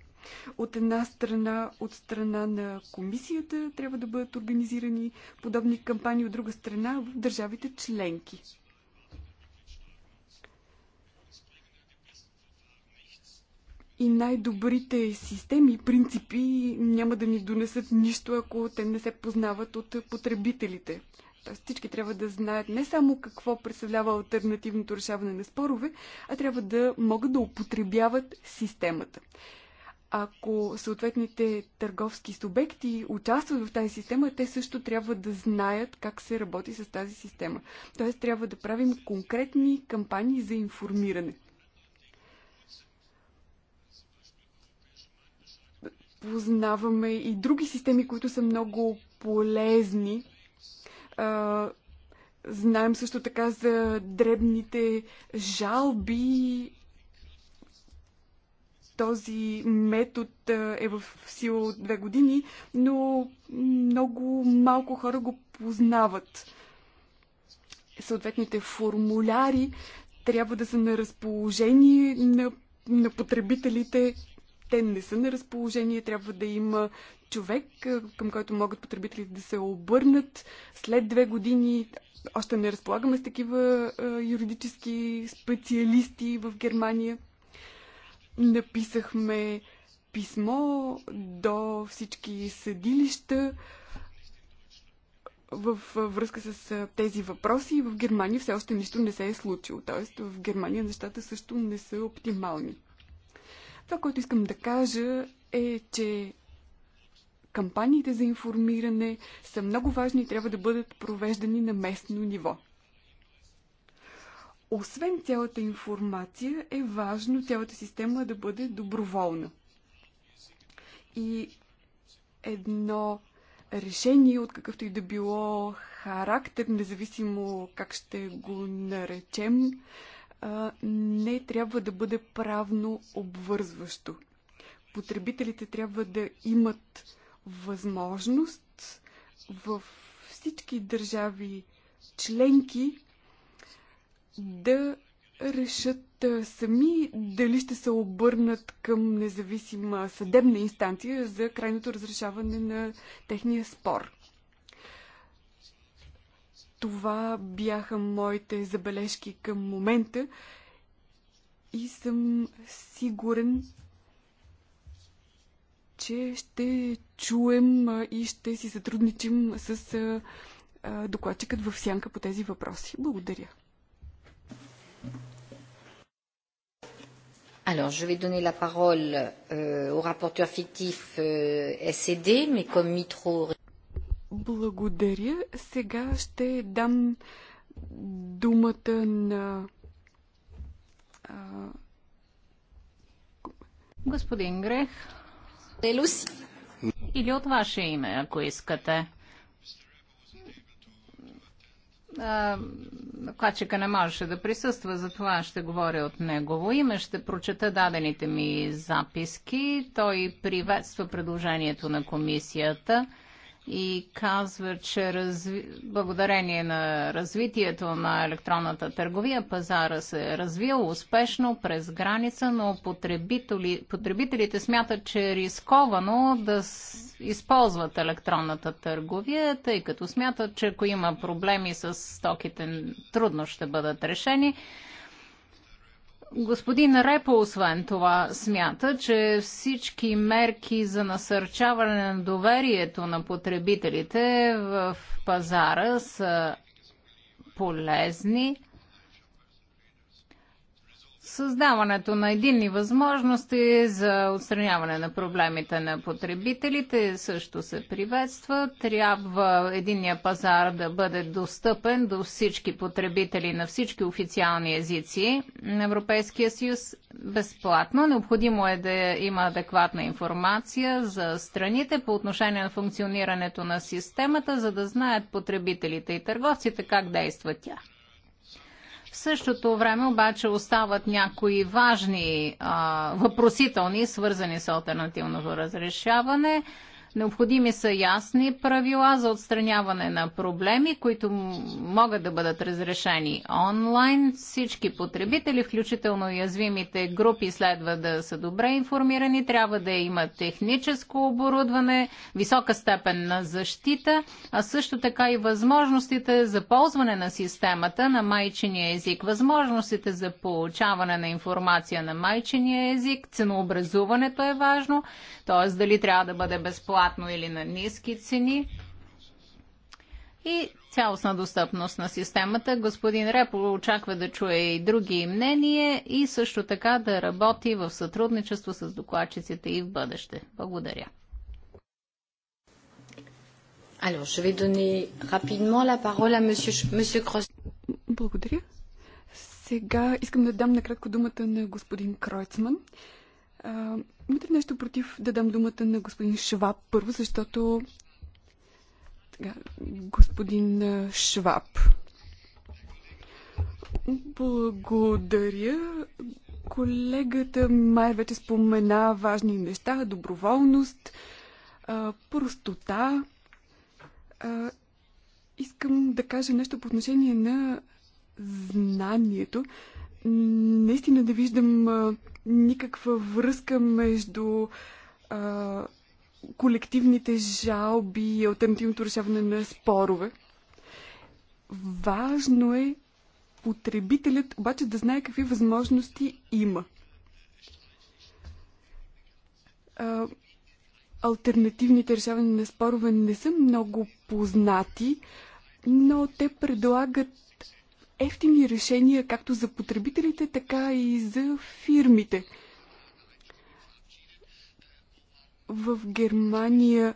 От една страна, от страна на комисията трябва да бъдат организирани подобни кампании, от друга страна в държавите членки. и най-добрите системи и принципи няма да ни донесат нищо, ако те не се познават от потребителите. Тоест всички трябва да знаят не само какво представлява альтернативното решаване на спорове, а трябва да могат да употребяват системата. Ако съответните търговски субекти участват в тази система, те също трябва да знаят как се работи с тази система. Тоест трябва да правим конкретни кампании за информиране. познаваме и други системи, които са много полезни. Знаем също така за дребните жалби. Този метод е в сила от две години, но много малко хора го познават. Съответните формуляри трябва да са на разположение на, на потребителите те не са на разположение, трябва да има човек, към който могат потребителите да се обърнат. След две години още не разполагаме с такива юридически специалисти в Германия. Написахме писмо до всички съдилища в връзка с тези въпроси. В Германия все още нищо не се е случило. Тоест в Германия нещата също не са оптимални. Това, което искам да кажа е, че кампаниите за информиране са много важни и трябва да бъдат провеждани на местно ниво. Освен цялата информация, е важно цялата система да бъде доброволна. И едно решение от какъвто и да било характер, независимо как ще го наречем, не трябва да бъде правно обвързващо. Потребителите трябва да имат възможност в всички държави членки да решат сами дали ще се обърнат към независима съдебна инстанция за крайното разрешаване на техния спор. Това бяха моите забележки към момента и съм сигурен, че ще чуем и ще си сътрудничим с докладчикът в сянка по тези въпроси. Благодаря. Alors, je vais donner la parole euh, au rapporteur fictif euh, SED, mais comme Mitro... Благодаря. Сега ще дам думата на а... господин Грех. Телус. Или от ваше име, ако искате. Качека не можеше да присъства, затова ще говоря от негово име. Ще прочета дадените ми записки. Той приветства предложението на комисията и казва, че разви... благодарение на развитието на електронната търговия пазара се е развил успешно през граница, но потребители... потребителите смятат, че е рисковано да използват електронната търговия, тъй като смятат, че ако има проблеми с стоките, трудно ще бъдат решени. Господин Репо, освен това, смята, че всички мерки за насърчаване на доверието на потребителите в пазара са полезни създаването на единни възможности за отстраняване на проблемите на потребителите също се приветства. Трябва единния пазар да бъде достъпен до всички потребители на всички официални езици на Европейския съюз безплатно. Необходимо е да има адекватна информация за страните по отношение на функционирането на системата, за да знаят потребителите и търговците как действа тя. В същото време обаче остават някои важни а, въпросителни, свързани с альтернативното разрешаване. Необходими са ясни правила за отстраняване на проблеми, които могат да бъдат разрешени онлайн. Всички потребители, включително язвимите групи, следва да са добре информирани. Трябва да има техническо оборудване, висока степен на защита, а също така и възможностите за ползване на системата на майчиния език, възможностите за получаване на информация на майчиния език, ценообразуването е важно, т.е. дали трябва да бъде безплатно безплатно или на ниски цени и цялостна достъпност на системата. Господин Репо очаква да чуе и други мнения и също така да работи в сътрудничество с докладчиците и в бъдеще. Благодаря. Alors, je vais donner rapidement la parole à monsieur, monsieur Благодаря. Сега искам да дам накратко думата на господин Кройцман. Имате имате нещо против да дам думата на господин Шваб първо, защото Тега, господин Шваб. Благодаря. Колегата май вече спомена важни неща, доброволност, простота. Искам да кажа нещо по отношение на знанието. Наистина да виждам никаква връзка между а, колективните жалби и альтернативното решаване на спорове. Важно е потребителят обаче да знае какви възможности има. А, альтернативните решаване на спорове не са много познати, но те предлагат ефтини решения както за потребителите, така и за фирмите. В Германия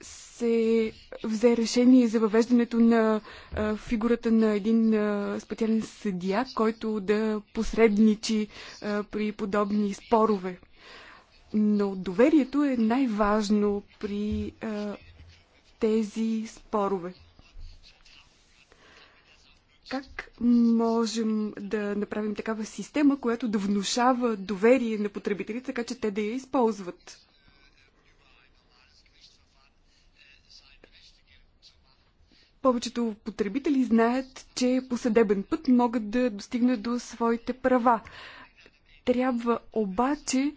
се взе решение за въвеждането на а, фигурата на един а, специален съдия, който да посредничи а, при подобни спорове. Но доверието е най-важно при а, тези спорове. Как можем да направим такава система, която да внушава доверие на потребителите, така че те да я използват? Повечето потребители знаят, че по съдебен път могат да достигнат до своите права. Трябва обаче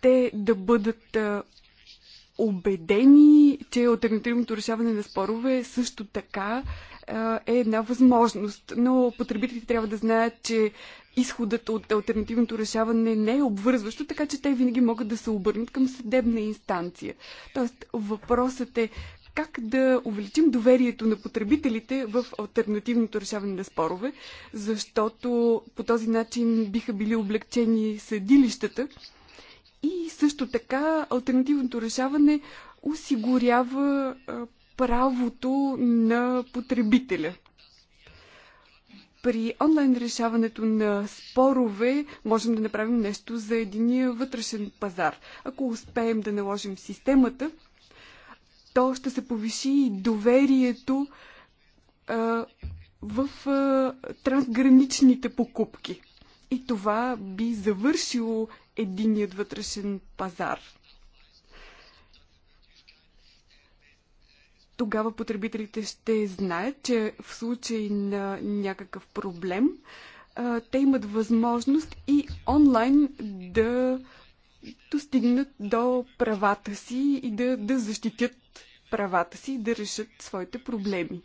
те да бъдат убедени, че альтернативното решаване на спорове е също така е една възможност, но потребителите трябва да знаят, че изходът от альтернативното решаване не е обвързващо, така че те винаги могат да се обърнат към съдебна инстанция. Тоест, въпросът е как да увеличим доверието на потребителите в альтернативното решаване на спорове, защото по този начин биха били облегчени съдилищата. И също така альтернативното решаване осигурява правото на потребителя. При онлайн решаването на спорове можем да направим нещо за единия вътрешен пазар. Ако успеем да наложим системата, то ще се повиши и доверието а, в а, трансграничните покупки. И това би завършило единият вътрешен пазар. Тогава потребителите ще знаят, че в случай на някакъв проблем, те имат възможност и онлайн да достигнат до правата си и да, да защитят правата си и да решат своите проблеми.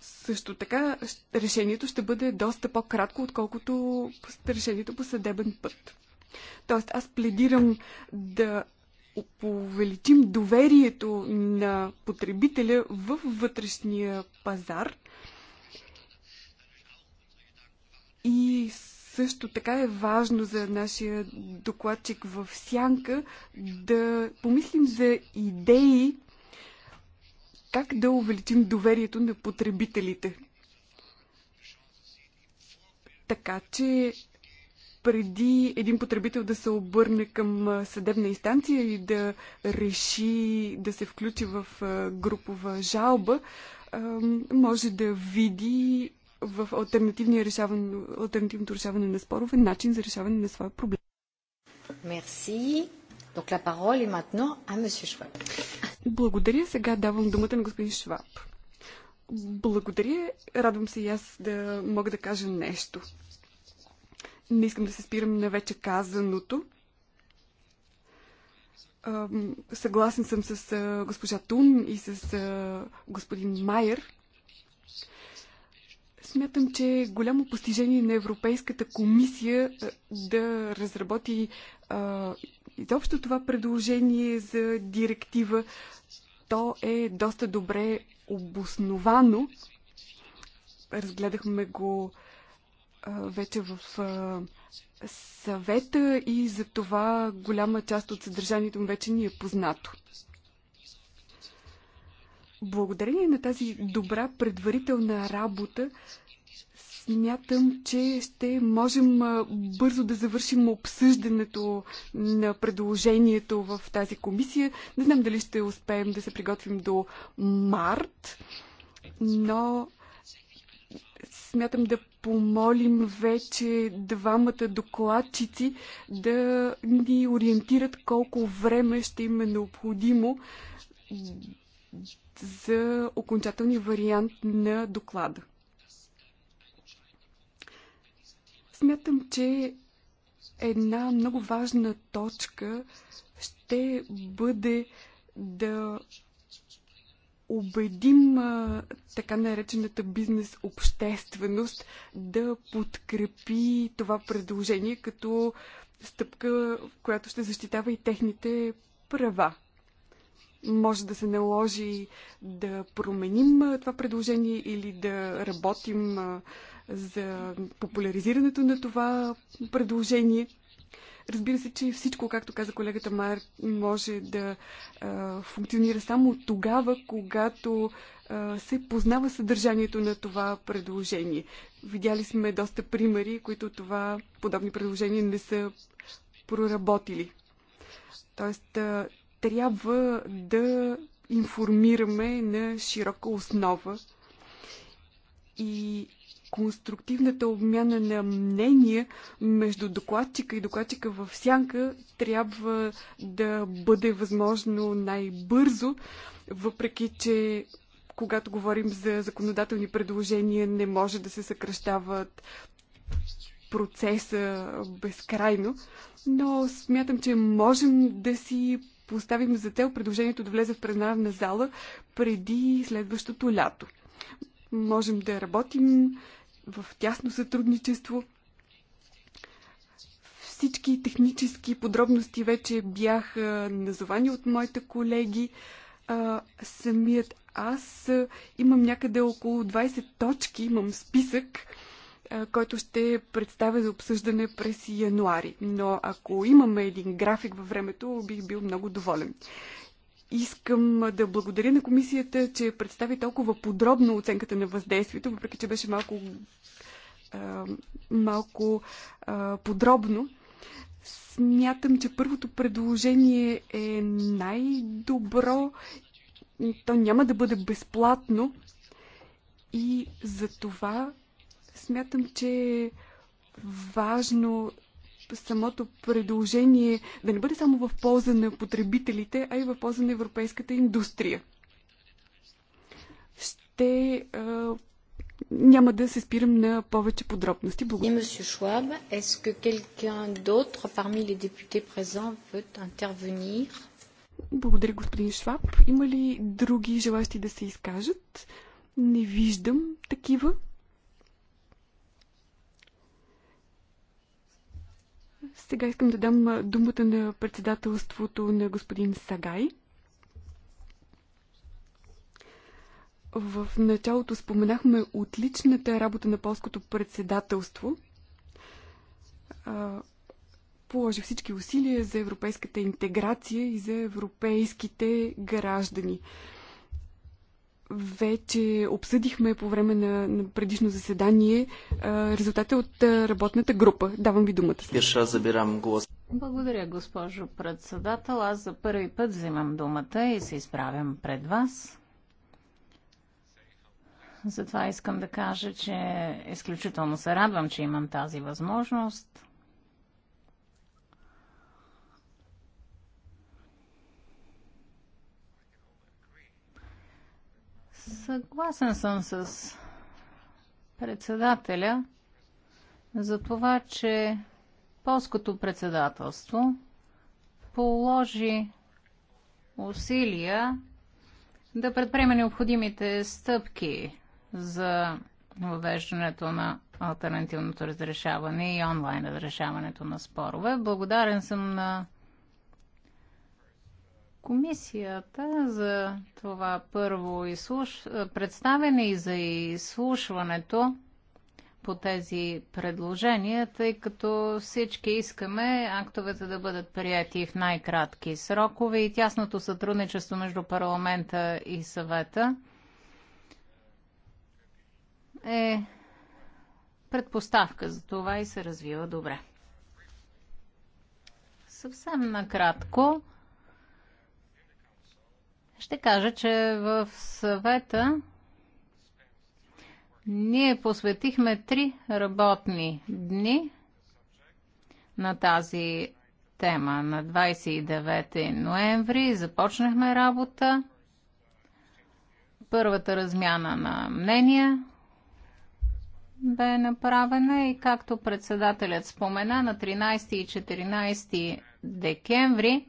Също така решението ще бъде доста по-кратко, отколкото решението по съдебен път. Тоест аз пледирам да увеличим доверието на потребителя в вътрешния пазар. И също така е важно за нашия докладчик в Сянка да помислим за идеи как да увеличим доверието на потребителите. Така че преди един потребител да се обърне към съдебна инстанция и да реши да се включи в групова жалба, може да види в решаване, альтернативното решаване на спорове начин за решаване на своя проблем. Мерси. Donc la parole est maintenant à monsieur Schwab. Благодаря. Сега давам думата на господин Шваб. Благодаря. Радвам се и аз да мога да кажа нещо. Не искам да се спирам на вече казаното. Съгласен съм с госпожа Тун и с господин Майер. Смятам, че е голямо постижение на Европейската комисия да разработи изобщо това предложение за директива. То е доста добре обосновано. Разгледахме го вече в съвета и за това голяма част от съдържанието му вече ни е познато. Благодарение на тази добра предварителна работа, смятам, че ще можем бързо да завършим обсъждането на предложението в тази комисия. Не знам дали ще успеем да се приготвим до март, но смятам да помолим вече двамата докладчици да ни ориентират колко време ще им е необходимо за окончателния вариант на доклада. Смятам, че една много важна точка ще бъде да убедим а, така наречената бизнес общественост да подкрепи това предложение като стъпка, която ще защитава и техните права. Може да се наложи да променим това предложение или да работим за популяризирането на това предложение – Разбира се, че всичко, както каза колегата Майер, може да а, функционира само тогава, когато а, се познава съдържанието на това предложение. Видяли сме доста примери, които това подобни предложения не са проработили. Тоест, а, трябва да информираме на широка основа и конструктивната обмяна на мнения между докладчика и докладчика в сянка трябва да бъде възможно най-бързо, въпреки че когато говорим за законодателни предложения, не може да се съкръщават процеса безкрайно, но смятам, че можем да си поставим за цел предложението да влезе в пленарна зала преди следващото лято. Можем да работим в тясно сътрудничество. Всички технически подробности вече бяха назовани от моите колеги. А, самият аз имам някъде около 20 точки, имам списък, а, който ще представя за обсъждане през януари. Но ако имаме един график във времето, бих бил много доволен. Искам да благодаря на комисията, че представи толкова подробно оценката на въздействието, въпреки че беше малко, а, малко а, подробно. Смятам, че първото предложение е най-добро. То няма да бъде безплатно. И за това смятам, че е важно самото предложение да не бъде само в полза на потребителите, а и в полза на европейската индустрия. Ще а, няма да се спирам на повече подробности. Благодаря. Благодаря, господин Шваб. Има ли други желащи да се изкажат? Не виждам такива. Сега искам да дам думата на председателството на господин Сагай. В началото споменахме отличната работа на полското председателство. Положи всички усилия за европейската интеграция и за европейските граждани. Вече обсъдихме по време на, на предишно заседание резултата от работната група. Давам ви думата. Пиша, забирам глас. Благодаря, госпожо председател. Аз за първи път взимам думата и се изправям пред вас. Затова искам да кажа, че изключително се радвам, че имам тази възможност Съгласен съм с председателя за това, че полското председателство положи усилия да предприеме необходимите стъпки за въвеждането на альтернативното разрешаване и онлайн разрешаването на спорове. Благодарен съм на комисията за това първо изслуш... представене и за изслушването по тези предложения, тъй като всички искаме актовете да бъдат прияти в най-кратки срокове и тясното сътрудничество между парламента и съвета е предпоставка за това и се развива добре. Съвсем накратко ще кажа, че в съвета ние посветихме три работни дни на тази тема. На 29 ноември започнахме работа. Първата размяна на мнения бе направена и както председателят спомена на 13 и 14 декември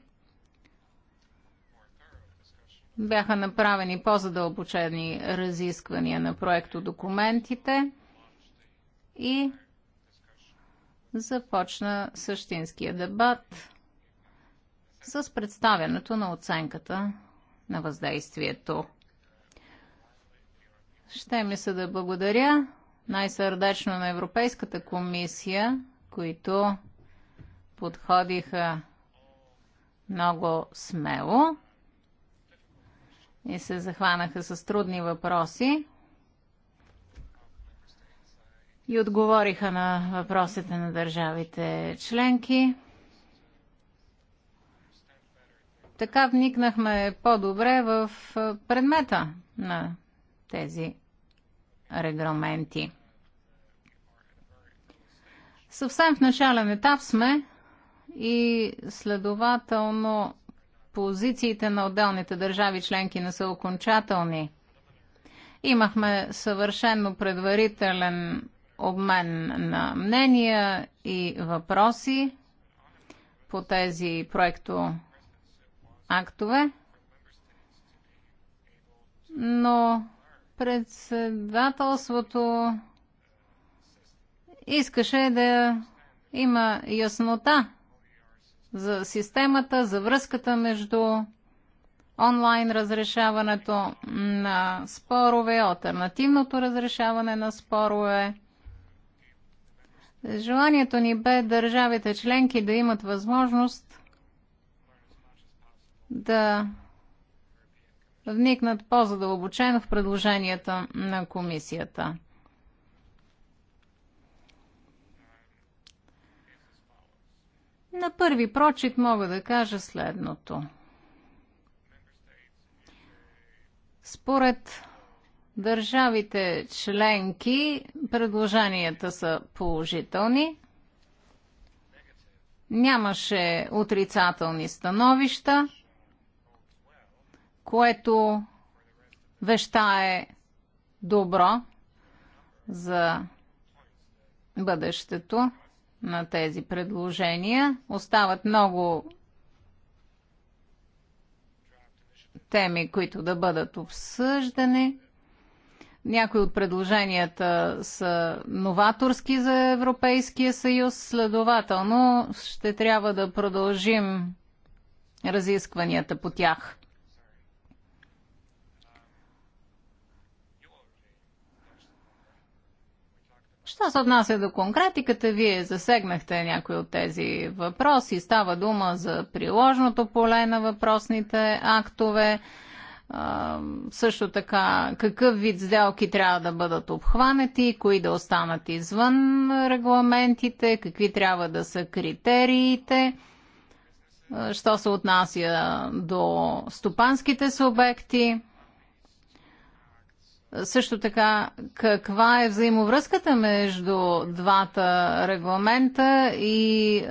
бяха направени по-задълбочени разисквания на проекто документите и започна същинския дебат с представянето на оценката на въздействието. Ще ми се да благодаря най-сърдечно на Европейската комисия, които подходиха много смело и се захванаха с трудни въпроси и отговориха на въпросите на държавите членки. Така вникнахме по-добре в предмета на тези регламенти. Съвсем в начален етап сме и следователно позициите на отделните държави членки не са окончателни. Имахме съвършенно предварителен обмен на мнения и въпроси по тези проекто актове, но председателството искаше да има яснота за системата, за връзката между онлайн разрешаването на спорове, альтернативното разрешаване на спорове. Желанието ни бе държавите членки да имат възможност да вникнат по-задълбочено в предложенията на комисията. На първи прочит мога да кажа следното. Според държавите членки предложенията са положителни. Нямаше отрицателни становища, което веща е добро за бъдещето на тези предложения. Остават много теми, които да бъдат обсъждани. Някои от предложенията са новаторски за Европейския съюз, следователно ще трябва да продължим разискванията по тях. Що се отнася до конкретиката, вие засегнахте някои от тези въпроси. Става дума за приложното поле на въпросните актове. А, също така, какъв вид сделки трябва да бъдат обхванати, кои да останат извън регламентите, какви трябва да са критериите. Що се отнася до стопанските субекти, също така, каква е взаимовръзката между двата регламента и е,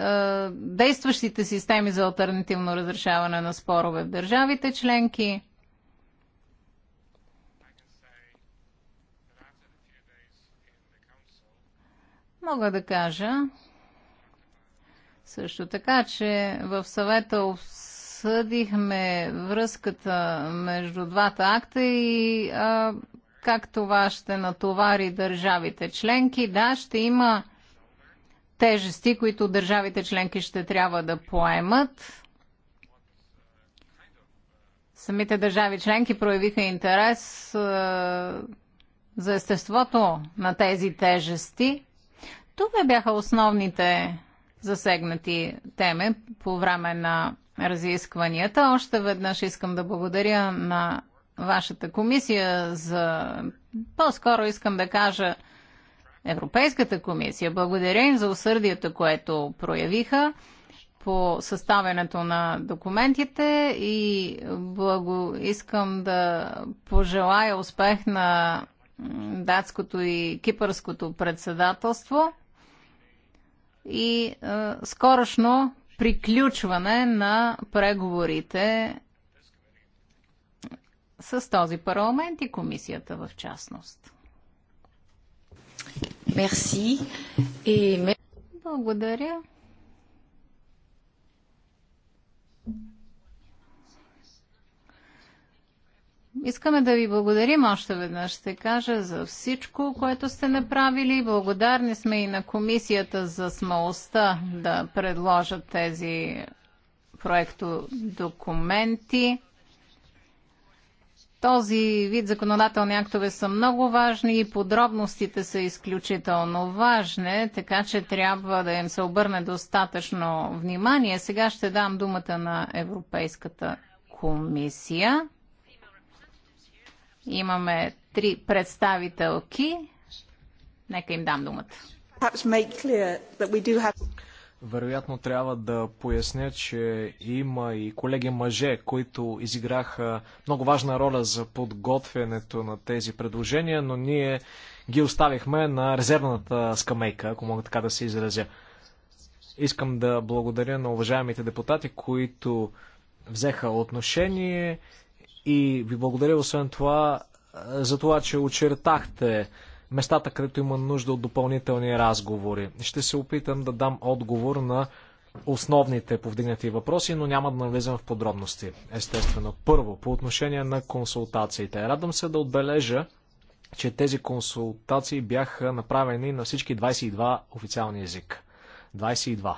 действащите системи за альтернативно разрешаване на спорове в държавите членки? Мога да кажа също така, че в съвета обсъдихме връзката между двата акта и Е, как това ще натовари държавите членки. Да, ще има тежести, които държавите членки ще трябва да поемат. Самите държави членки проявиха интерес е, за естеството на тези тежести. Тук бяха основните засегнати теми по време на разискванията. Още веднъж искам да благодаря на вашата комисия, за по-скоро искам да кажа Европейската комисия. Благодаря им за усърдието, което проявиха по съставянето на документите и благо... искам да пожелая успех на датското и кипърското председателство и е, скорошно приключване на преговорите с този парламент и комисията в частност. Мерси. И... Благодаря. Искаме да ви благодарим още веднъж, ще кажа, за всичко, което сте направили. Благодарни сме и на комисията за смелостта да предложат тези проекто документи. Този вид законодателни актове са много важни и подробностите са изключително важни, така че трябва да им се обърне достатъчно внимание. Сега ще дам думата на Европейската комисия. Имаме три представителки. Нека им дам думата. Вероятно трябва да поясня, че има и колеги мъже, които изиграха много важна роля за подготвянето на тези предложения, но ние ги оставихме на резервната скамейка, ако мога така да се изразя. Искам да благодаря на уважаемите депутати, които взеха отношение и ви благодаря освен това за това, че очертахте местата, където има нужда от допълнителни разговори. Ще се опитам да дам отговор на основните повдигнати въпроси, но няма да навлизам в подробности. Естествено, първо, по отношение на консултациите. Радвам се да отбележа, че тези консултации бяха направени на всички 22 официални език. 22.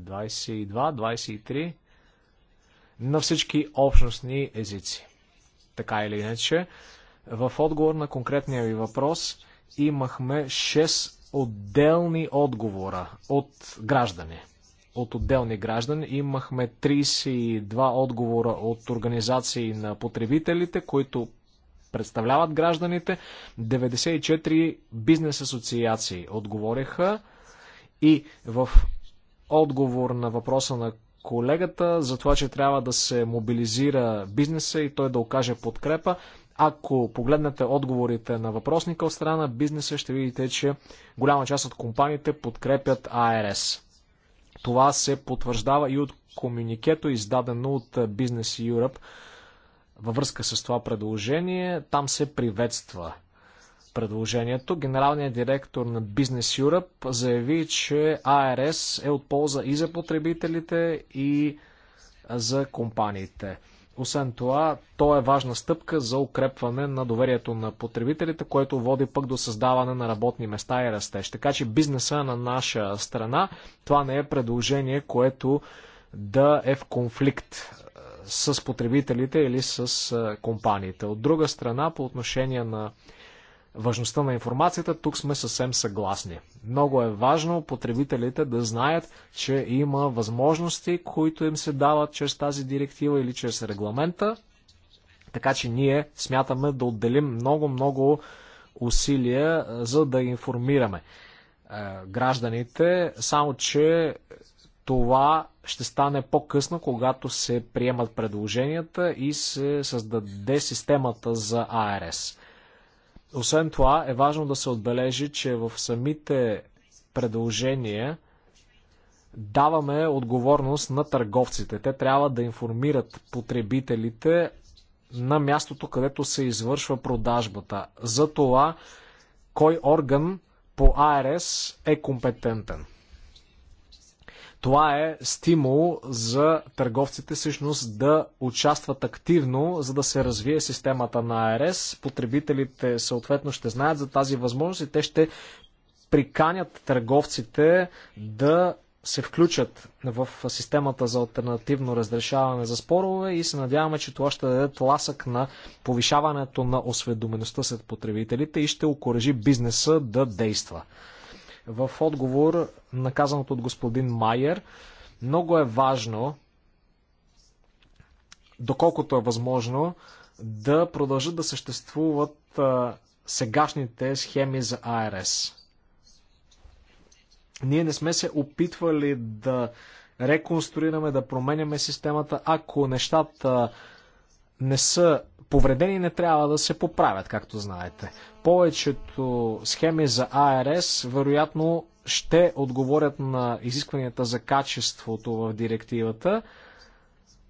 22, 23. На всички общностни езици така или иначе. В отговор на конкретния ви въпрос имахме 6 отделни отговора от граждани. От отделни граждани имахме 32 отговора от организации на потребителите, които представляват гражданите. 94 бизнес асоциации отговориха и в отговор на въпроса на колегата за това, че трябва да се мобилизира бизнеса и той да окаже подкрепа. Ако погледнете отговорите на въпросника от страна на бизнеса, ще видите, че голяма част от компаниите подкрепят АРС. Това се потвърждава и от комюникето, издадено от Business Europe във връзка с това предложение. Там се приветства предложението. Генералният директор на Business Europe заяви, че АРС е от полза и за потребителите, и за компаниите. Освен това, то е важна стъпка за укрепване на доверието на потребителите, което води пък до създаване на работни места и растеж. Така че бизнеса е на наша страна, това не е предложение, което да е в конфликт с потребителите или с компаниите. От друга страна, по отношение на важността на информацията, тук сме съвсем съгласни. Много е важно потребителите да знаят, че има възможности, които им се дават чрез тази директива или чрез регламента. Така че ние смятаме да отделим много-много усилия, за да информираме гражданите, само че това ще стане по-късно, когато се приемат предложенията и се създаде системата за АРС. Освен това е важно да се отбележи, че в самите предложения даваме отговорност на търговците. Те трябва да информират потребителите на мястото, където се извършва продажбата. За това кой орган по АРС е компетентен. Това е стимул за търговците всъщност да участват активно, за да се развие системата на АРС. Потребителите съответно ще знаят за тази възможност и те ще приканят търговците да се включат в системата за альтернативно разрешаване за спорове и се надяваме, че това ще даде тласък на повишаването на осведомеността сред потребителите и ще окоръжи бизнеса да действа в отговор на казаното от господин Майер. Много е важно, доколкото е възможно, да продължат да съществуват а, сегашните схеми за АРС. Ние не сме се опитвали да реконструираме, да променяме системата, ако нещата не са повредени не трябва да се поправят, както знаете. Повечето схеми за АРС вероятно ще отговорят на изискванията за качеството в директивата,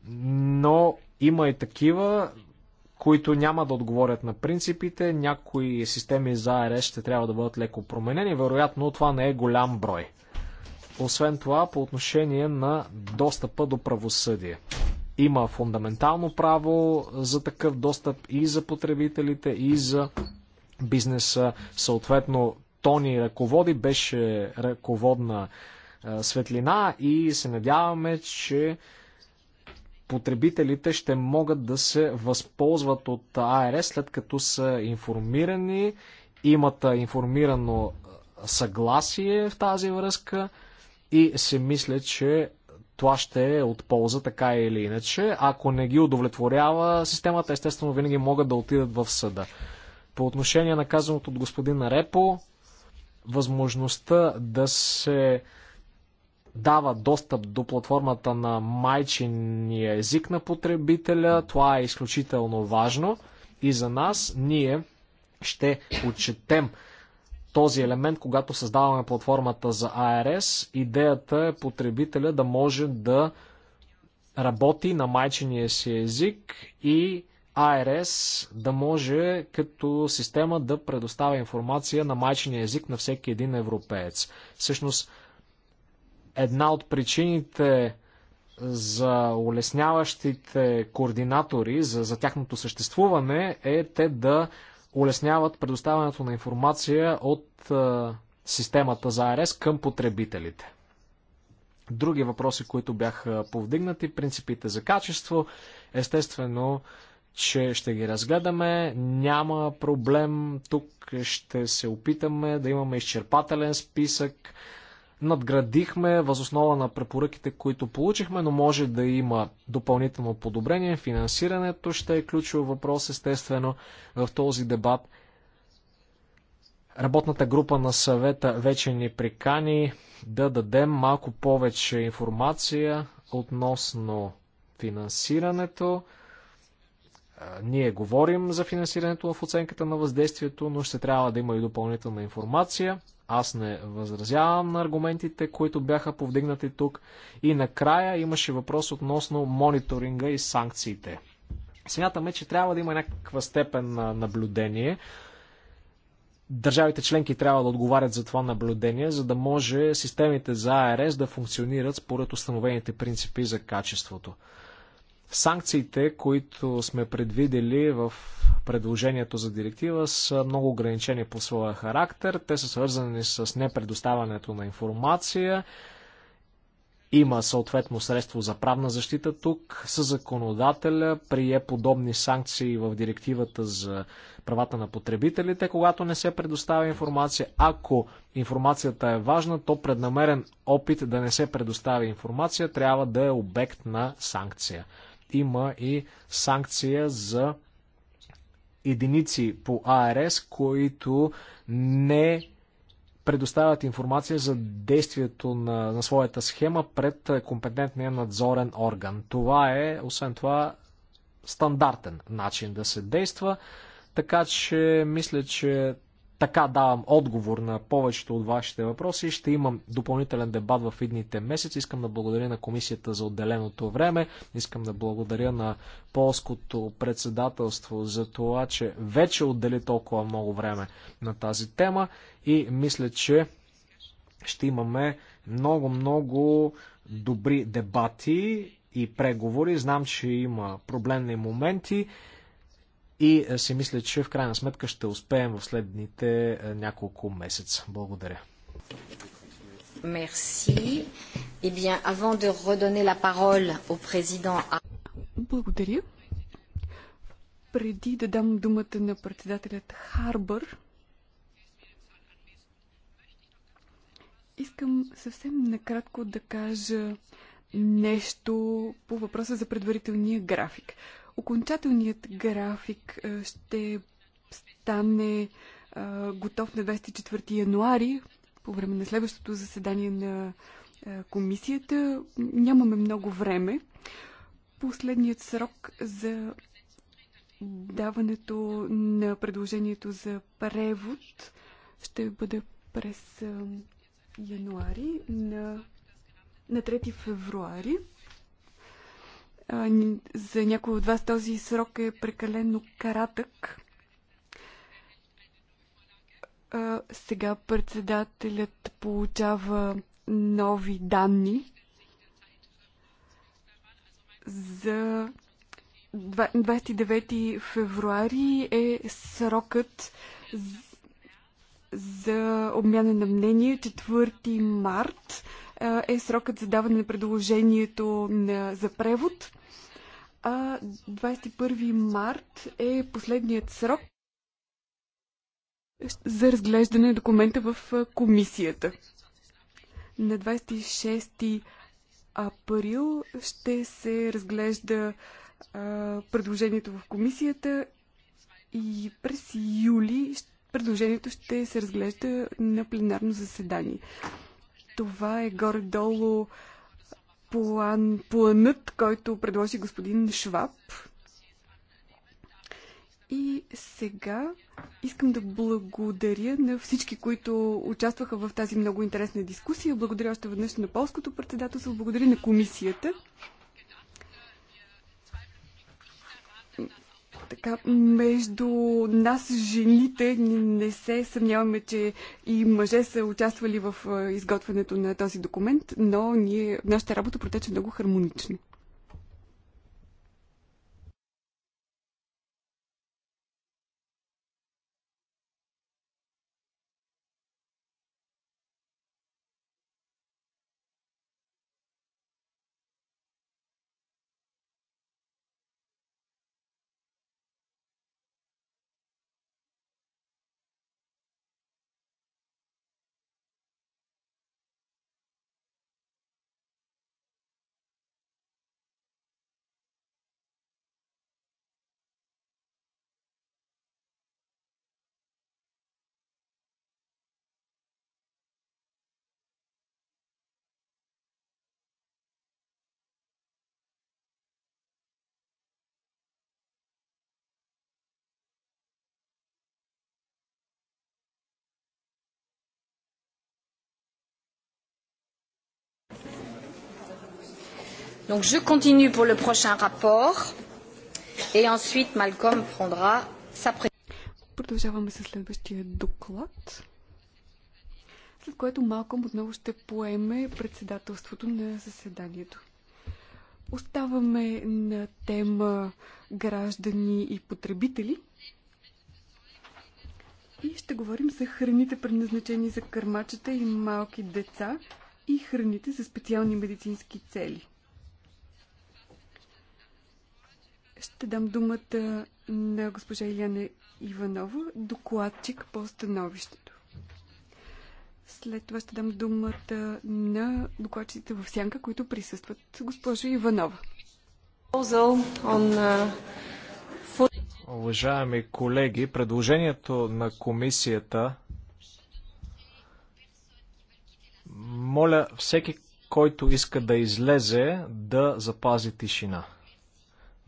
но има и такива, които няма да отговорят на принципите. Някои системи за АРС ще трябва да бъдат леко променени. Вероятно това не е голям брой. Освен това, по отношение на достъпа до правосъдие. Има фундаментално право за такъв достъп и за потребителите, и за бизнеса. Съответно, Тони ръководи, беше ръководна е, светлина и се надяваме, че потребителите ще могат да се възползват от АРС след като са информирани, имат е, информирано е, съгласие в тази връзка и се мисля, че това ще е от полза, така или иначе. Ако не ги удовлетворява системата, естествено винаги могат да отидат в съда. По отношение на казаното от господин Репо, възможността да се дава достъп до платформата на майчиния език на потребителя. Това е изключително важно и за нас. Ние ще отчетем този елемент, когато създаваме платформата за ARS. Идеята е потребителя да може да работи на майчения си език и ARS да може като система да предоставя информация на майчения език на всеки един европеец. Всъщност, една от причините за улесняващите координатори, за, за тяхното съществуване е те да улесняват предоставянето на информация от е, системата за АРС към потребителите. Други въпроси, които бяха повдигнати, принципите за качество, естествено, че ще ги разгледаме. Няма проблем. Тук ще се опитаме да имаме изчерпателен списък надградихме възоснова на препоръките, които получихме, но може да има допълнително подобрение. Финансирането ще е ключов въпрос, естествено, в този дебат. Работната група на съвета вече ни прикани да дадем малко повече информация относно финансирането. Ние говорим за финансирането в оценката на въздействието, но ще трябва да има и допълнителна информация. Аз не възразявам на аргументите, които бяха повдигнати тук. И накрая имаше въпрос относно мониторинга и санкциите. Смятаме, че трябва да има някаква степен на наблюдение. Държавите членки трябва да отговарят за това наблюдение, за да може системите за АРС да функционират според установените принципи за качеството. Санкциите, които сме предвидели в предложението за директива, са много ограничени по своя характер. Те са свързани с непредоставянето на информация. Има съответно средство за правна защита тук. Със законодателя прие подобни санкции в директивата за правата на потребителите, когато не се предоставя информация. Ако информацията е важна, то преднамерен опит да не се предоставя информация трябва да е обект на санкция има и санкция за единици по АРС, които не предоставят информация за действието на, на своята схема пред компетентния надзорен орган. Това е, освен това, стандартен начин да се действа, така че мисля, че така давам отговор на повечето от вашите въпроси. Ще имам допълнителен дебат в идните месеци. Искам да благодаря на комисията за отделеното време. Искам да благодаря на полското председателство за това, че вече отдели толкова много време на тази тема и мисля, че ще имаме много-много добри дебати и преговори. Знам, че има проблемни моменти. И е, си мисля, че в крайна сметка ще успеем в следните е, няколко месеца. Благодаря. Merci. Eh bien, avant de redonner la parole au président... Благодаря. Преди да дам думата на председателят Харбър, искам съвсем накратко да кажа нещо по въпроса за предварителния график. Окончателният график ще стане готов на 24 януари по време на следващото заседание на комисията. Нямаме много време. Последният срок за даването на предложението за превод ще бъде през януари на, на 3 февруари. За някой от вас този срок е прекалено кратък. Сега председателят получава нови данни за 29 февруари е срокът за обмяна на мнение. 4 март е срокът за даване на предложението на, за превод. А 21 март е последният срок за разглеждане на документа в комисията. На 26 април ще се разглежда а, предложението в комисията и през юли предложението ще се разглежда на пленарно заседание. Това е горе-долу план, планът, който предложи господин Шваб. И сега искам да благодаря на всички, които участваха в тази много интересна дискусия. Благодаря още веднъж на полското председателство, благодаря на комисията. така, между нас, жените, не се съмняваме, че и мъже са участвали в изготвянето на този документ, но ние, нашата работа протече много хармонично. Donc je continue pour le prochain rapport et ensuite Malcolm prendra sa présentation. Продължаваме следващия доклад, след което Малком отново ще поеме председателството на заседанието. Оставаме на тема граждани и потребители и ще говорим за храните, предназначени за кърмачета и малки деца и храните за специални медицински цели. Ще дам думата на госпожа Иляна Иванова, докладчик по становището. След това ще дам думата на докладчиците в сянка, които присъстват. Госпожо Иванова. Uh, Уважаеми колеги, предложението на комисията моля всеки, който иска да излезе, да запази тишина.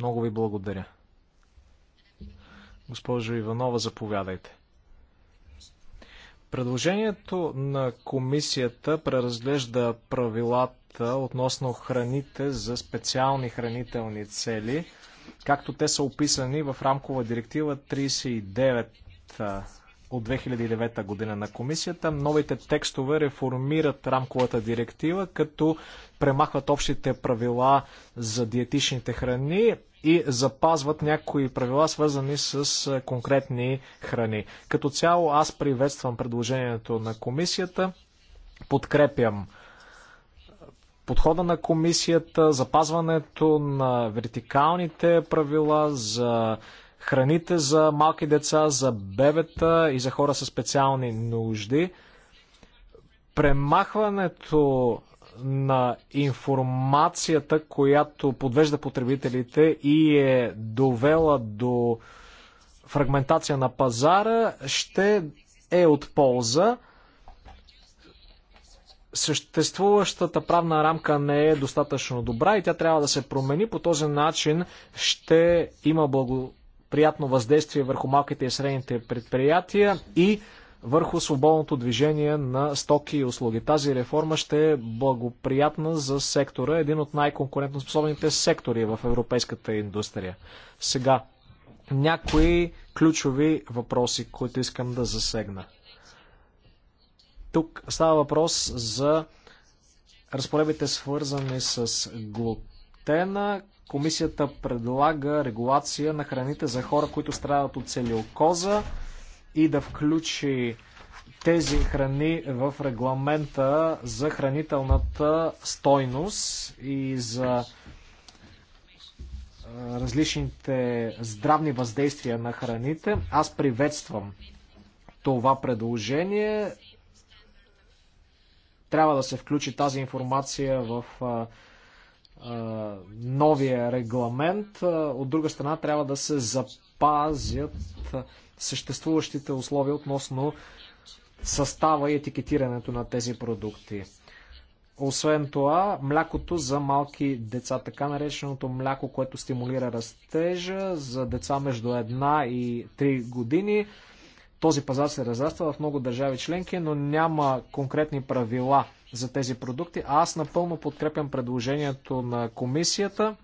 Много ви благодаря. Госпожо Иванова, заповядайте. Предложението на комисията преразглежда правилата относно храните за специални хранителни цели, както те са описани в рамкова директива 39 от 2009 година на комисията. Новите текстове реформират рамковата директива, като премахват общите правила за диетичните храни и запазват някои правила, свързани с конкретни храни. Като цяло аз приветствам предложението на комисията, подкрепям подхода на комисията, запазването на вертикалните правила за храните за малки деца, за бебета и за хора с специални нужди. Премахването на информацията, която подвежда потребителите и е довела до фрагментация на пазара, ще е от полза. Съществуващата правна рамка не е достатъчно добра и тя трябва да се промени. По този начин ще има благо Приятно въздействие върху малките и средните предприятия и върху свободното движение на стоки и услуги. Тази реформа ще е благоприятна за сектора, един от най-конкурентоспособните сектори в европейската индустрия. Сега, някои ключови въпроси, които искам да засегна. Тук става въпрос за разпоредбите свързани с глутена, Комисията предлага регулация на храните за хора, които страдат от целиокоза и да включи тези храни в регламента за хранителната стойност и за различните здравни въздействия на храните. Аз приветствам това предложение. Трябва да се включи тази информация в новия регламент. От друга страна трябва да се запазят съществуващите условия относно състава и етикетирането на тези продукти. Освен това, млякото за малки деца, така нареченото мляко, което стимулира растежа за деца между 1 и 3 години, този пазар се разраства в много държави членки, но няма конкретни правила за тези продукти. А аз напълно подкрепям предложението на комисията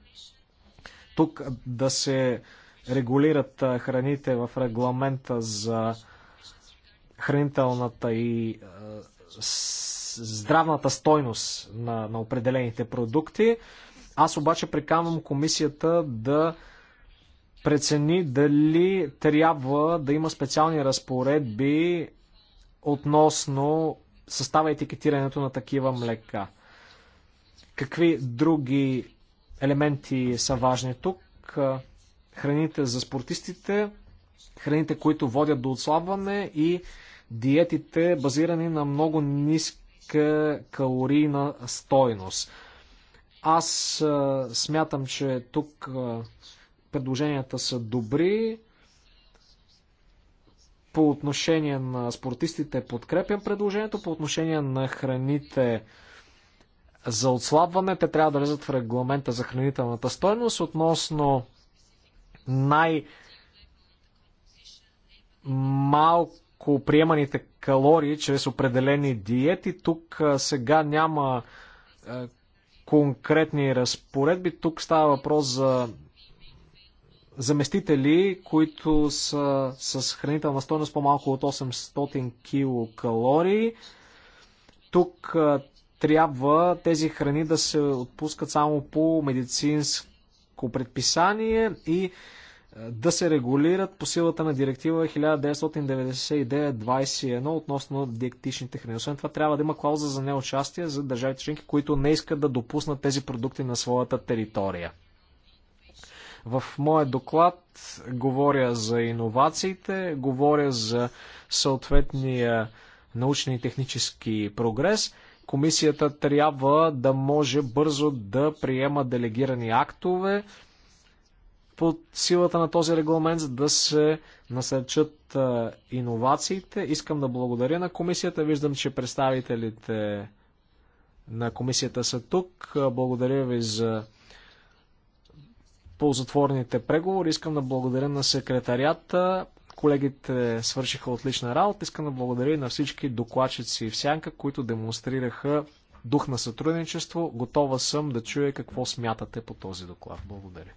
тук да се регулират храните в регламента за хранителната и здравната стойност на, на определените продукти. Аз обаче приканвам комисията да прецени дали трябва да има специални разпоредби относно състава етикетирането на такива млека. Какви други елементи са важни тук? Храните за спортистите, храните, които водят до отслабване и диетите, базирани на много ниска калорийна стойност. Аз смятам, че тук предложенията са добри. По отношение на спортистите подкрепям предложението, по отношение на храните за отслабване, те трябва да влезат в регламента за хранителната стойност относно най- малко приеманите калории чрез определени диети. Тук сега няма конкретни разпоредби. Тук става въпрос за заместители, които са с хранителна стойност по-малко от 800 килокалории. Тук трябва тези храни да се отпускат само по медицинско предписание и да се регулират по силата на директива 1999-21 относно диетичните храни. Освен това трябва да има клауза за неучастие за държавите членки, които не искат да допуснат тези продукти на своята територия. В моя доклад говоря за иновациите, говоря за съответния научен и технически прогрес. Комисията трябва да може бързо да приема делегирани актове под силата на този регламент, за да се насърчат иновациите. Искам да благодаря на комисията. Виждам, че представителите на комисията са тук. Благодаря ви за по затворените преговори. Искам да благодаря на секретарията. Колегите свършиха отлична работа. Искам да благодаря и на всички докладчици и сянка, които демонстрираха дух на сътрудничество. Готова съм да чуя какво смятате по този доклад. Благодаря.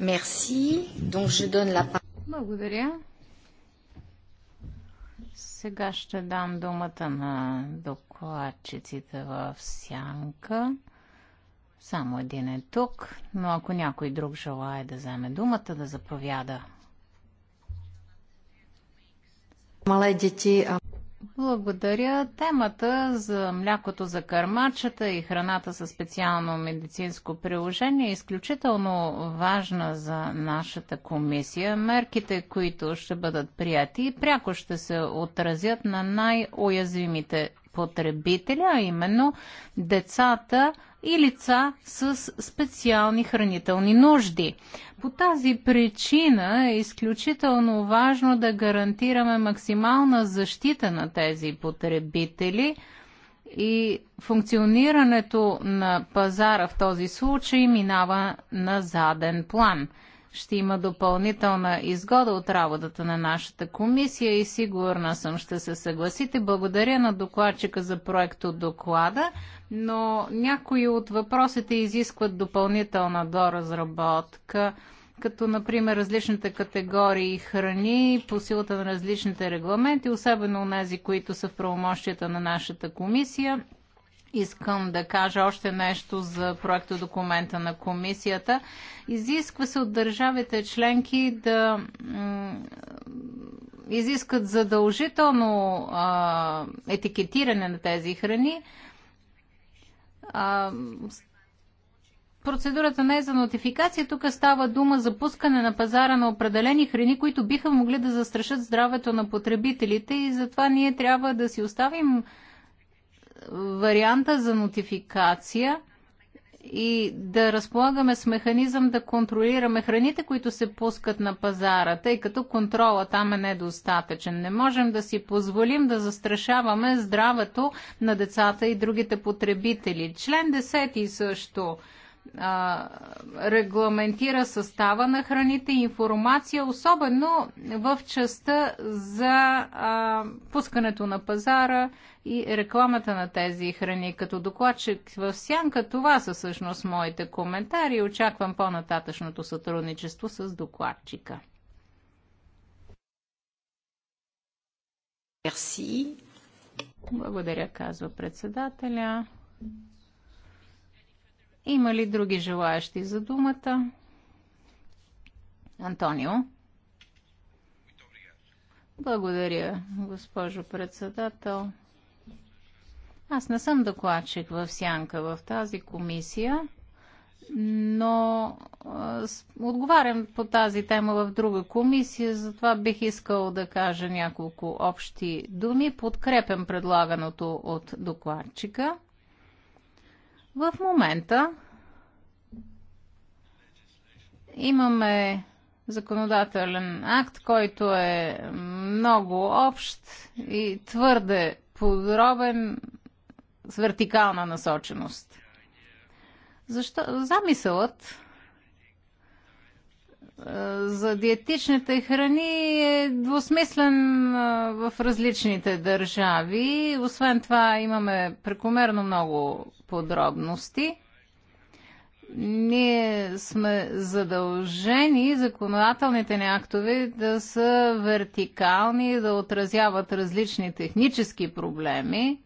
Merci. Donc je donne la... Благодаря. Сега ще дам думата на докладчиците в сянка. Само един е тук, но ако някой друг желая да вземе думата, да заповяда. Мале дети. А... Благодаря. Темата за млякото за кърмачета и храната със специално медицинско приложение е изключително важна за нашата комисия. Мерките, които ще бъдат прияти, пряко ще се отразят на най-уязвимите потребители, а именно децата и лица с специални хранителни нужди. По тази причина е изключително важно да гарантираме максимална защита на тези потребители и функционирането на пазара в този случай минава на заден план – ще има допълнителна изгода от работата на нашата комисия и сигурна съм ще се съгласите. Благодаря на докладчика за проект от доклада, но някои от въпросите изискват допълнителна доразработка като например различните категории храни по силата на различните регламенти, особено тези, които са в правомощията на нашата комисия. Искам да кажа още нещо за проекта документа на комисията. Изисква се от държавите членки да изискат задължително а, етикетиране на тези храни. А, процедурата не е за нотификация. Тук става дума за пускане на пазара на определени храни, които биха могли да застрашат здравето на потребителите и затова ние трябва да си оставим варианта за нотификация и да разполагаме с механизъм да контролираме храните, които се пускат на пазара, тъй като контрола там е недостатъчен. Не можем да си позволим да застрашаваме здравето на децата и другите потребители. Член 10 също а, регламентира състава на храните и информация, особено в частта за а, пускането на пазара и рекламата на тези храни. Като докладчик в сянка, това са всъщност моите коментари очаквам по-нататъчното сътрудничество с докладчика. Благодаря, казва председателя. Има ли други желаящи за думата? Антонио. Благодаря, госпожо председател. Аз не съм докладчик в Сянка в тази комисия, но отговарям по тази тема в друга комисия, затова бих искал да кажа няколко общи думи. Подкрепям предлаганото от докладчика. В момента имаме законодателен акт, който е много общ и твърде подробен с вертикална насоченост. Защо? Замисълът за диетичните храни е двусмислен в различните държави. Освен това имаме прекомерно много подробности. Ние сме задължени законодателните ни актове да са вертикални, да отразяват различни технически проблеми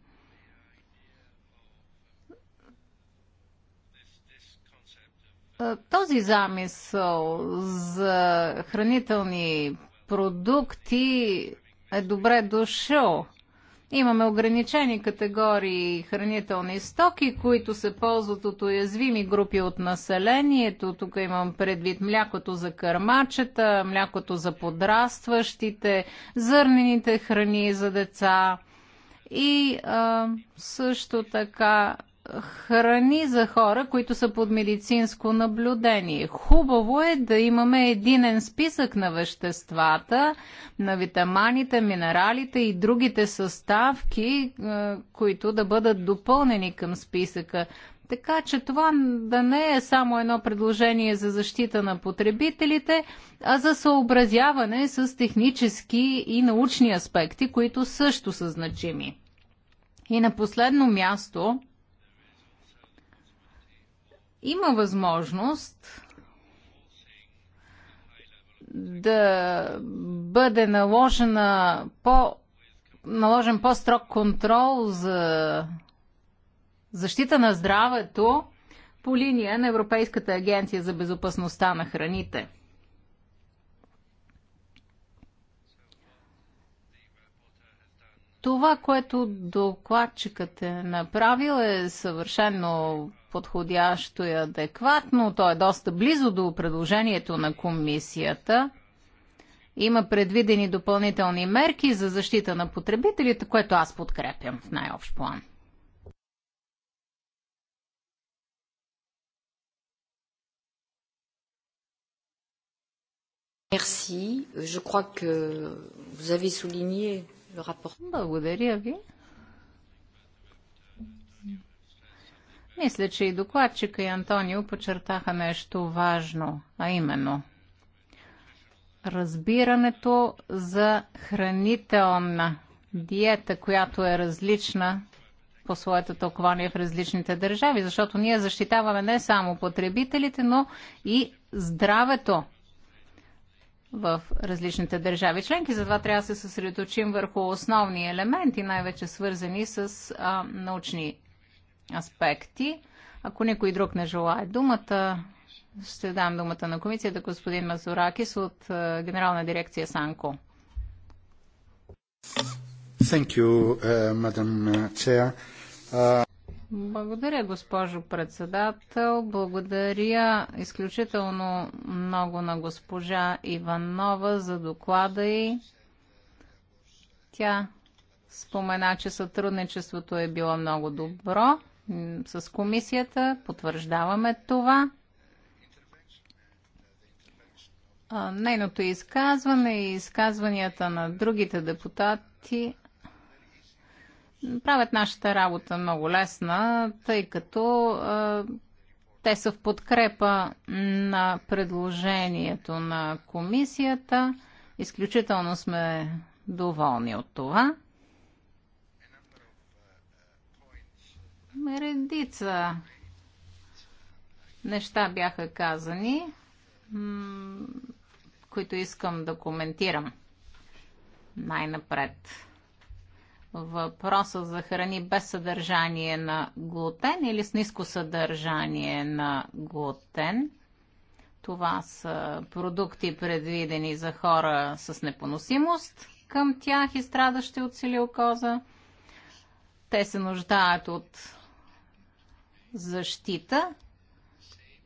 Е, този замисъл за хранителни продукти е добре дошъл. Имаме ограничени категории хранителни стоки, които се ползват от уязвими групи от населението. Тук имам предвид млякото за кърмачета, млякото за подрастващите, зърнените храни за деца и а, също така храни за хора, които са под медицинско наблюдение. Хубаво е да имаме единен списък на веществата, на витаманите, минералите и другите съставки, е, които да бъдат допълнени към списъка. Така че това да не е само едно предложение за защита на потребителите, а за съобразяване с технически и научни аспекти, които също са значими. И на последно място, има възможност да бъде наложена по, наложен по-строг контрол за защита на здравето по линия на Европейската агенция за безопасността на храните. Това, което докладчикът е направил е съвършено подходящо и адекватно. То е доста близо до предложението на комисията. Има предвидени допълнителни мерки за защита на потребителите, което аз подкрепям в най-общ план. Merci. Je crois que vous avez souligné le rapport. Благодаря ви. Мисля, че и докладчика и Антонио подчертаха нещо важно, а именно разбирането за хранителна диета, която е различна по своето толкование в различните държави, защото ние защитаваме не само потребителите, но и здравето в различните държави членки. Затова трябва да се съсредоточим върху основни елементи, най-вече свързани с а, научни аспекти. Ако никой друг не желая думата, ще дам думата на комисията господин Мазуракис от е, Генерална дирекция Санко. Thank you, uh, Chair. Uh... Благодаря, госпожо председател. Благодаря изключително много на госпожа Иванова за доклада и тя спомена, че сътрудничеството е било много добро с комисията, потвърждаваме това. Нейното изказване и изказванията на другите депутати правят нашата работа много лесна, тъй като а, те са в подкрепа на предложението на комисията. Изключително сме доволни от това. Редица неща бяха казани, които искам да коментирам най-напред. Въпроса за храни без съдържание на глутен или с ниско съдържание на глутен. Това са продукти предвидени за хора с непоносимост към тях и страдащи от силиокоза. Те се нуждаят от защита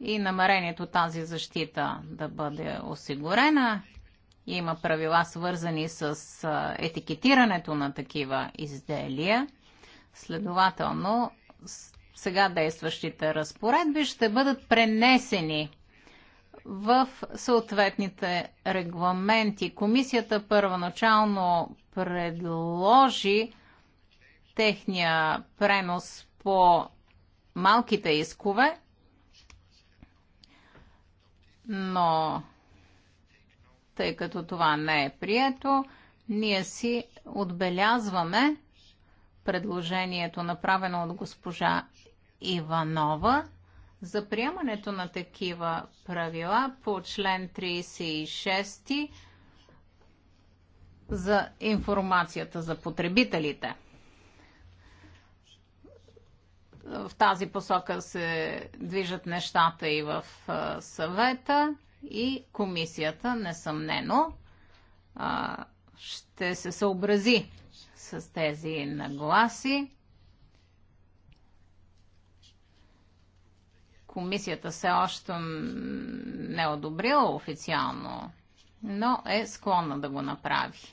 и намерението тази защита да бъде осигурена. Има правила свързани с етикетирането на такива изделия. Следователно, сега действащите разпоредби ще бъдат пренесени в съответните регламенти. Комисията първоначално предложи техния пренос по малките искове, но тъй като това не е прието, ние си отбелязваме предложението, направено от госпожа Иванова, за приемането на такива правила по член 36 за информацията за потребителите. В тази посока се движат нещата и в съвета и комисията, несъмнено, ще се съобрази с тези нагласи. Комисията все още не е одобрила официално, но е склонна да го направи.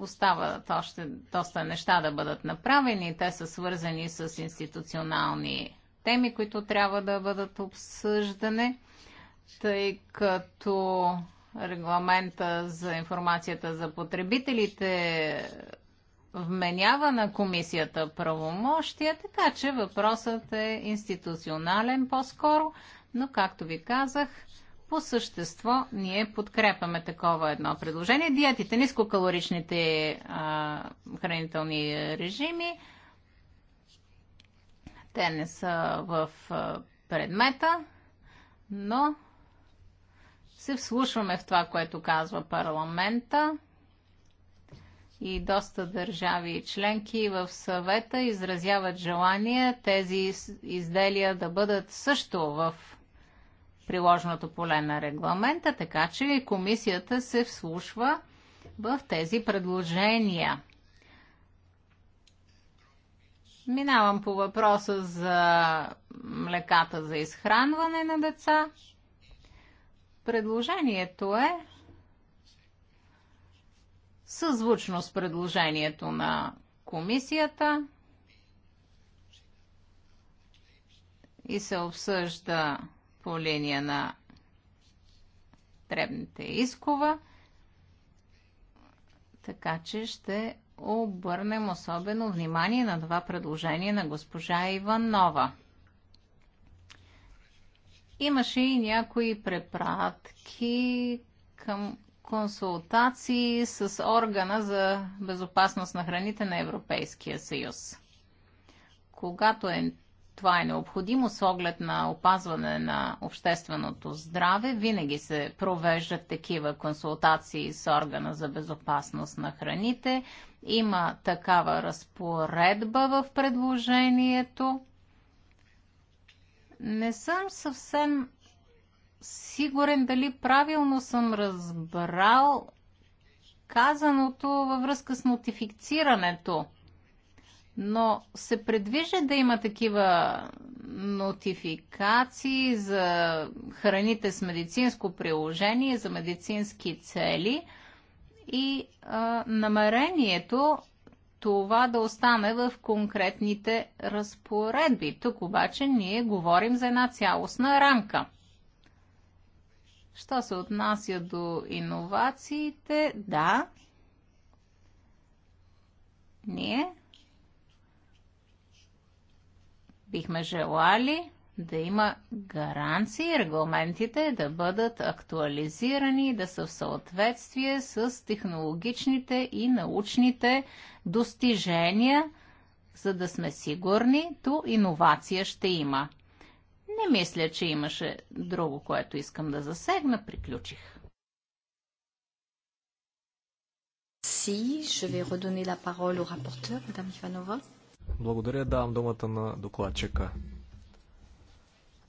Остават още доста неща да бъдат направени. Те са свързани с институционални теми, които трябва да бъдат обсъждане, тъй като регламента за информацията за потребителите вменява на комисията правомощия, така че въпросът е институционален по-скоро, но както ви казах, по същество ние подкрепяме такова едно предложение. Диетите, нискокалоричните а, хранителни режими, те не са в а, предмета, но се вслушваме в това, което казва парламента и доста държави и членки в съвета изразяват желание тези изделия да бъдат също в приложеното поле на регламента, така че комисията се вслушва в тези предложения. Минавам по въпроса за млеката за изхранване на деца. Предложението е съзвучно с предложението на комисията и се обсъжда по линия на дребните искова. Така че ще обърнем особено внимание на това предложение на госпожа Иванова. Имаше и някои препратки към консултации с органа за безопасност на храните на Европейския съюз. Когато е това е необходимо с оглед на опазване на общественото здраве. Винаги се провеждат такива консултации с органа за безопасност на храните. Има такава разпоредба в предложението. Не съм съвсем сигурен дали правилно съм разбрал казаното във връзка с нотифицирането но се предвижда да има такива нотификации за храните с медицинско приложение, за медицински цели и а, намерението това да остане в конкретните разпоредби. Тук обаче ние говорим за една цялостна рамка. Що се отнася до иновациите, да, ние Бихме желали да има гаранции регламентите да бъдат актуализирани, да са в съответствие с технологичните и научните достижения, за да сме сигурни, то иновация ще има. Не мисля, че имаше друго, което искам да засегна. Приключих. Си, je vais redonner la parole au rapporteur, Madame Ivanova. Благодаря, давам думата на докладчика.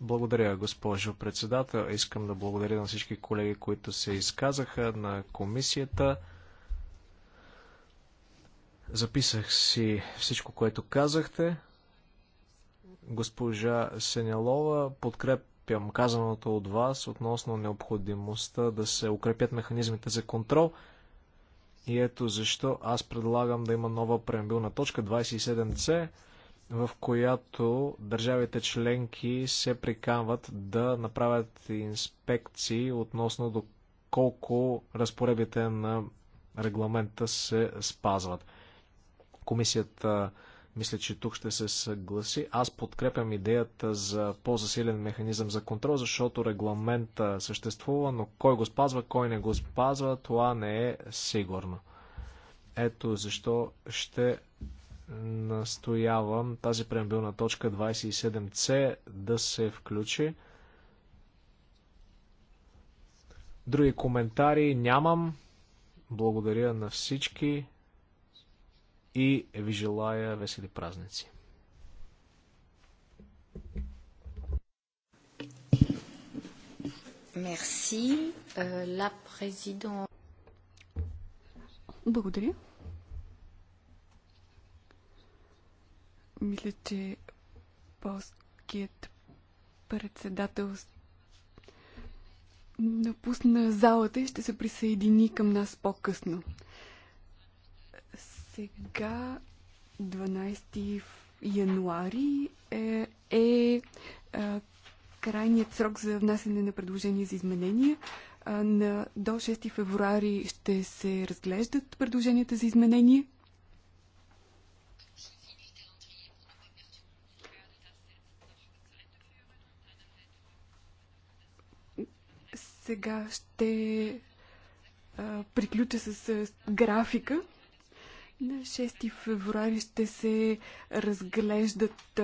Благодаря, госпожо председател. Искам да благодаря на всички колеги, които се изказаха на комисията. Записах си всичко, което казахте. Госпожа Сенялова, подкрепям казаното от вас относно необходимостта да се укрепят механизмите за контрол – и ето защо аз предлагам да има нова преамбилна точка 27c, в която държавите членки се приканват да направят инспекции относно до колко разпоредбите на регламента се спазват. Комисията мисля, че тук ще се съгласи. Аз подкрепям идеята за по-засилен механизъм за контрол, защото регламента съществува, но кой го спазва, кой не го спазва, това не е сигурно. Ето защо ще настоявам тази преамбилна точка 27C да се включи. Други коментари нямам. Благодаря на всички и ви желая весели празници. Мерси. Ла президент. Благодаря. Мисля, че полският председател напусна залата и ще се присъедини към нас по-късно. Сега 12 януари е, е, е крайният срок за внасяне на предложения за изменения. На, до 6 февруари ще се разглеждат предложенията за изменения. Сега ще а, приключа с графика. На 6 февруари ще се разглеждат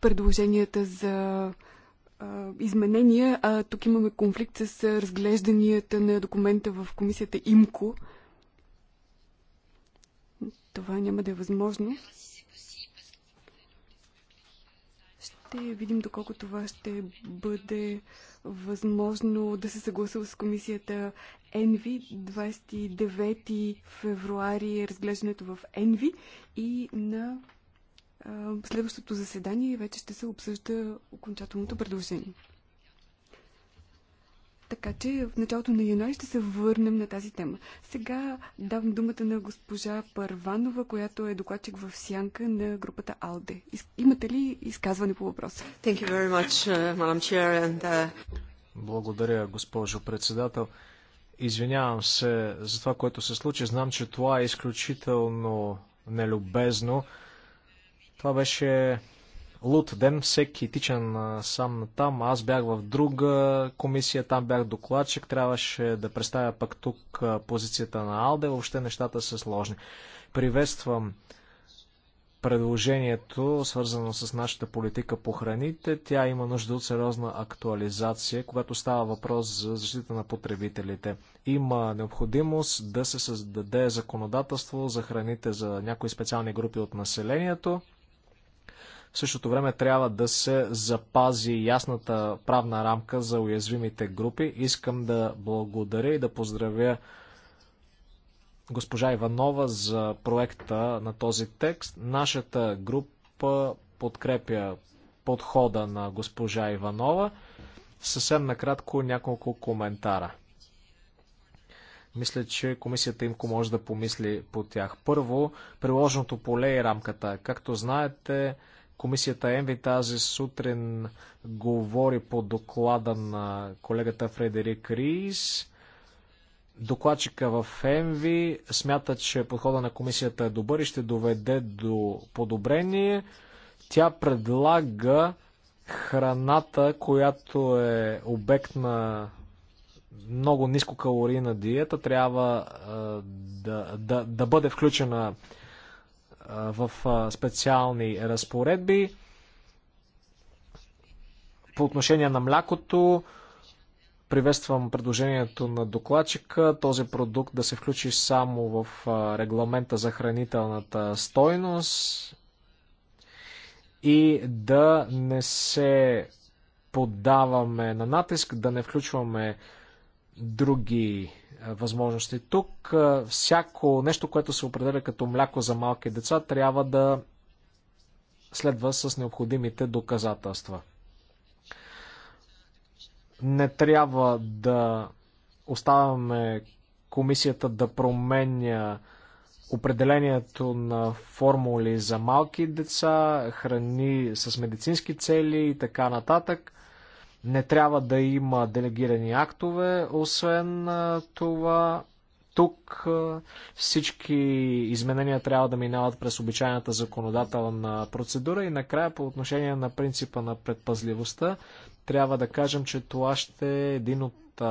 предложенията за изменения, а тук имаме конфликт с разглежданията на документа в комисията ИМКО. Това няма да е възможно. Ще видим доколко това ще бъде възможно да се съгласува с комисията Енви. 29 февруари е разглеждането в Енви и на следващото заседание вече ще се обсъжда окончателното предложение. Така че в началото на януари ще се върнем на тази тема. Сега давам думата на госпожа Парванова, която е докладчик в сянка на групата АЛДЕ. Имате ли изказване по въпроса? Thank you very much, uh, Chair, and, uh... Благодаря, госпожо председател. Извинявам се за това, което се случи. Знам, че това е изключително нелюбезно. Това беше луд ден, всеки тичан сам на там. Аз бях в друга комисия, там бях докладчик, трябваше да представя пък тук позицията на Алде. Въобще нещата са сложни. Приветствам предложението, свързано с нашата политика по храните. Тя има нужда от сериозна актуализация, когато става въпрос за защита на потребителите. Има необходимост да се създаде законодателство за храните за някои специални групи от населението. В същото време трябва да се запази ясната правна рамка за уязвимите групи. Искам да благодаря и да поздравя госпожа Иванова за проекта на този текст. Нашата група подкрепя подхода на госпожа Иванова. Съвсем накратко няколко коментара. Мисля, че комисията имко може да помисли по тях. Първо, приложеното поле и рамката. Както знаете, Комисията ЕМВИ тази сутрин говори по доклада на колегата Фредерик Рис. Докладчика в ЕМВИ смята, че подхода на комисията е добър и ще доведе до подобрение. Тя предлага храната, която е обект на много нискокалорийна диета, трябва да, да, да бъде включена в специални разпоредби. По отношение на млякото, приветствам предложението на докладчика този продукт да се включи само в регламента за хранителната стойност и да не се поддаваме на натиск, да не включваме други е, възможности. Тук е, всяко нещо, което се определя като мляко за малки деца, трябва да следва с необходимите доказателства. Не трябва да оставяме комисията да променя определението на формули за малки деца, храни с медицински цели и така нататък. Не трябва да има делегирани актове. Освен това, тук всички изменения трябва да минават през обичайната законодателна процедура и накрая по отношение на принципа на предпазливостта трябва да кажем, че това ще е един от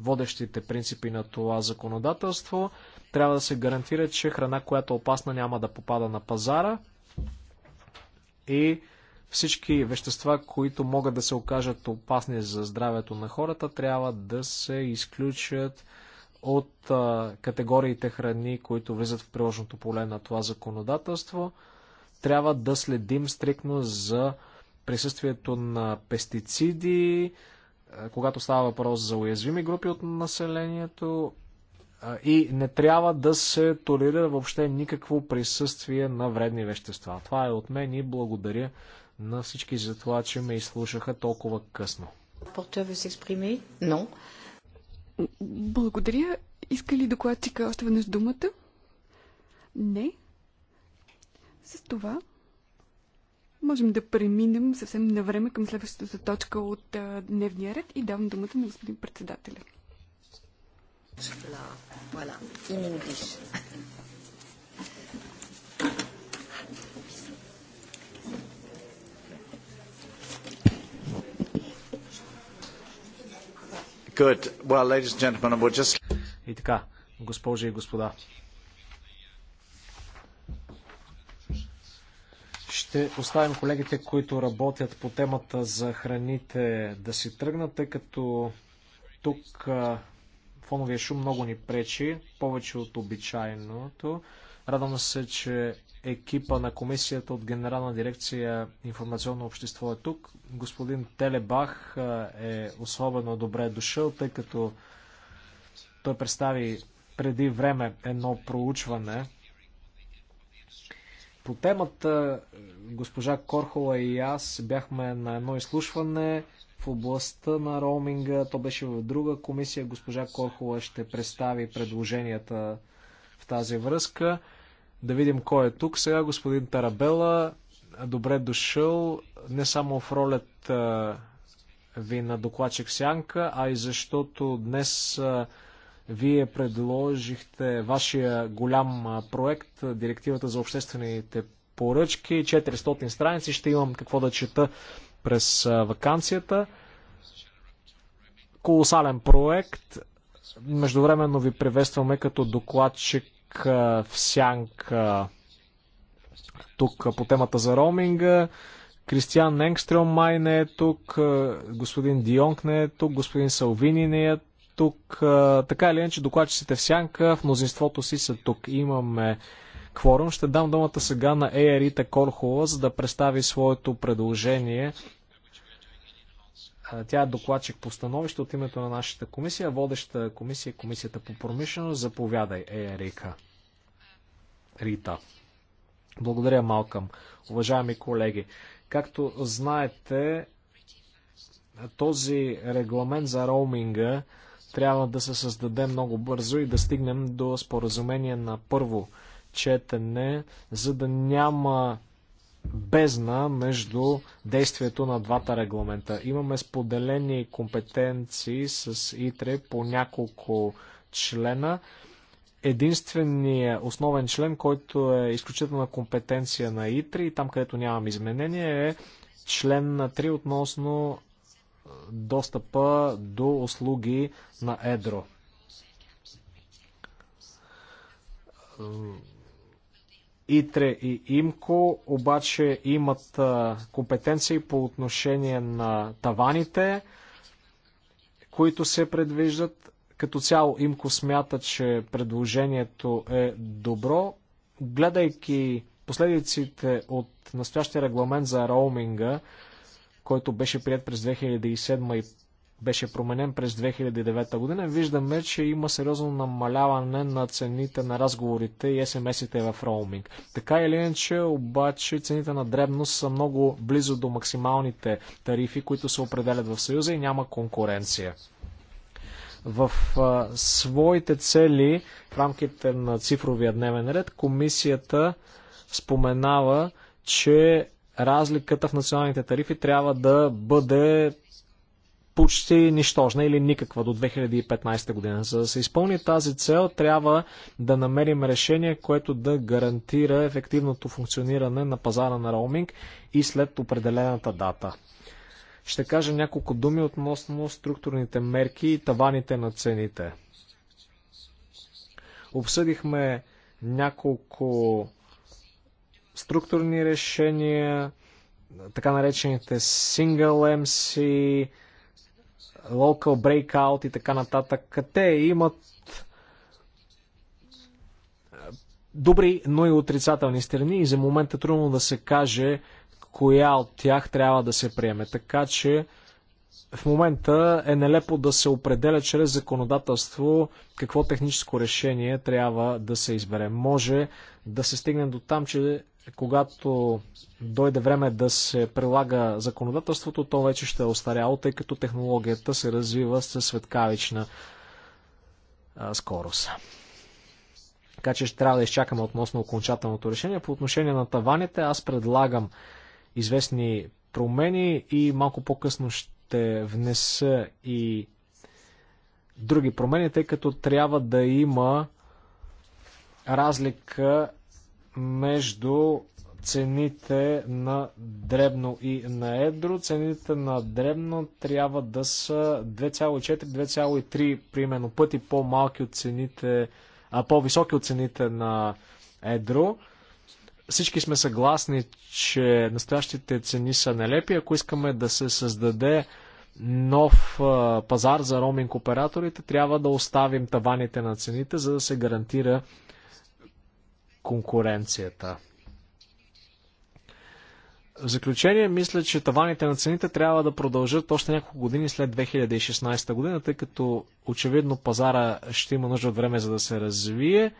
водещите принципи на това законодателство. Трябва да се гарантира, че храна, която е опасна, няма да попада на пазара и всички вещества, които могат да се окажат опасни за здравето на хората, трябва да се изключат от категориите храни, които влизат в приложното поле на това законодателство. Трябва да следим стрикно за присъствието на пестициди, когато става въпрос за уязвими групи от населението и не трябва да се толерира въобще никакво присъствие на вредни вещества. Това е от мен и благодаря на всички за това, че ме изслушаха толкова късно. Благодаря. Иска ли докладчика още веднъж думата? Не. С това можем да преминем съвсем на време към следващата точка от а, дневния ред и давам думата на господин председателя. Voilà. Voilà. Well, just... И така, госпожи и господа. Ще оставим колегите, които работят по темата за храните да си тръгнат, тъй като тук фоновия шум много ни пречи, повече от обичайното. Радвам се, че екипа на комисията от Генерална дирекция информационно общество е тук. Господин Телебах е особено добре дошъл, тъй като той представи преди време едно проучване. По темата госпожа Корхола и аз бяхме на едно изслушване в областта на роуминга. То беше в друга комисия. Госпожа Корхола ще представи предложенията в тази връзка. Да видим кой е тук. Сега господин Тарабела, добре дошъл не само в ролята ви на докладчик Сянка, а и защото днес вие предложихте вашия голям проект, директивата за обществените поръчки, 400 страници, ще имам какво да чета през вакансията. Колосален проект. Междувременно ви приветстваме като докладчик в сянка тук по темата за роуминга. Кристиан Ненгстрем май не е тук, господин Дионг не е тук, господин Салвини не е тук. Така или иначе, докладчиците в сянка в мнозинството си са тук. Имаме кворум. Ще дам думата сега на Ерита Корхова, за да представи своето предложение тя е докладчик по становище от името на нашата комисия. Водеща комисия е комисията по промишленост. Заповядай, е, Рика. Рита. Благодаря, Малкам. Уважаеми колеги, както знаете, този регламент за роуминга трябва да се създаде много бързо и да стигнем до споразумение на първо четене, за да няма бездна между действието на двата регламента. Имаме споделени компетенции с ИТРЕ по няколко члена. Единственият основен член, който е изключителна компетенция на ИТРЕ и там, където нямам изменение, е член на 3 относно достъпа до услуги на Едро ИТРЕ и ИМКО обаче имат компетенции по отношение на таваните, които се предвиждат. Като цяло ИМКО смята, че предложението е добро. Гледайки последиците от настоящия регламент за роуминга, който беше прият през 2007 и беше променен през 2009 година, виждаме, че има сериозно намаляване на цените на разговорите и смс-ите в роуминг. Така или иначе, обаче, цените на дребност са много близо до максималните тарифи, които се определят в Съюза и няма конкуренция. В а, своите цели, в рамките на цифровия дневен ред, комисията споменава, че разликата в националните тарифи трябва да бъде почти нищожна или никаква до 2015 година. За да се изпълни тази цел, трябва да намерим решение, което да гарантира ефективното функциониране на пазара на роуминг и след определената дата. Ще кажа няколко думи относно структурните мерки и таваните на цените. Обсъдихме няколко структурни решения, така наречените Single MC, local breakout и така нататък. Те имат е, добри, но и отрицателни страни и за момента е трудно да се каже коя от тях трябва да се приеме. Така че в момента е нелепо да се определя чрез законодателство какво техническо решение трябва да се избере. Може да се стигне до там, че когато дойде време да се прилага законодателството, то вече ще е остаряло, тъй като технологията се развива със светкавична скорост. Така че ще трябва да изчакаме относно окончателното решение. По отношение на таваните, аз предлагам известни промени и малко по-късно ще внеса и други промени, тъй като трябва да има разлика между цените на дребно и на едро. Цените на дребно трябва да са 2,4-2,3 примерно пъти по-малки от цените, а по-високи от цените на едро. Всички сме съгласни, че настоящите цени са нелепи. Ако искаме да се създаде нов пазар за роминг операторите, трябва да оставим таваните на цените, за да се гарантира конкуренцията. В заключение, мисля, че таваните на цените трябва да продължат още няколко години след 2016 година, тъй като очевидно пазара ще има нужда от време за да се развие.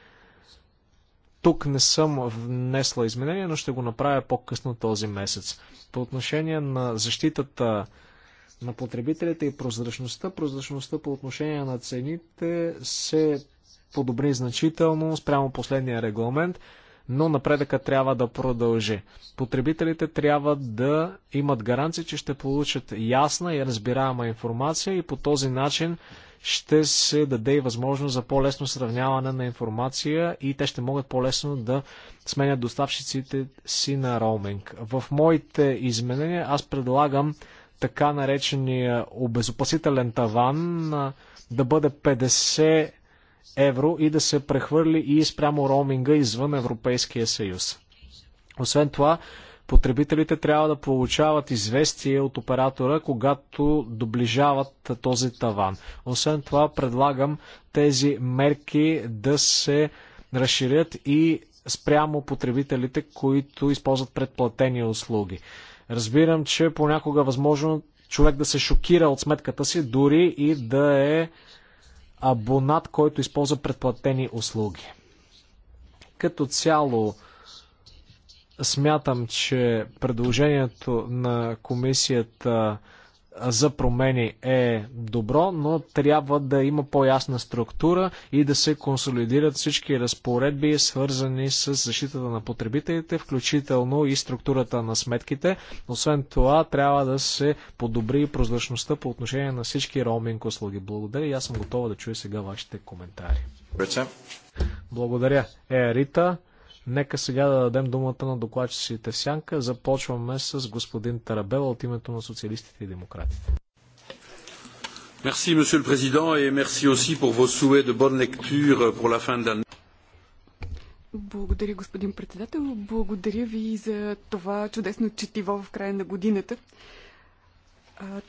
Тук не съм внесла изменения, но ще го направя по-късно този месец. По отношение на защитата на потребителите и прозрачността, прозрачността по отношение на цените се подобри значително спрямо последния регламент, но напредъка трябва да продължи. Потребителите трябва да имат гаранция, че ще получат ясна и разбираема информация и по този начин ще се даде и възможност за по-лесно сравняване на информация и те ще могат по-лесно да сменят доставчиците си на роуминг. В моите изменения аз предлагам така наречения обезопасителен таван да бъде 50 евро и да се прехвърли и спрямо роуминга извън Европейския съюз. Освен това, потребителите трябва да получават известие от оператора, когато доближават този таван. Освен това, предлагам тези мерки да се разширят и спрямо потребителите, които използват предплатени услуги. Разбирам, че понякога е възможно човек да се шокира от сметката си, дори и да е абонат, който използва предплатени услуги. Като цяло, смятам, че предложението на комисията за промени е добро, но трябва да има по-ясна структура и да се консолидират всички разпоредби, свързани с защитата на потребителите, включително и структурата на сметките. Освен това, трябва да се подобри прозрачността по отношение на всички роуминг услуги. Благодаря и аз съм готова да чуя сега вашите коментари. Благодаря. Е, Рита. Нека сега да дадем думата на докладчиците в сянка. Започваме с господин Тарабел от името на социалистите и демократите. Merci, Monsieur le Président, et merci aussi pour vos souhaits de bonne lecture pour la fin d'année. Благодаря, господин председател. Благодаря ви за това чудесно четиво в края на годината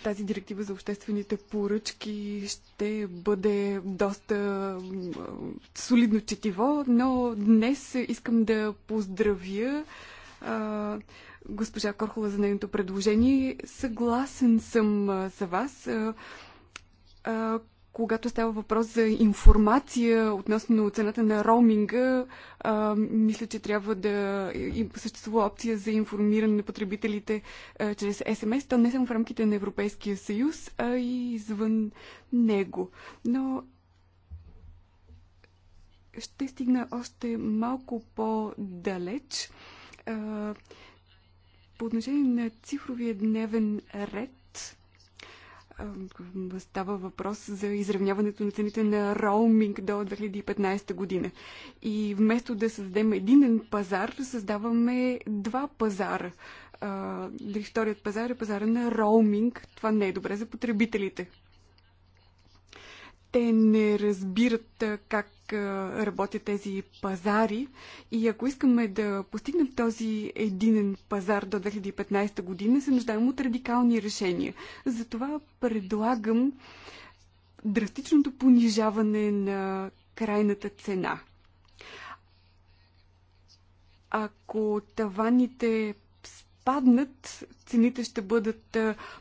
тази директива за обществените поръчки ще бъде доста солидно четиво, но днес искам да поздравя госпожа Корхола за нейното предложение. Съгласен съм с вас когато става въпрос за информация относно цената на роуминга, а, мисля, че трябва да и, съществува опция за информиране на потребителите а, чрез СМС, то не само в рамките на Европейския съюз, а и извън него. Но ще стигна още малко по-далеч. По отношение на цифровия дневен ред, става въпрос за изравняването на цените на роуминг до 2015 година. И вместо да създадем един пазар, създаваме два пазара. Дали вторият пазар е пазара на роуминг. Това не е добре за потребителите. Те не разбират как работят тези пазари и ако искаме да постигнем този единен пазар до 2015 година, се нуждаем от радикални решения. Затова предлагам драстичното понижаване на крайната цена. Ако таваните паднат, цените ще бъдат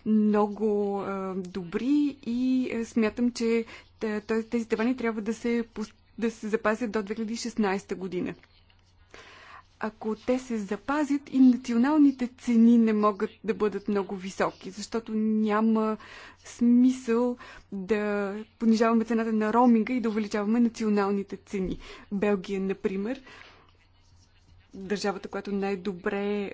много добри и смятам, че тези тавани трябва да се да се запазят до 2016 година. Ако те се запазят и националните цени не могат да бъдат много високи, защото няма смисъл да понижаваме цената на роуминга и да увеличаваме националните цени. Белгия, например, държавата, която най-добре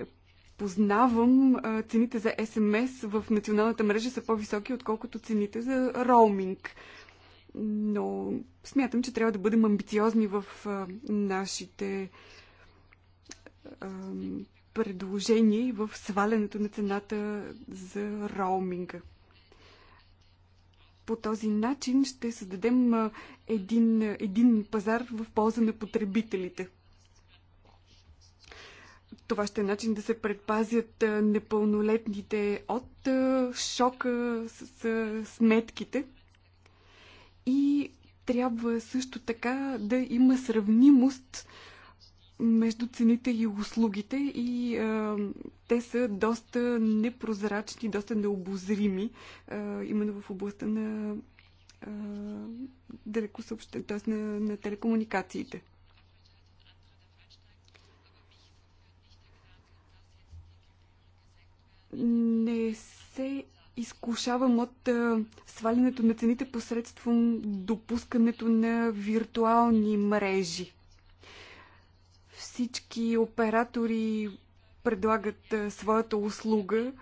познавам, цените за СМС в националната мрежа са по-високи, отколкото цените за роуминг но смятам, че трябва да бъдем амбициозни в нашите предложения и в свалянето на цената за роуминга. По този начин ще създадем един, един пазар в полза на потребителите. Това ще е начин да се предпазят непълнолетните от шока с сметките – и трябва също така да има сравнимост между цените и услугите и а, те са доста непрозрачни, доста необозрими, а, именно в областта на далеко далекосъобщен, т.е. На, на телекомуникациите. Не се изкушавам от свалянето на цените посредством допускането на виртуални мрежи. Всички оператори предлагат своята услуга.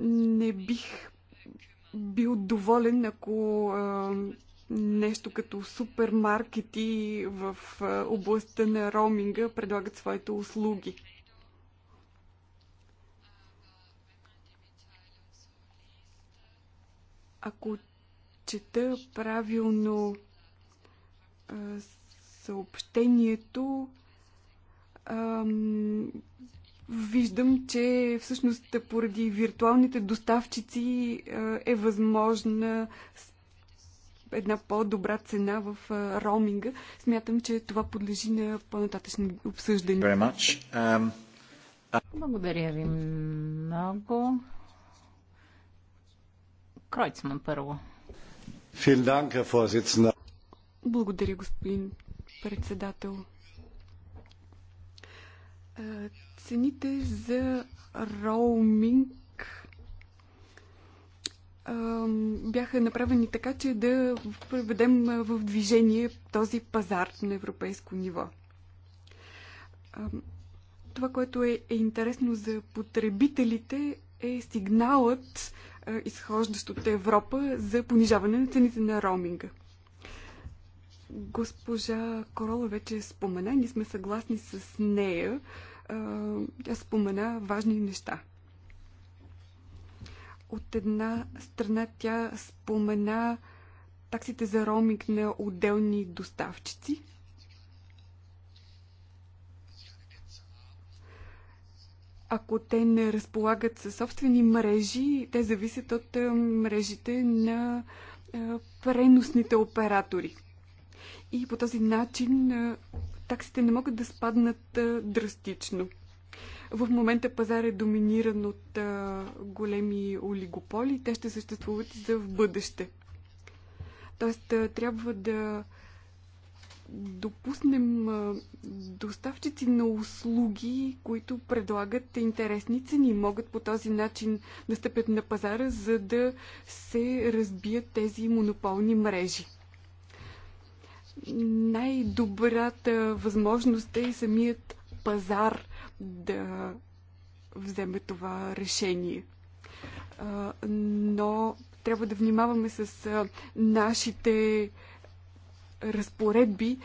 Не бих бил доволен, ако нещо като супермаркети в областта на роуминга предлагат своите услуги. Ако чета правилно съобщението, виждам, че всъщност поради виртуалните доставчици е възможна една по-добра цена в роуминга. Смятам, че това подлежи на по-нататъчни обсъждания. Благодаря ви много. Кройцман първо. Благодаря, господин председател. Е, цените за роуминг е, бяха направени така, че да проведем е, в движение този пазар на европейско ниво. Това, което е интересно за потребителите, е сигналът е, изхождащ от Европа за понижаване на цените на роуминга. Госпожа Корола вече спомена, ние сме съгласни с нея. Е, тя спомена важни неща. От една страна тя спомена таксите за роуминг на отделни доставчици – ако те не разполагат със собствени мрежи, те зависят от е, мрежите на е, преносните оператори. И по този начин е, таксите не могат да спаднат драстично. В момента пазар е доминиран от големи олигополи. Те ще съществуват и за в бъдеще. Тоест, трябва да допуснем доставчици на услуги, които предлагат интересни цени. Могат по този начин да стъпят на пазара, за да се разбият тези монополни мрежи. Най-добрата възможност е самият пазар да вземе това решение. Но трябва да внимаваме с нашите разпоредби,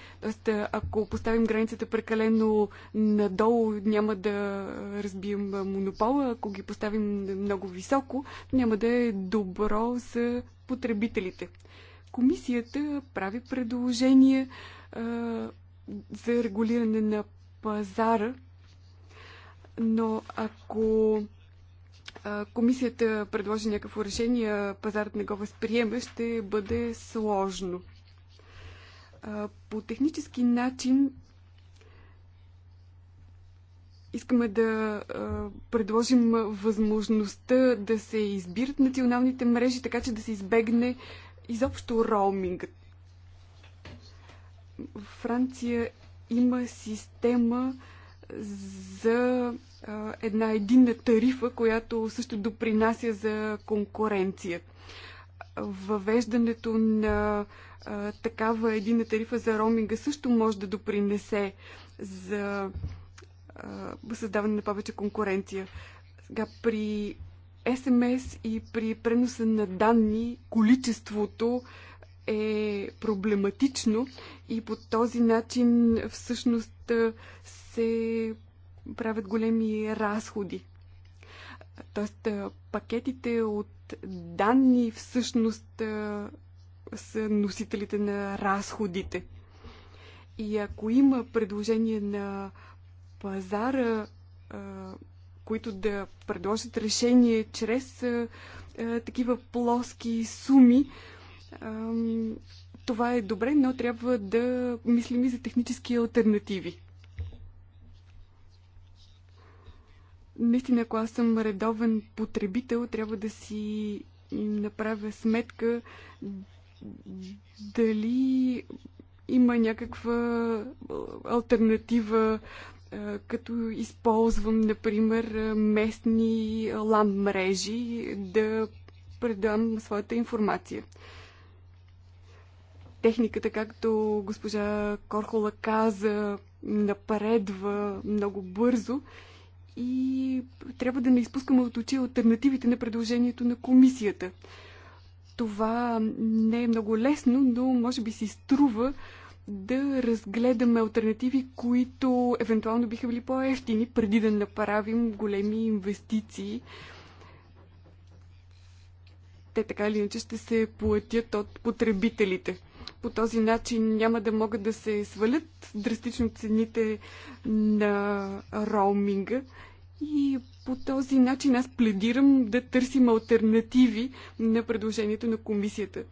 т.е. ако поставим границата прекалено надолу, няма да разбием монопола, ако ги поставим много високо, няма да е добро за потребителите. Комисията прави предложение а, за регулиране на пазара, но ако комисията предложи някакво решение, пазарът не го възприеме, ще бъде сложно. По технически начин искаме да предложим възможността да се избират националните мрежи, така че да се избегне изобщо роумингът. Франция има система за а, една единна тарифа, която също допринася за конкуренция. Въвеждането на такава един тарифа за роуминга също може да допринесе за създаване на повече конкуренция. Сега при СМС и при преноса на данни количеството е проблематично и по този начин всъщност се правят големи разходи. Тоест пакетите от данни всъщност са носителите на разходите. И ако има предложение на пазара, които да предложат решение чрез такива плоски суми, това е добре, но трябва да мислим и за технически альтернативи. Наистина, ако аз съм редовен потребител, трябва да си направя сметка дали има някаква альтернатива, като използвам, например, местни лам мрежи да предам своята информация. Техниката, както госпожа Корхола каза, напредва много бързо и трябва да не изпускаме от очи альтернативите на предложението на комисията. Това не е много лесно, но може би си струва да разгледаме альтернативи, които евентуално биха били по-ефтини, преди да направим големи инвестиции. Те така или иначе ще се платят от потребителите. По този начин няма да могат да се свалят драстично цените на роуминга и по този начин аз пледирам да търсим альтернативи на предложението на комисията.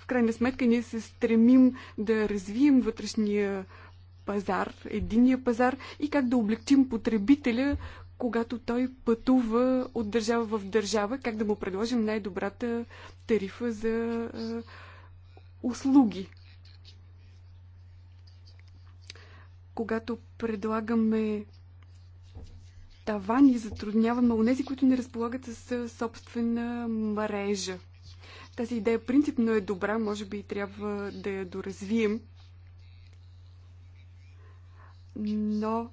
В крайна сметка ние се стремим да развием вътрешния пазар, единния пазар и как да облегчим потребителя, когато той пътува от държава в държава, как да му предложим най-добрата тарифа за услуги. Когато предлагаме тавани затрудняваме у нези, които не разполагат с собствена мрежа. Тази идея принципно е добра, може би трябва да я доразвием. Но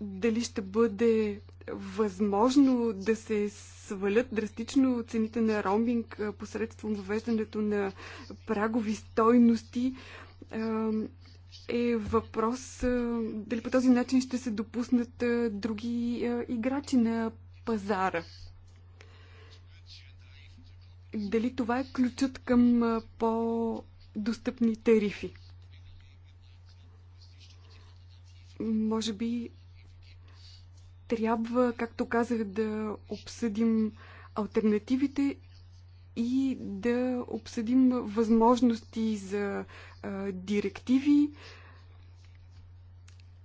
дали ще бъде възможно да се свалят драстично цените на роуминг посредством въвеждането на прагови стойности, е въпрос дали по този начин ще се допуснат други играчи на пазара. Дали това е ключът към по-достъпни тарифи? Може би трябва, както казах, да обсъдим альтернативите и да обсъдим възможности за а, директиви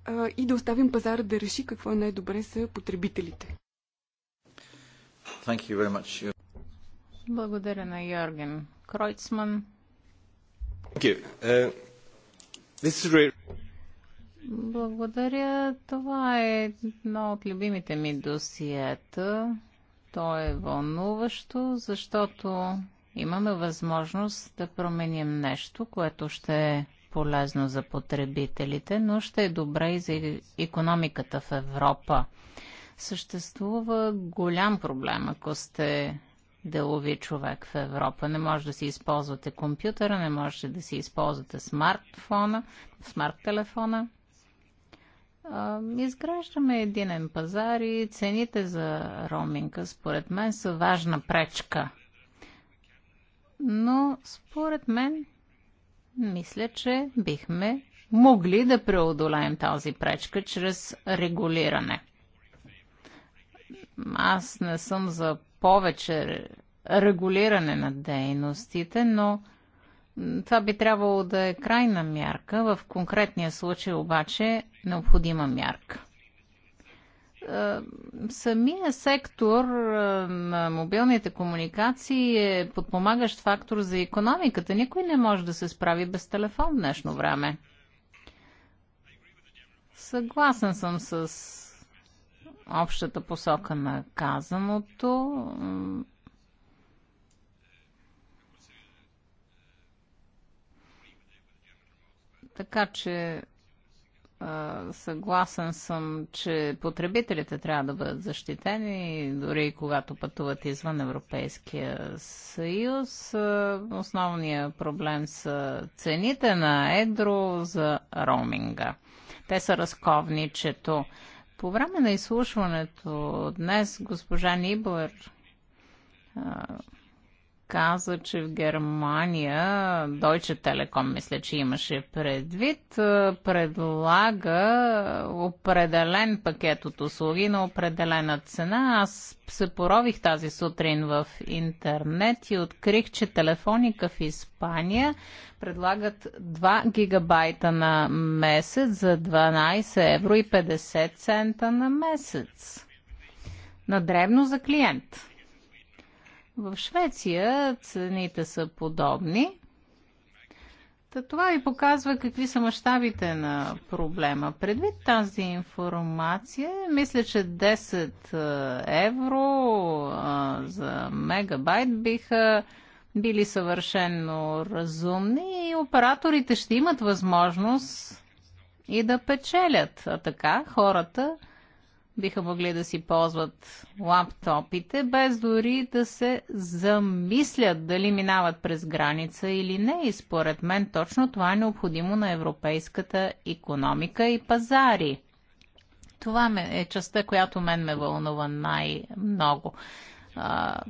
а, и да оставим пазара да реши какво е най-добре за потребителите. Thank you very much. Благодаря на Йорген Кройцман. Uh, is... Благодаря. Това е едно от любимите ми досиета. То е вълнуващо, защото имаме възможност да променим нещо, което ще е полезно за потребителите, но ще е добре и за економиката в Европа. Съществува голям проблем, ако сте делови човек в Европа. Не може да си използвате компютъра, не може да си използвате смартфона, смарт телефона. Изграждаме единен пазар и цените за роминга, според мен са важна пречка. Но според мен мисля, че бихме могли да преодолеем тази пречка чрез регулиране. Аз не съм за повече регулиране на дейностите, но това би трябвало да е крайна мярка, в конкретния случай обаче необходима мярка. Е, самия сектор е, на мобилните комуникации е подпомагащ фактор за економиката. Никой не може да се справи без телефон в днешно време. Съгласен съм с общата посока на казаното. Така че съгласен съм, че потребителите трябва да бъдат защитени, дори и когато пътуват извън Европейския съюз. Основният проблем са цените на едро за роуминга. Те са разковничето. По време на изслушването днес госпожа Нибър каза, че в Германия Deutsche Telekom, мисля, че имаше предвид, предлага определен пакет от услуги на определена цена. Аз се порових тази сутрин в интернет и открих, че телефоника в Испания предлагат 2 гигабайта на месец за 12 евро и 50 цента на месец. На дребно за клиент. В Швеция цените са подобни. Та това ви показва какви са мащабите на проблема. Предвид тази информация, мисля, че 10 евро а, за мегабайт биха били съвършенно разумни и операторите ще имат възможност и да печелят. А така хората биха могли да си ползват лаптопите, без дори да се замислят дали минават през граница или не. И според мен точно това е необходимо на европейската економика и пазари. Това е частта, която мен ме вълнува най-много.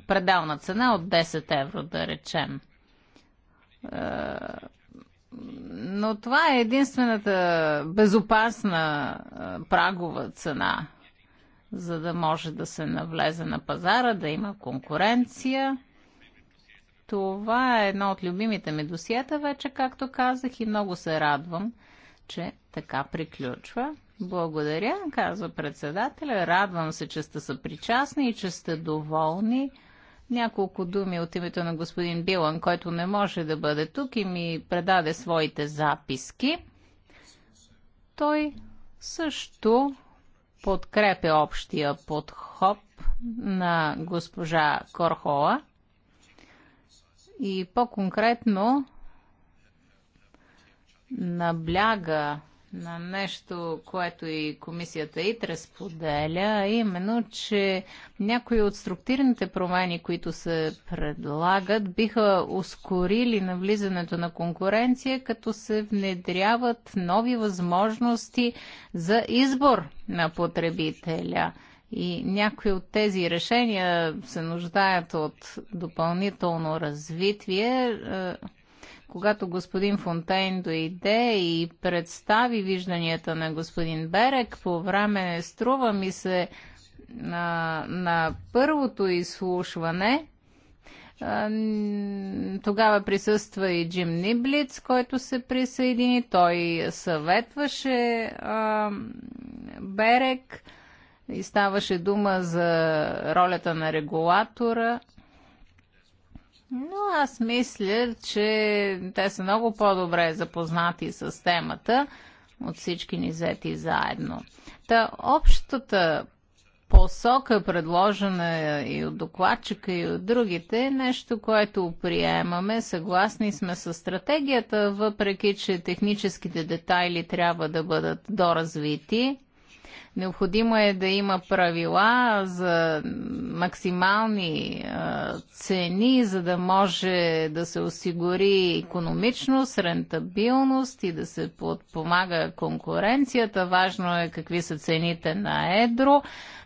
Пределна цена от 10 евро, да речем. Но това е единствената безопасна прагова цена за да може да се навлезе на пазара, да има конкуренция. Това е едно от любимите ми досиета вече, както казах, и много се радвам, че така приключва. Благодаря, казва председателя. Радвам се, че сте съпричастни и че сте доволни. Няколко думи от името на господин Билан, който не може да бъде тук и ми предаде своите записки. Той също подкрепя общия подход на госпожа Корхола и по-конкретно набляга на нещо, което и комисията ИТРА споделя, а именно, че някои от структурните промени, които се предлагат, биха ускорили навлизането на конкуренция, като се внедряват нови възможности за избор на потребителя. И някои от тези решения се нуждаят от допълнително развитие е, когато господин Фонтейн дойде и представи вижданията на господин Берек по време, струва ми се, на, на първото изслушване, тогава присъства и Джим Ниблиц, който се присъедини. Той съветваше а, Берек и ставаше дума за ролята на регулатора – но аз мисля, че те са много по-добре запознати с темата от всички ни взети заедно. Та общата посока, предложена и от докладчика, и от другите, е нещо, което приемаме. Съгласни сме с стратегията, въпреки че техническите детайли трябва да бъдат доразвити. Необходимо е да има правила за максимални цени, за да може да се осигури економичност, рентабилност и да се подпомага конкуренцията. Важно е какви са цените на едро.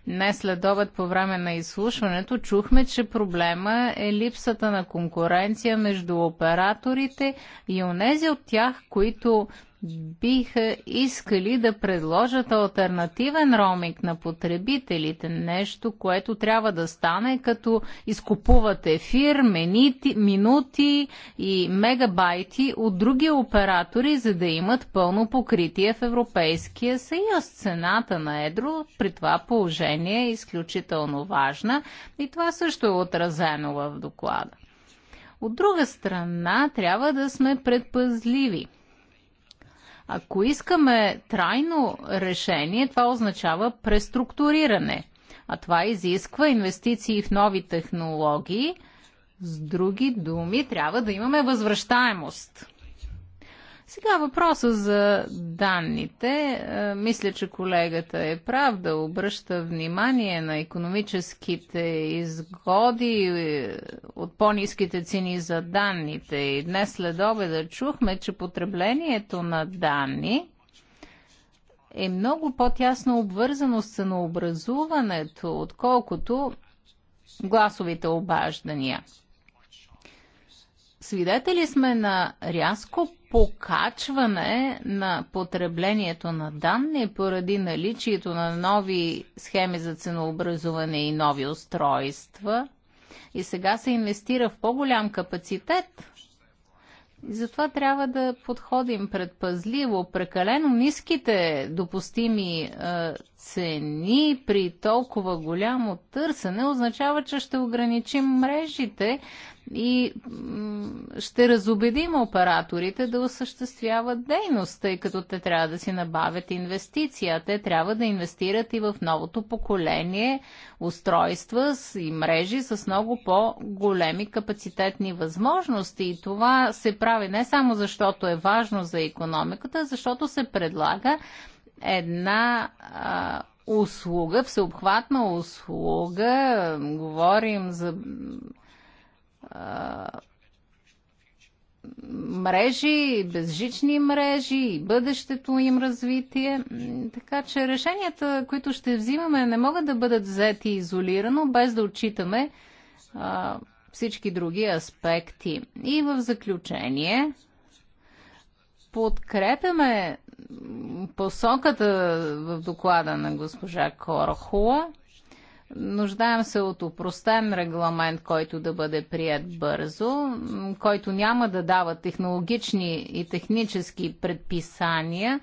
Днес след обед по време на изслушването чухме, че проблема е липсата на конкуренция между операторите и онези от тях, които биха искали да предложат альтернативен роминг на потребителите, нещо, което трябва да стане, като изкупуват ефир, минути, минути и мегабайти от други оператори, за да имат пълно покритие в Европейския съюз. Цената на едро при това положение е изключително важна и това също е отразено в доклада. От друга страна, трябва да сме предпазливи – ако искаме трайно решение, това означава преструктуриране. А това изисква инвестиции в нови технологии. С други думи, трябва да имаме възвръщаемост. Сега въпроса за данните. Е, мисля, че колегата е прав да обръща внимание на економическите изгоди е, от по-низките цени за данните. И днес след обеда чухме, че потреблението на данни е много по-тясно обвързано с ценообразуването, отколкото гласовите обаждания. Свидетели сме на рязко покачване на потреблението на данни поради наличието на нови схеми за ценообразуване и нови устройства. И сега се инвестира в по-голям капацитет. И затова трябва да подходим предпазливо. Прекалено ниските допустими е, цени при толкова голямо търсене, означава, че ще ограничим мрежите и ще разобедим операторите да осъществяват дейност, тъй като те трябва да си набавят инвестиция. Те трябва да инвестират и в новото поколение устройства и мрежи с много по-големи капацитетни възможности. И това се прави не само защото е важно за економиката, защото се предлага една а, услуга, всеобхватна услуга, говорим за а, мрежи, безжични мрежи и бъдещето им развитие. Така че решенията, които ще взимаме, не могат да бъдат взети изолирано, без да отчитаме а, всички други аспекти. И в заключение, подкрепяме посоката в доклада на госпожа Корхула. Нуждаем се от упростен регламент, който да бъде прият бързо, който няма да дава технологични и технически предписания,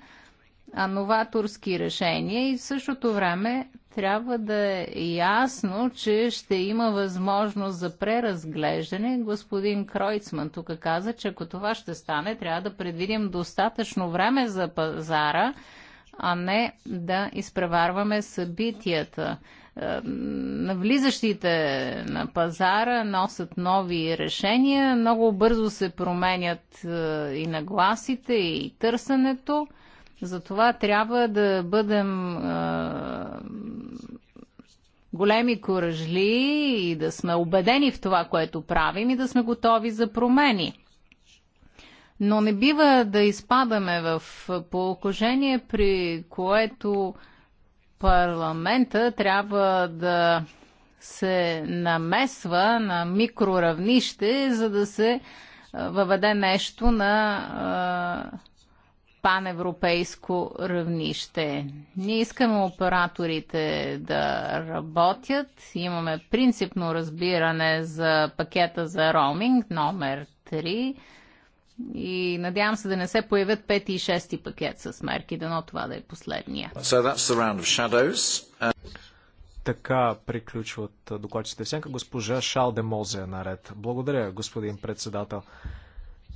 а новаторски решения и в същото време трябва да е ясно, че ще има възможност за преразглеждане. Господин Кройцман тук каза, че ако това ще стане, трябва да предвидим достатъчно време за пазара, а не да изпреварваме събитията. Е, навлизащите на пазара носят нови решения, много бързо се променят е, и нагласите, и търсенето. Затова трябва да бъдем големи коръжли и да сме убедени в това, което правим и да сме готови за промени. Но не бива да изпадаме в положение, при което парламента трябва да се намесва на микроравнище, за да се въведе нещо на паневропейско равнище. Ние искаме операторите да работят. Имаме принципно разбиране за пакета за роуминг номер 3 и надявам се да не се появят пети и шести пакет с мерки, дано това да е последния. So And... Така приключват докладчите сенка Госпожа Шалде Мозе е наред. Благодаря, господин председател.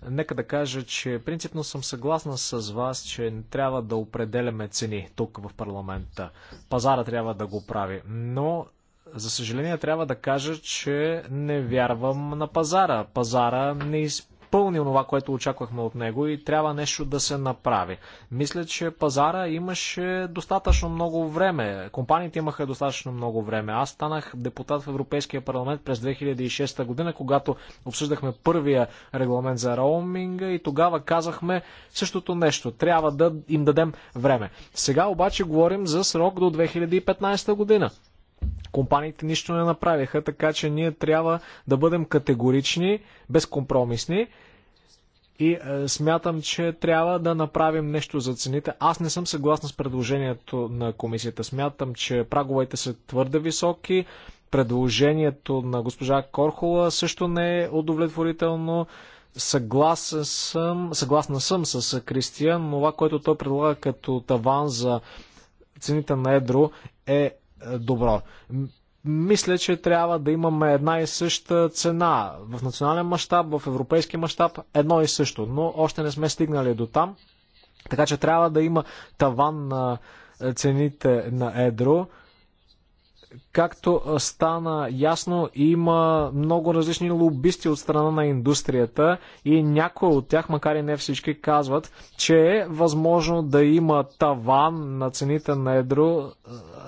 Нека да кажа, че принципно съм съгласна с вас, че не трябва да определяме цени тук в парламента. Пазара трябва да го прави. Но, за съжаление, трябва да кажа, че не вярвам на пазара. Пазара не изпълнява изпълнил това, което очаквахме от него и трябва нещо да се направи. Мисля, че пазара имаше достатъчно много време. Компаниите имаха достатъчно много време. Аз станах депутат в Европейския парламент през 2006 година, когато обсъждахме първия регламент за роуминга и тогава казахме същото нещо. Трябва да им дадем време. Сега обаче говорим за срок до 2015 година. Компаниите нищо не направиха, така че ние трябва да бъдем категорични, безкомпромисни и е, смятам, че трябва да направим нещо за цените. Аз не съм съгласна с предложението на комисията. Смятам, че праговете са твърде високи. Предложението на госпожа Корхола също не е удовлетворително. Съгласен съм, съгласна съм с Кристиян, но това, което той предлага като таван за цените на едро е е, добро. Мисля, че трябва да имаме една и съща цена в национален мащаб, в европейски мащаб, едно и също, но още не сме стигнали до там. Така че трябва да има таван на е, цените на едро. Както стана ясно, има много различни лобисти от страна на индустрията и някои от тях, макар и не всички, казват, че е възможно да има таван на цените на едро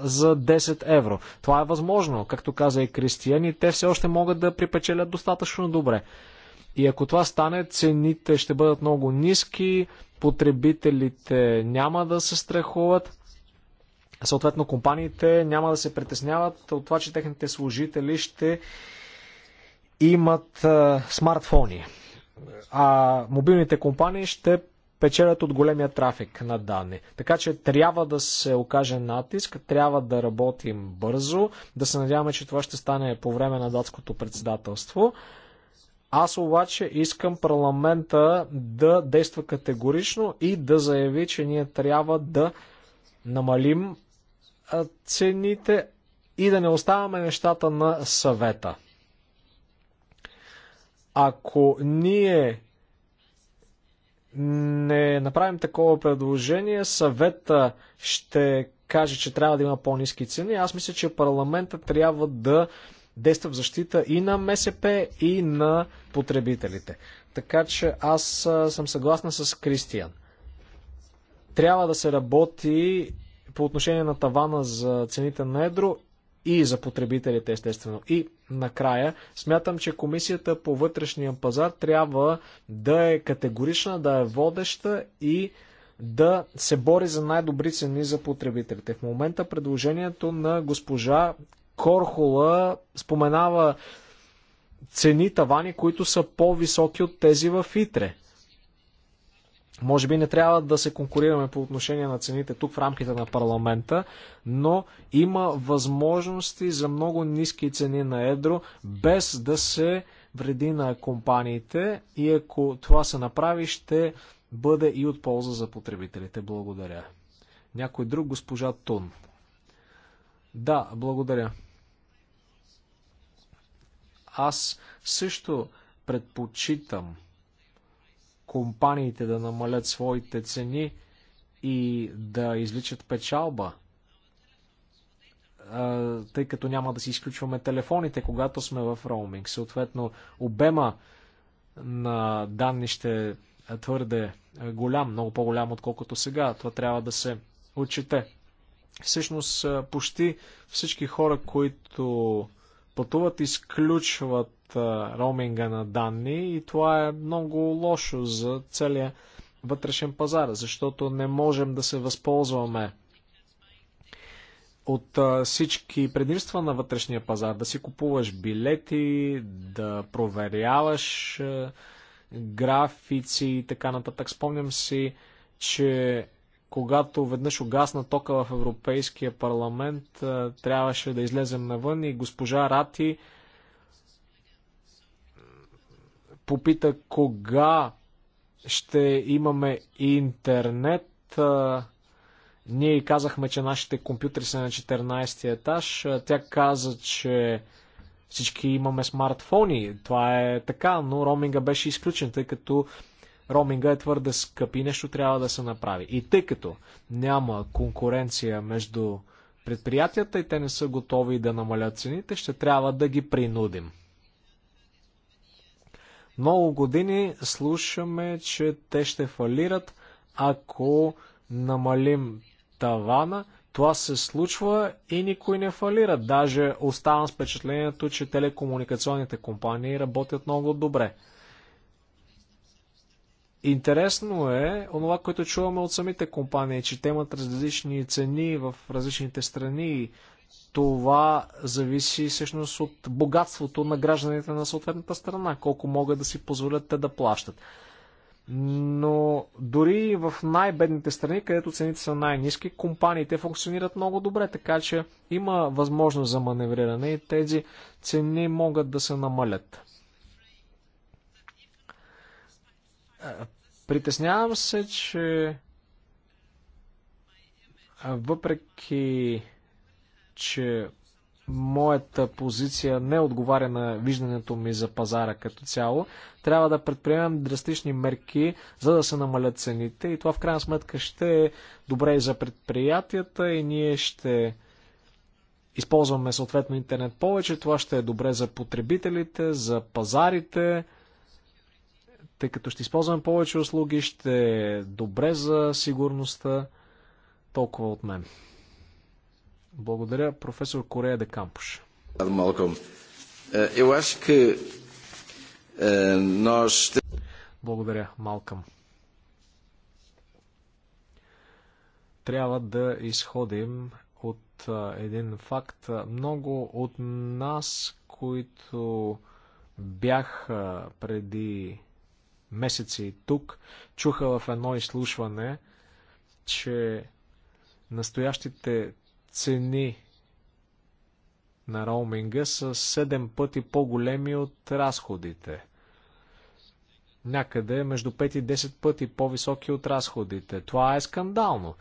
за 10 евро. Това е възможно, както каза и Кристиян, и те все още могат да припечелят достатъчно добре. И ако това стане, цените ще бъдат много ниски, потребителите няма да се страхуват. Съответно, компаниите няма да се притесняват от това, че техните служители ще имат смартфони. А мобилните компании ще печелят от големия трафик на данни. Така че трябва да се окаже натиск, трябва да работим бързо, да се надяваме, че това ще стане по време на датското председателство. Аз обаче искам парламента да действа категорично и да заяви, че ние трябва да намалим цените и да не оставаме нещата на съвета. Ако ние не направим такова предложение, съвета ще каже, че трябва да има по-низки цени. Аз мисля, че парламента трябва да действа в защита и на МСП, и на потребителите. Така че аз съм съгласна с Кристиян. Трябва да се работи по отношение на тавана за цените на едро и за потребителите, естествено. И накрая, смятам, че комисията по вътрешния пазар трябва да е категорична, да е водеща и да се бори за най-добри цени за потребителите. В момента предложението на госпожа Корхола споменава цени, тавани, които са по-високи от тези в ИТРЕ. Може би не трябва да се конкурираме по отношение на цените тук в рамките на парламента, но има възможности за много ниски цени на едро, без да се вреди на компаниите и ако това се направи, ще бъде и от полза за потребителите. Благодаря. Някой друг, госпожа Тун. Да, благодаря. Аз също предпочитам компаниите да намалят своите цени и да изличат печалба, тъй като няма да си изключваме телефоните, когато сме в роуминг. Съответно, обема на данни ще е твърде голям, много по-голям, отколкото сега. Това трябва да се отчете. Всъщност, почти всички хора, които пътуват, изключват роуминга на данни и това е много лошо за целия вътрешен пазар, защото не можем да се възползваме от всички предимства на вътрешния пазар, да си купуваш билети, да проверяваш графици и така нататък. Спомням си, че когато веднъж угасна тока в Европейския парламент, трябваше да излезем навън и госпожа Рати попита кога ще имаме интернет. Ние казахме, че нашите компютри са на 14 ти етаж. Тя каза, че всички имаме смартфони. Това е така, но роминга беше изключен, тъй като роминга е твърде скъп и нещо трябва да се направи. И тъй като няма конкуренция между предприятията и те не са готови да намалят цените, ще трябва да ги принудим. Много години слушаме, че те ще фалират, ако намалим тавана. Това се случва и никой не фалира. Даже оставам с впечатлението, че телекомуникационните компании работят много добре. Интересно е онова, което чуваме от самите компании, че те имат различни цени в различните страни това зависи всъщност от богатството на гражданите на съответната страна, колко могат да си позволят те да плащат. Но дори в най-бедните страни, където цените са най-низки, компаниите функционират много добре, така че има възможност за маневриране и тези цени могат да се намалят. Притеснявам се, че въпреки че моята позиция не отговаря на виждането ми за пазара като цяло. Трябва да предприемем драстични мерки, за да се намалят цените и това в крайна сметка ще е добре и за предприятията и ние ще използваме съответно интернет повече. Това ще е добре за потребителите, за пазарите, тъй като ще използваме повече услуги, ще е добре за сигурността. Толкова от мен. Благодаря, професор Корея де Кампуш. Eh, eh, Благодаря, Малкам. Трябва да изходим от eh, един факт. Много от нас, които бяха преди месеци тук, чуха в едно изслушване, че настоящите цени на роуминга са 7 пъти по-големи от разходите. Някъде между 5 и 10 пъти по-високи от разходите. Това е скандално.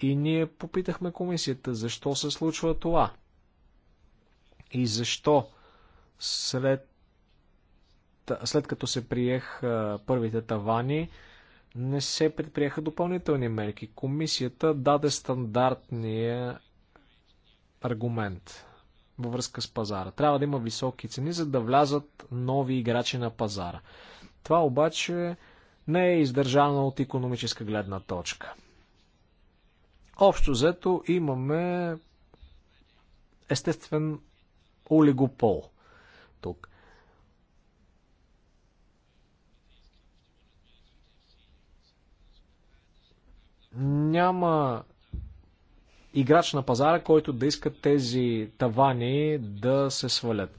И ние попитахме комисията защо се случва това. И защо след, след като се приех първите тавани, не се предприеха допълнителни мерки. Комисията даде стандартния аргумент във връзка с пазара. Трябва да има високи цени, за да влязат нови играчи на пазара. Това обаче не е издържано от економическа гледна точка. Общо взето имаме естествен олигопол тук. Няма играч на пазара, който да иска тези тавани да се свалят.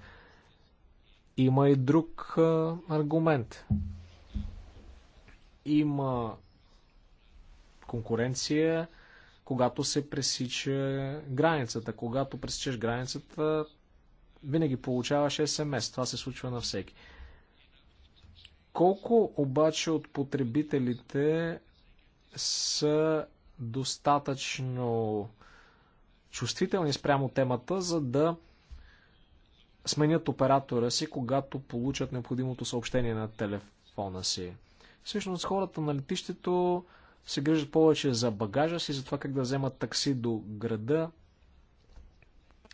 Има и друг аргумент. Има конкуренция, когато се пресича границата. Когато пресичаш границата, винаги получаваш СМС. Това се случва на всеки. Колко обаче от потребителите са достатъчно чувствителни спрямо темата, за да сменят оператора си, когато получат необходимото съобщение на телефона си. Всъщност хората на летището се грижат повече за багажа си, за това как да вземат такси до града.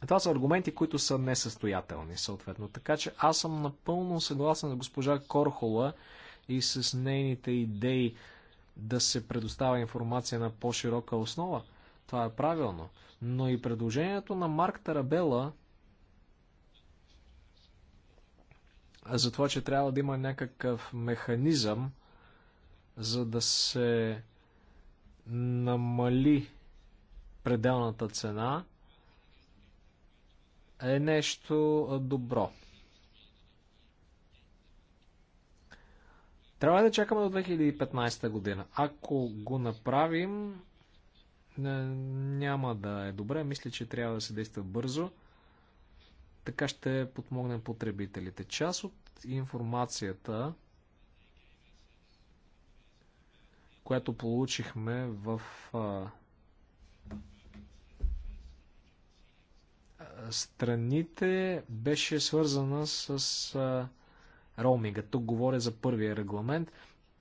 Това са аргументи, които са несъстоятелни, съответно. Така че аз съм напълно съгласен с госпожа Корхола и с нейните идеи да се предоставя информация на по-широка основа. Това е правилно. Но и предложението на Марк Тарабела за това, че трябва да има някакъв механизъм, за да се намали пределната цена, е нещо добро. Трябва да чакаме до 2015 година. Ако го направим, няма да е добре. Мисля, че трябва да се действа бързо. Така ще подмогнем потребителите. Част от информацията, която получихме в страните, беше свързана с роуминга. Тук говоря за първия регламент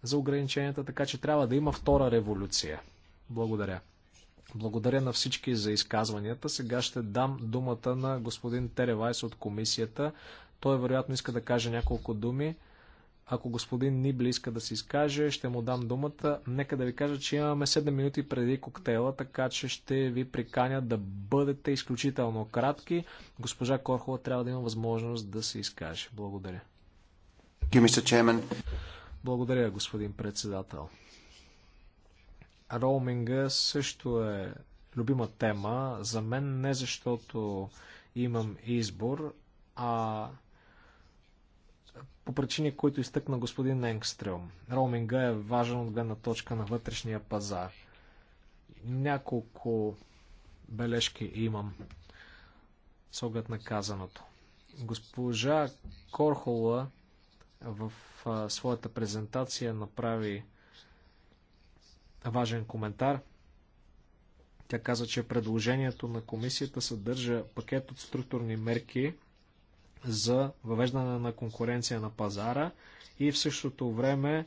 за ограниченията, така че трябва да има втора революция. Благодаря. Благодаря на всички за изказванията. Сега ще дам думата на господин Теревайс от комисията. Той вероятно иска да каже няколко думи. Ако господин Нибли иска да се изкаже, ще му дам думата. Нека да ви кажа, че имаме 7 минути преди коктейла, така че ще ви приканя да бъдете изключително кратки. Госпожа Корхова трябва да има възможност да се изкаже. Благодаря. Благодаря, господин председател. Роуминга също е любима тема за мен, не защото имам избор, а по причини, които изтъкна господин Енгстрем. Роуминга е важен от гледна точка на вътрешния пазар. Няколко бележки имам с оглед на казаното. Госпожа Корхола в своята презентация направи важен коментар. Тя каза, че предложението на комисията съдържа пакет от структурни мерки за въвеждане на конкуренция на пазара и в същото време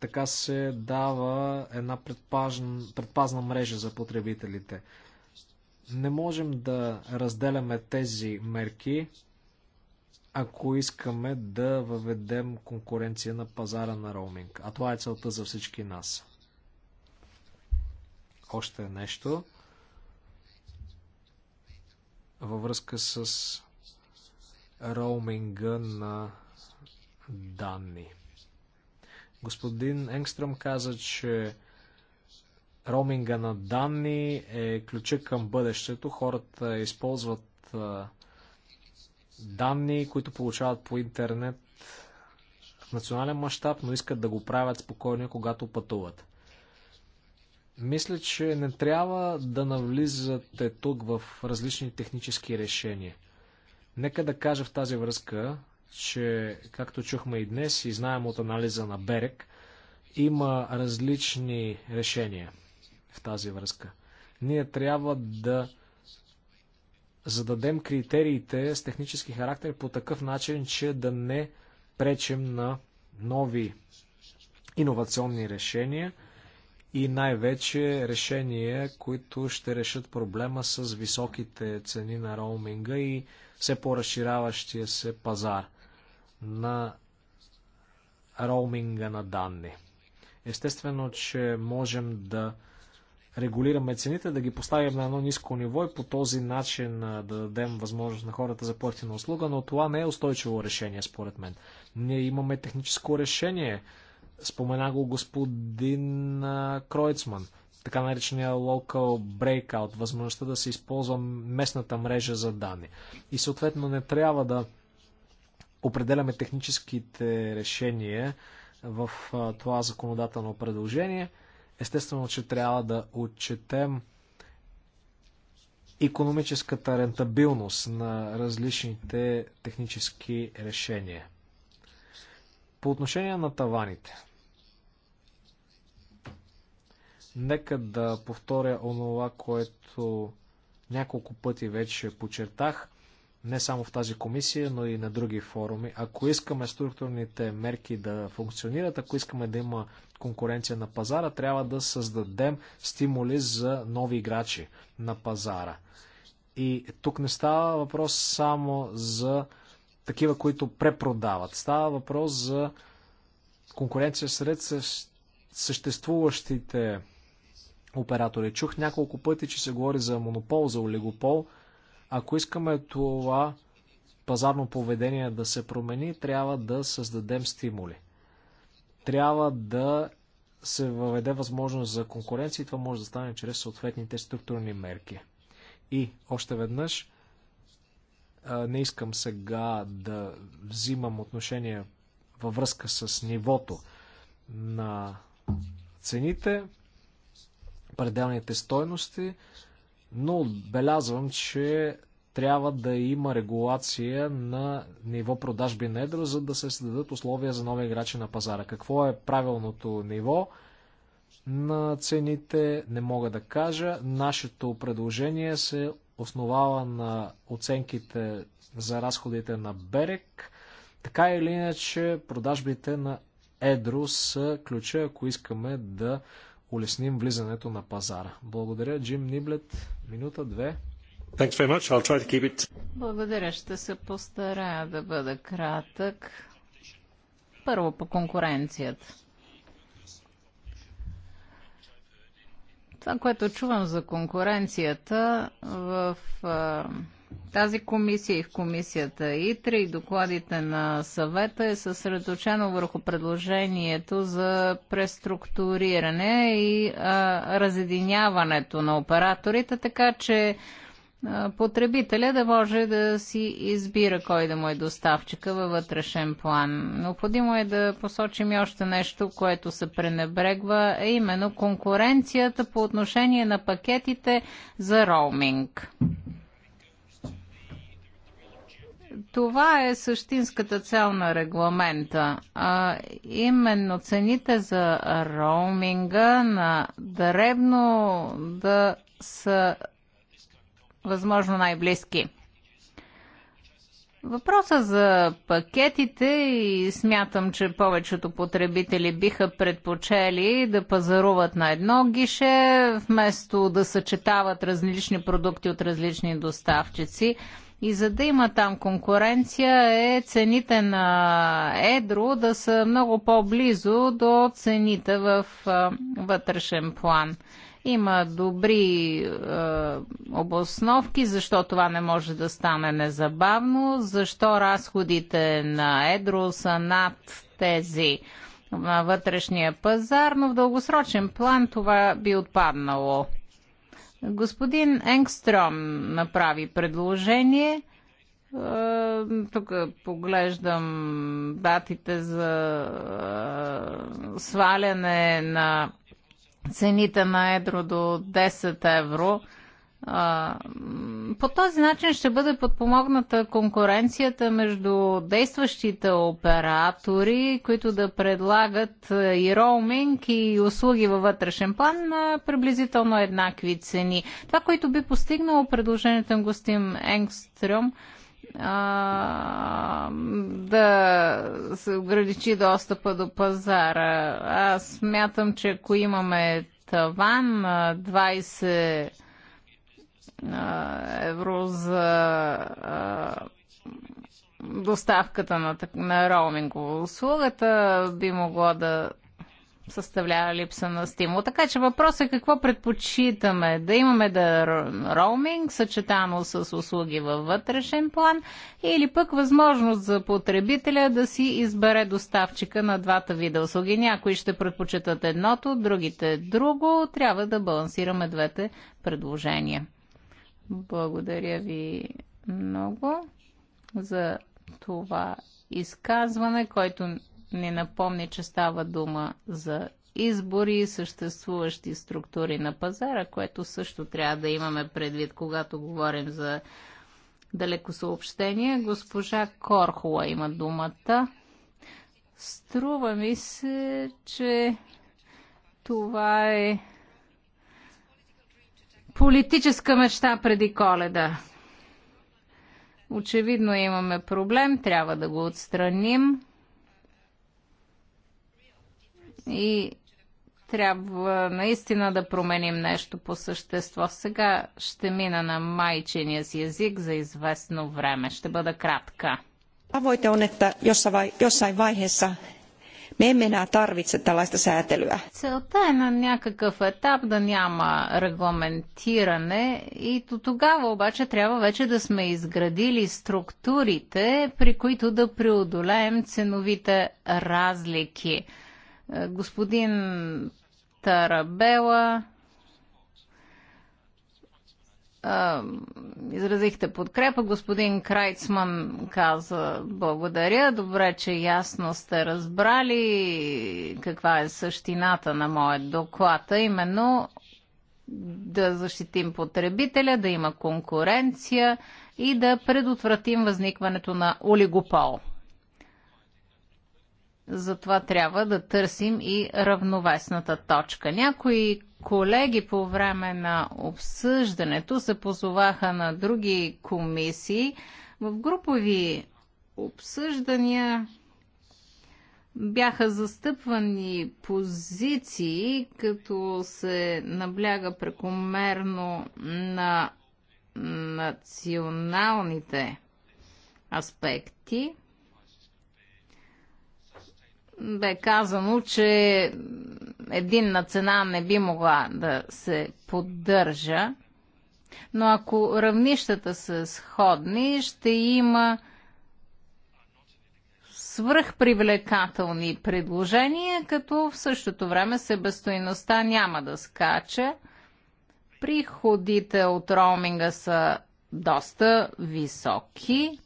така се дава една предпазна, предпазна мрежа за потребителите. Не можем да разделяме тези мерки, ако искаме да въведем конкуренция на пазара на роуминг. А това е целта за всички нас още нещо във връзка с роуминга на данни. Господин Енгстръм каза, че роуминга на данни е ключа към бъдещето. Хората използват данни, които получават по интернет в национален мащаб, но искат да го правят спокойно, когато пътуват. Мисля, че не трябва да навлизате тук в различни технически решения. Нека да кажа в тази връзка, че както чухме и днес и знаем от анализа на Берек, има различни решения в тази връзка. Ние трябва да зададем критериите с технически характер по такъв начин, че да не пречим на нови иновационни решения – и най-вече решения, които ще решат проблема с високите цени на роуминга и все по-разширяващия се пазар на роуминга на данни. Естествено, че можем да регулираме цените, да ги поставим на едно ниско ниво и по този начин да дадем възможност на хората за по услуга, но това не е устойчиво решение, според мен. Ние имаме техническо решение, Спомена го господин Кройцман, така наречения local breakout, възможността да се използва местната мрежа за данни. И съответно не трябва да определяме техническите решения в това законодателно предложение. Естествено, че трябва да отчетем економическата рентабилност на различните технически решения. По отношение на таваните – Нека да повторя онова, което няколко пъти вече почертах, не само в тази комисия, но и на други форуми. Ако искаме структурните мерки да функционират, ако искаме да има конкуренция на пазара, трябва да създадем стимули за нови играчи на пазара. И тук не става въпрос само за такива, които препродават. Става въпрос за конкуренция сред съществуващите оператори. Чух няколко пъти, че се говори за монопол, за олигопол. Ако искаме това пазарно поведение да се промени, трябва да създадем стимули. Трябва да се въведе възможност за конкуренция и това може да стане чрез съответните структурни мерки. И още веднъж, не искам сега да взимам отношение във връзка с нивото на цените пределните стойности, но отбелязвам, че трябва да има регулация на ниво продажби на едро, за да се създадат условия за нови играчи на пазара. Какво е правилното ниво на цените, не мога да кажа. Нашето предложение се основава на оценките за разходите на Берек. Така или иначе, продажбите на едро са ключа, ако искаме да улесним влизането на пазара. Благодаря, Джим Ниблет. Минута, две. Благодаря, ще се постарая да бъда кратък. Първо по конкуренцията. Това, което чувам за конкуренцията в тази комисия и в комисията ИТРА и докладите на съвета е съсредоточено върху предложението за преструктуриране и а, разединяването на операторите, така че потребителя да може да си избира кой да му е доставчика във вътрешен план. Необходимо е да посочим и още нещо, което се пренебрегва, е именно конкуренцията по отношение на пакетите за роуминг това е същинската цел на регламента, а именно цените за роуминга на дребно да са възможно най-близки. Въпроса за пакетите и смятам, че повечето потребители биха предпочели да пазаруват на едно гише, вместо да съчетават различни продукти от различни доставчици. И за да има там конкуренция е цените на едро да са много по-близо до цените в вътрешен план. Има добри е, обосновки, защо това не може да стане незабавно, защо разходите на едро са над тези на вътрешния пазар, но в дългосрочен план това би отпаднало. Господин Енгстром направи предложение. Е, тук поглеждам датите за е, сваляне на цените на едро до 10 евро. По този начин ще бъде подпомогната конкуренцията между действащите оператори, които да предлагат е, и роуминг, и услуги във вътрешен план на приблизително еднакви цени. Това, което би постигнало предложението на гостим Енгстрюм, да се ограничи достъпа до пазара. Аз смятам, че ако имаме таван 20 евро за доставката на, на роумингово услугата би могло да съставлява липса на стимул. Така че въпросът е какво предпочитаме? Да имаме да роуминг, съчетано с услуги във вътрешен план, или пък възможност за потребителя да си избере доставчика на двата вида услуги. Някои ще предпочитат едното, другите друго. Трябва да балансираме двете предложения. Благодаря ви много за това изказване, който ни напомни, че става дума за избори и съществуващи структури на пазара, което също трябва да имаме предвид, когато говорим за далекосъобщение. Госпожа Корхола има думата. Струва ми се, че това е политическа мечта преди коледа. Очевидно имаме проблем, трябва да го отстраним. И трябва наистина да променим нещо по същество. Сега ще мина на майчения си език за известно време. Ще бъда кратка. Tavoite on, että jossain vaiheessa Me emme enää tarvitse tällaista säätelyä. Целта е на някакъв етап да няма регламентиране и до тогава обаче трябва вече да сме изградили структурите, при които да преодолеем ценовите разлики. Е, господин Тарабела изразихте подкрепа. Господин Крайцман каза благодаря. Добре, че ясно сте разбрали каква е същината на моят доклад, а именно да защитим потребителя, да има конкуренция и да предотвратим възникването на олигопол. Затова трябва да търсим и равновесната точка. Някои колеги по време на обсъждането се позоваха на други комисии. В групови обсъждания бяха застъпвани позиции, като се набляга прекомерно на националните аспекти – бе казано, че единна цена не би могла да се поддържа, но ако равнищата са сходни, ще има свръхпривлекателни предложения, като в същото време себестоиността няма да скача. Приходите от роуминга са доста високи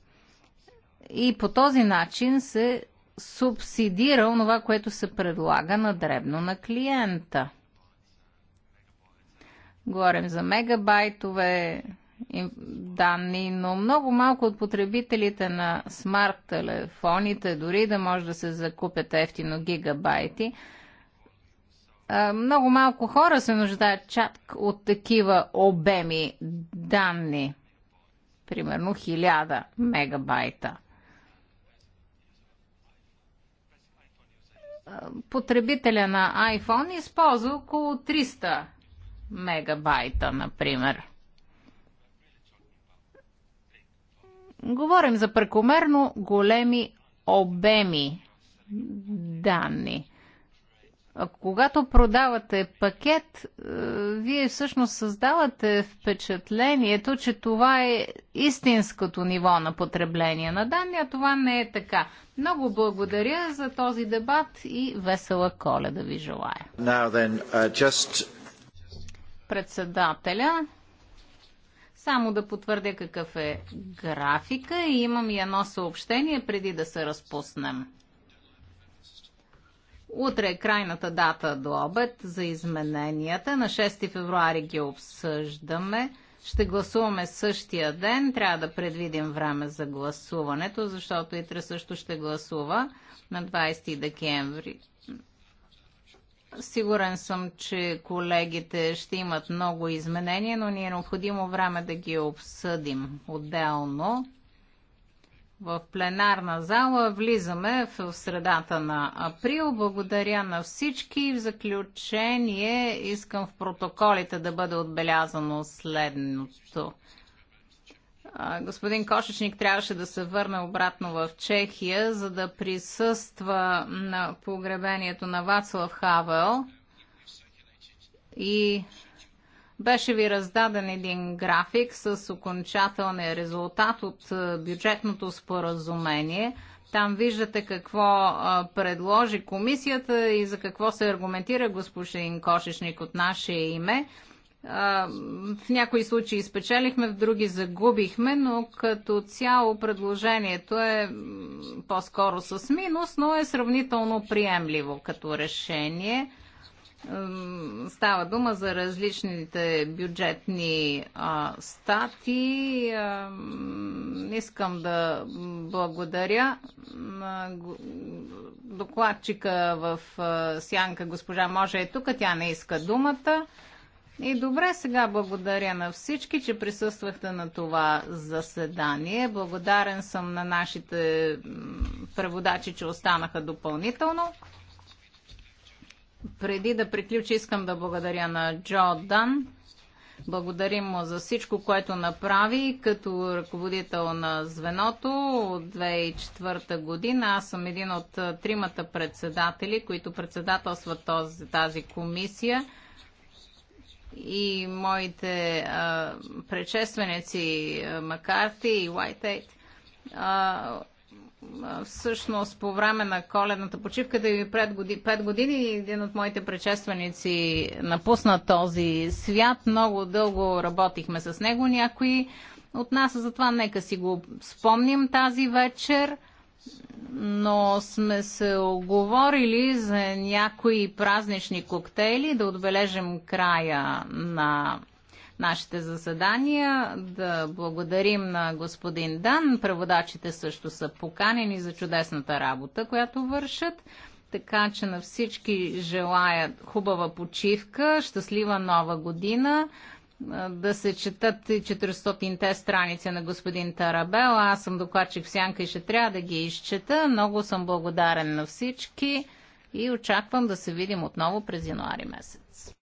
и по този начин се субсидира това, което се предлага на дребно на клиента. Говорим за мегабайтове данни, но много малко от потребителите на смарт телефоните, дори да може да се закупят ефтино гигабайти, много малко хора се нуждаят чак от такива обеми данни. Примерно 1000 мегабайта. потребителя на iPhone използва около 300 мегабайта, например. Говорим за прекомерно големи обеми данни когато продавате пакет, е, вие всъщност създавате впечатлението, че това е истинското ниво на потребление на данни, а това не е така. Много благодаря за този дебат и весела коля да ви желая. Then, uh, just... Председателя, само да потвърдя какъв е графика и имам и едно съобщение преди да се разпуснем. Утре е крайната дата до обед за измененията. На 6 февруари ги обсъждаме. Ще гласуваме същия ден. Трябва да предвидим време за гласуването, защото Итре също ще гласува на 20 декември. Сигурен съм, че колегите ще имат много изменения, но ни е необходимо време да ги обсъдим отделно в пленарна зала. Влизаме в средата на април. Благодаря на всички. В заключение искам в протоколите да бъде отбелязано следното. Господин Кошечник трябваше да се върне обратно в Чехия, за да присъства на погребението на Вацлав Хавел и беше ви раздаден един график с окончателния резултат от бюджетното споразумение. Там виждате какво предложи комисията и за какво се аргументира господин Кошечник от наше име. В някои случаи спечелихме, в други загубихме, но като цяло предложението е по-скоро с минус, но е сравнително приемливо като решение. Става дума за различните бюджетни а, стати. А, искам да благодаря на докладчика в а, Сянка, госпожа Може е тук, тя не иска думата. И добре, сега благодаря на всички, че присъствахте на това заседание. Благодарен съм на нашите преводачи, че останаха допълнително. Преди да приключи, искам да благодаря на Джо Дан. Благодарим му за всичко, което направи като ръководител на звеното от 2004 година. Аз съм един от тримата председатели, които председателстват този, тази комисия и моите а, предшественици а, Макарти и Уайтейт всъщност по време на коледната почивка, да ви пред години, пет години един от моите предшественици напусна този свят. Много дълго работихме с него някои от нас, затова нека си го спомним тази вечер. Но сме се оговорили за някои празнични коктейли да отбележим края на нашите заседания. Да благодарим на господин Дан. Преводачите също са поканени за чудесната работа, която вършат. Така че на всички желая хубава почивка, щастлива нова година да се четат 400-те страници на господин Тарабел. Аз съм докладчик в Сянка и ще трябва да ги изчета. Много съм благодарен на всички и очаквам да се видим отново през януари месец.